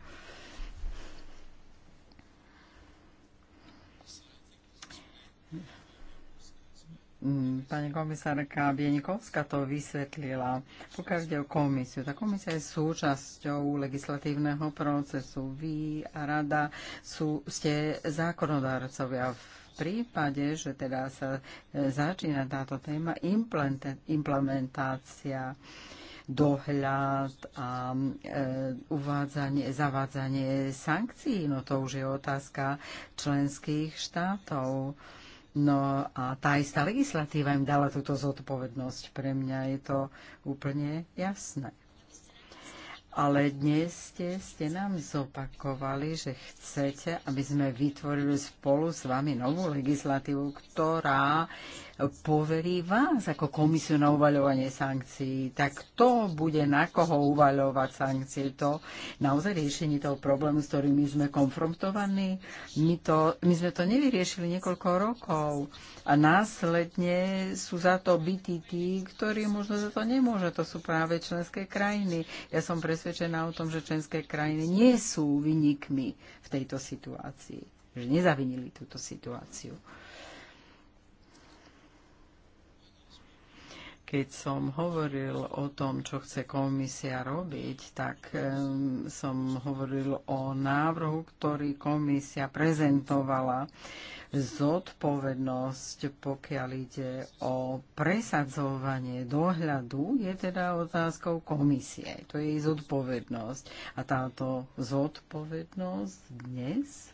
Mm, pani komisárka Bienikovská to vysvetlila. Pokiaľ ide o komisiu, tá komisia je súčasťou legislatívneho procesu. Vy a rada sú, ste zákonodárcovia v prípade, že teda sa e, začína táto téma implementácia dohľad a e, uvádzanie, zavádzanie sankcií, no to už je otázka členských štátov. E, No a tá istá legislatíva im dala túto zodpovednosť. Pre mňa je to úplne jasné. Ale dnes ste, ste nám zopakovali, že chcete, aby sme vytvorili spolu s vami novú legislatívu, ktorá poverí vás ako komisiu na uvaľovanie sankcií, tak to bude na koho uvaľovať sankcie. To naozaj riešenie toho problému, s ktorými sme konfrontovaní. My, to, my sme to nevyriešili niekoľko rokov a následne sú za to bytí tí, ktorí možno za to nemôže. To sú práve členské krajiny. Ja som presvedčená o tom, že členské krajiny nie sú vynikmi v tejto situácii že nezavinili túto situáciu. Keď som hovoril o tom, čo chce komisia robiť, tak um, som hovoril o návrhu, ktorý komisia prezentovala zodpovednosť, pokiaľ ide o presadzovanie dohľadu, je teda otázkou komisie. To je jej zodpovednosť. A táto zodpovednosť dnes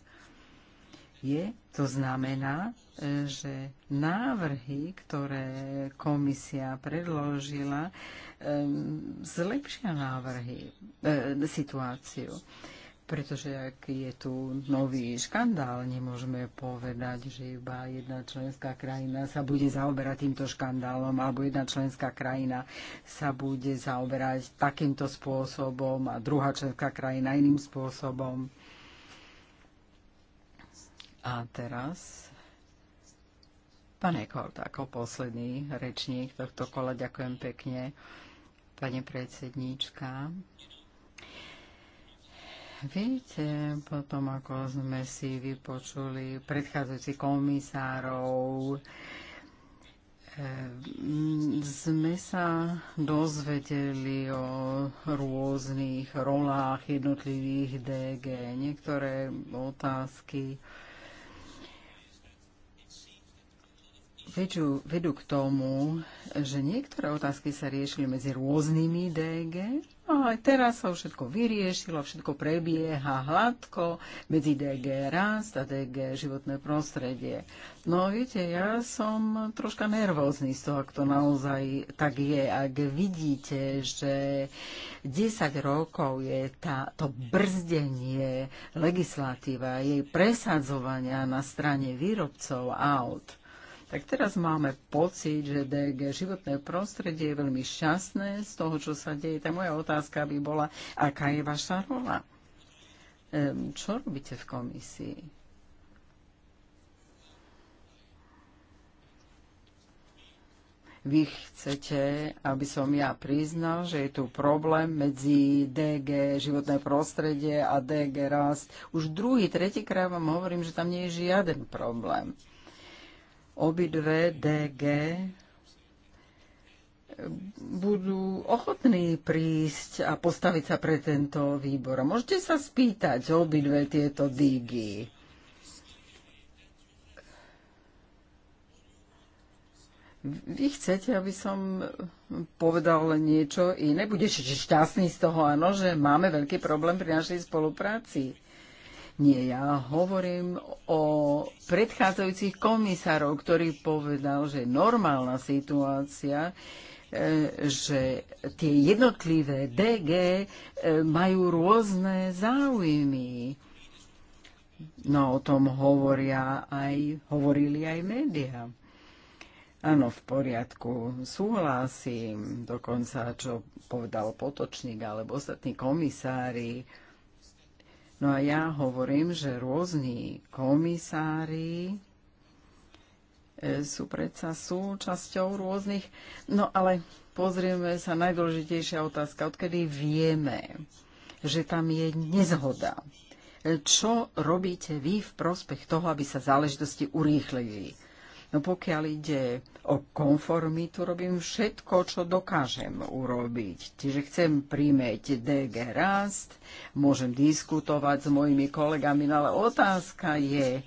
je. To znamená, e, že návrhy, ktoré komisia predložila, e, zlepšia návrhy, e, situáciu. Pretože ak je tu nový škandál, nemôžeme povedať, že iba jedna členská krajina sa bude zaoberať týmto škandálom, alebo jedna členská krajina sa bude zaoberať takýmto spôsobom a druhá členská krajina iným spôsobom. A teraz pán Ekolt ako posledný rečník tohto kola. Ďakujem pekne, pani predsedníčka. Viete, potom ako sme si vypočuli predchádzajúcich komisárov, eh, sme sa dozvedeli o rôznych rolách jednotlivých DG. Niektoré otázky vedú, vedú k tomu, že niektoré otázky sa riešili medzi rôznymi DG, no ale teraz sa všetko vyriešilo, všetko prebieha hladko medzi DG Rast a DG Životné prostredie. No viete, ja som troška nervózny z toho, ak to naozaj tak je. Ak vidíte, že 10 rokov je tá, to brzdenie legislatíva, jej presadzovania na strane výrobcov aut, tak teraz máme pocit, že DG životné prostredie je veľmi šťastné z toho, čo sa deje. Tá moja otázka by bola, aká je vaša rola? Ehm, čo robíte v komisii? vy chcete, aby som ja priznal, že je tu problém medzi DG životné prostredie a DG rast. Už druhý, tretíkrát vám hovorím, že tam nie je žiaden problém obidve DG budú ochotní prísť a postaviť sa pre tento výbor. môžete sa spýtať obidve tieto dígy. Vy chcete, aby som povedal niečo iné? Budeš šťastný z toho, áno, že máme veľký problém pri našej spolupráci. Nie, ja hovorím o predchádzajúcich komisárov, ktorý povedal, že normálna situácia e, že tie jednotlivé DG e, majú rôzne záujmy. No o tom hovoria aj, hovorili aj médiá. Áno, v poriadku, súhlasím, dokonca čo povedal Potočník alebo ostatní komisári, No a ja hovorím, že rôzni komisári e, sú predsa súčasťou rôznych... No ale pozrieme sa, najdôležitejšia otázka, odkedy vieme, že tam je nezhoda. E, čo robíte vy v prospech toho, aby sa záležitosti urýchlili? No pokiaľ ide o konformitu, robím všetko, čo dokážem urobiť. Čiže chcem príjmeť DG Rast, môžem diskutovať s mojimi kolegami, no ale otázka je,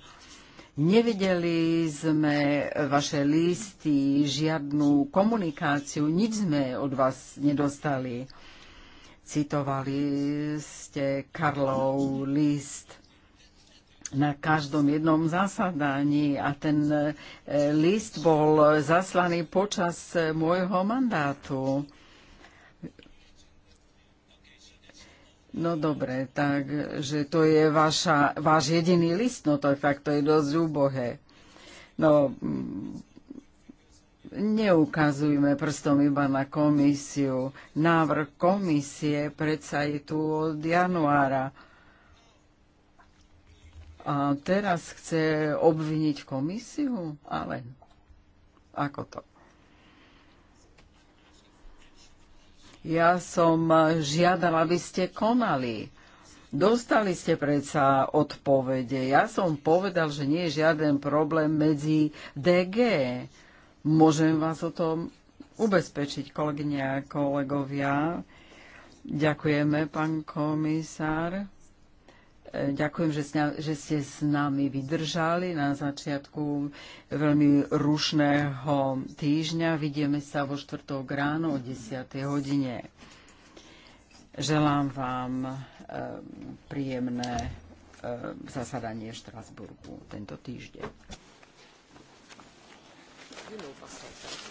Nevideli sme vaše listy, žiadnu komunikáciu, nič sme od vás nedostali. Citovali ste Karlov list na každom jednom zasadaní a ten e, list bol zaslaný počas e, môjho mandátu. No dobre, takže to je vaša, váš jediný list, no to tak to je dosť úbohé. No, mm, neukazujme prstom iba na komisiu. Návrh komisie predsa je tu od januára a teraz chce obviniť komisiu? Ale ako to? Ja som žiadala, aby ste konali. Dostali ste predsa odpovede. Ja som povedal, že nie je žiaden problém medzi DG. Môžem vás o tom ubezpečiť, kolegyne a kolegovia. Ďakujeme, pán komisár. Ďakujem, že, že ste s nami vydržali na začiatku veľmi rušného týždňa. Vidíme sa vo štvrtok ráno o 10. hodine. Želám vám e, príjemné e, zasadanie v Štrasburgu tento týždeň. You know,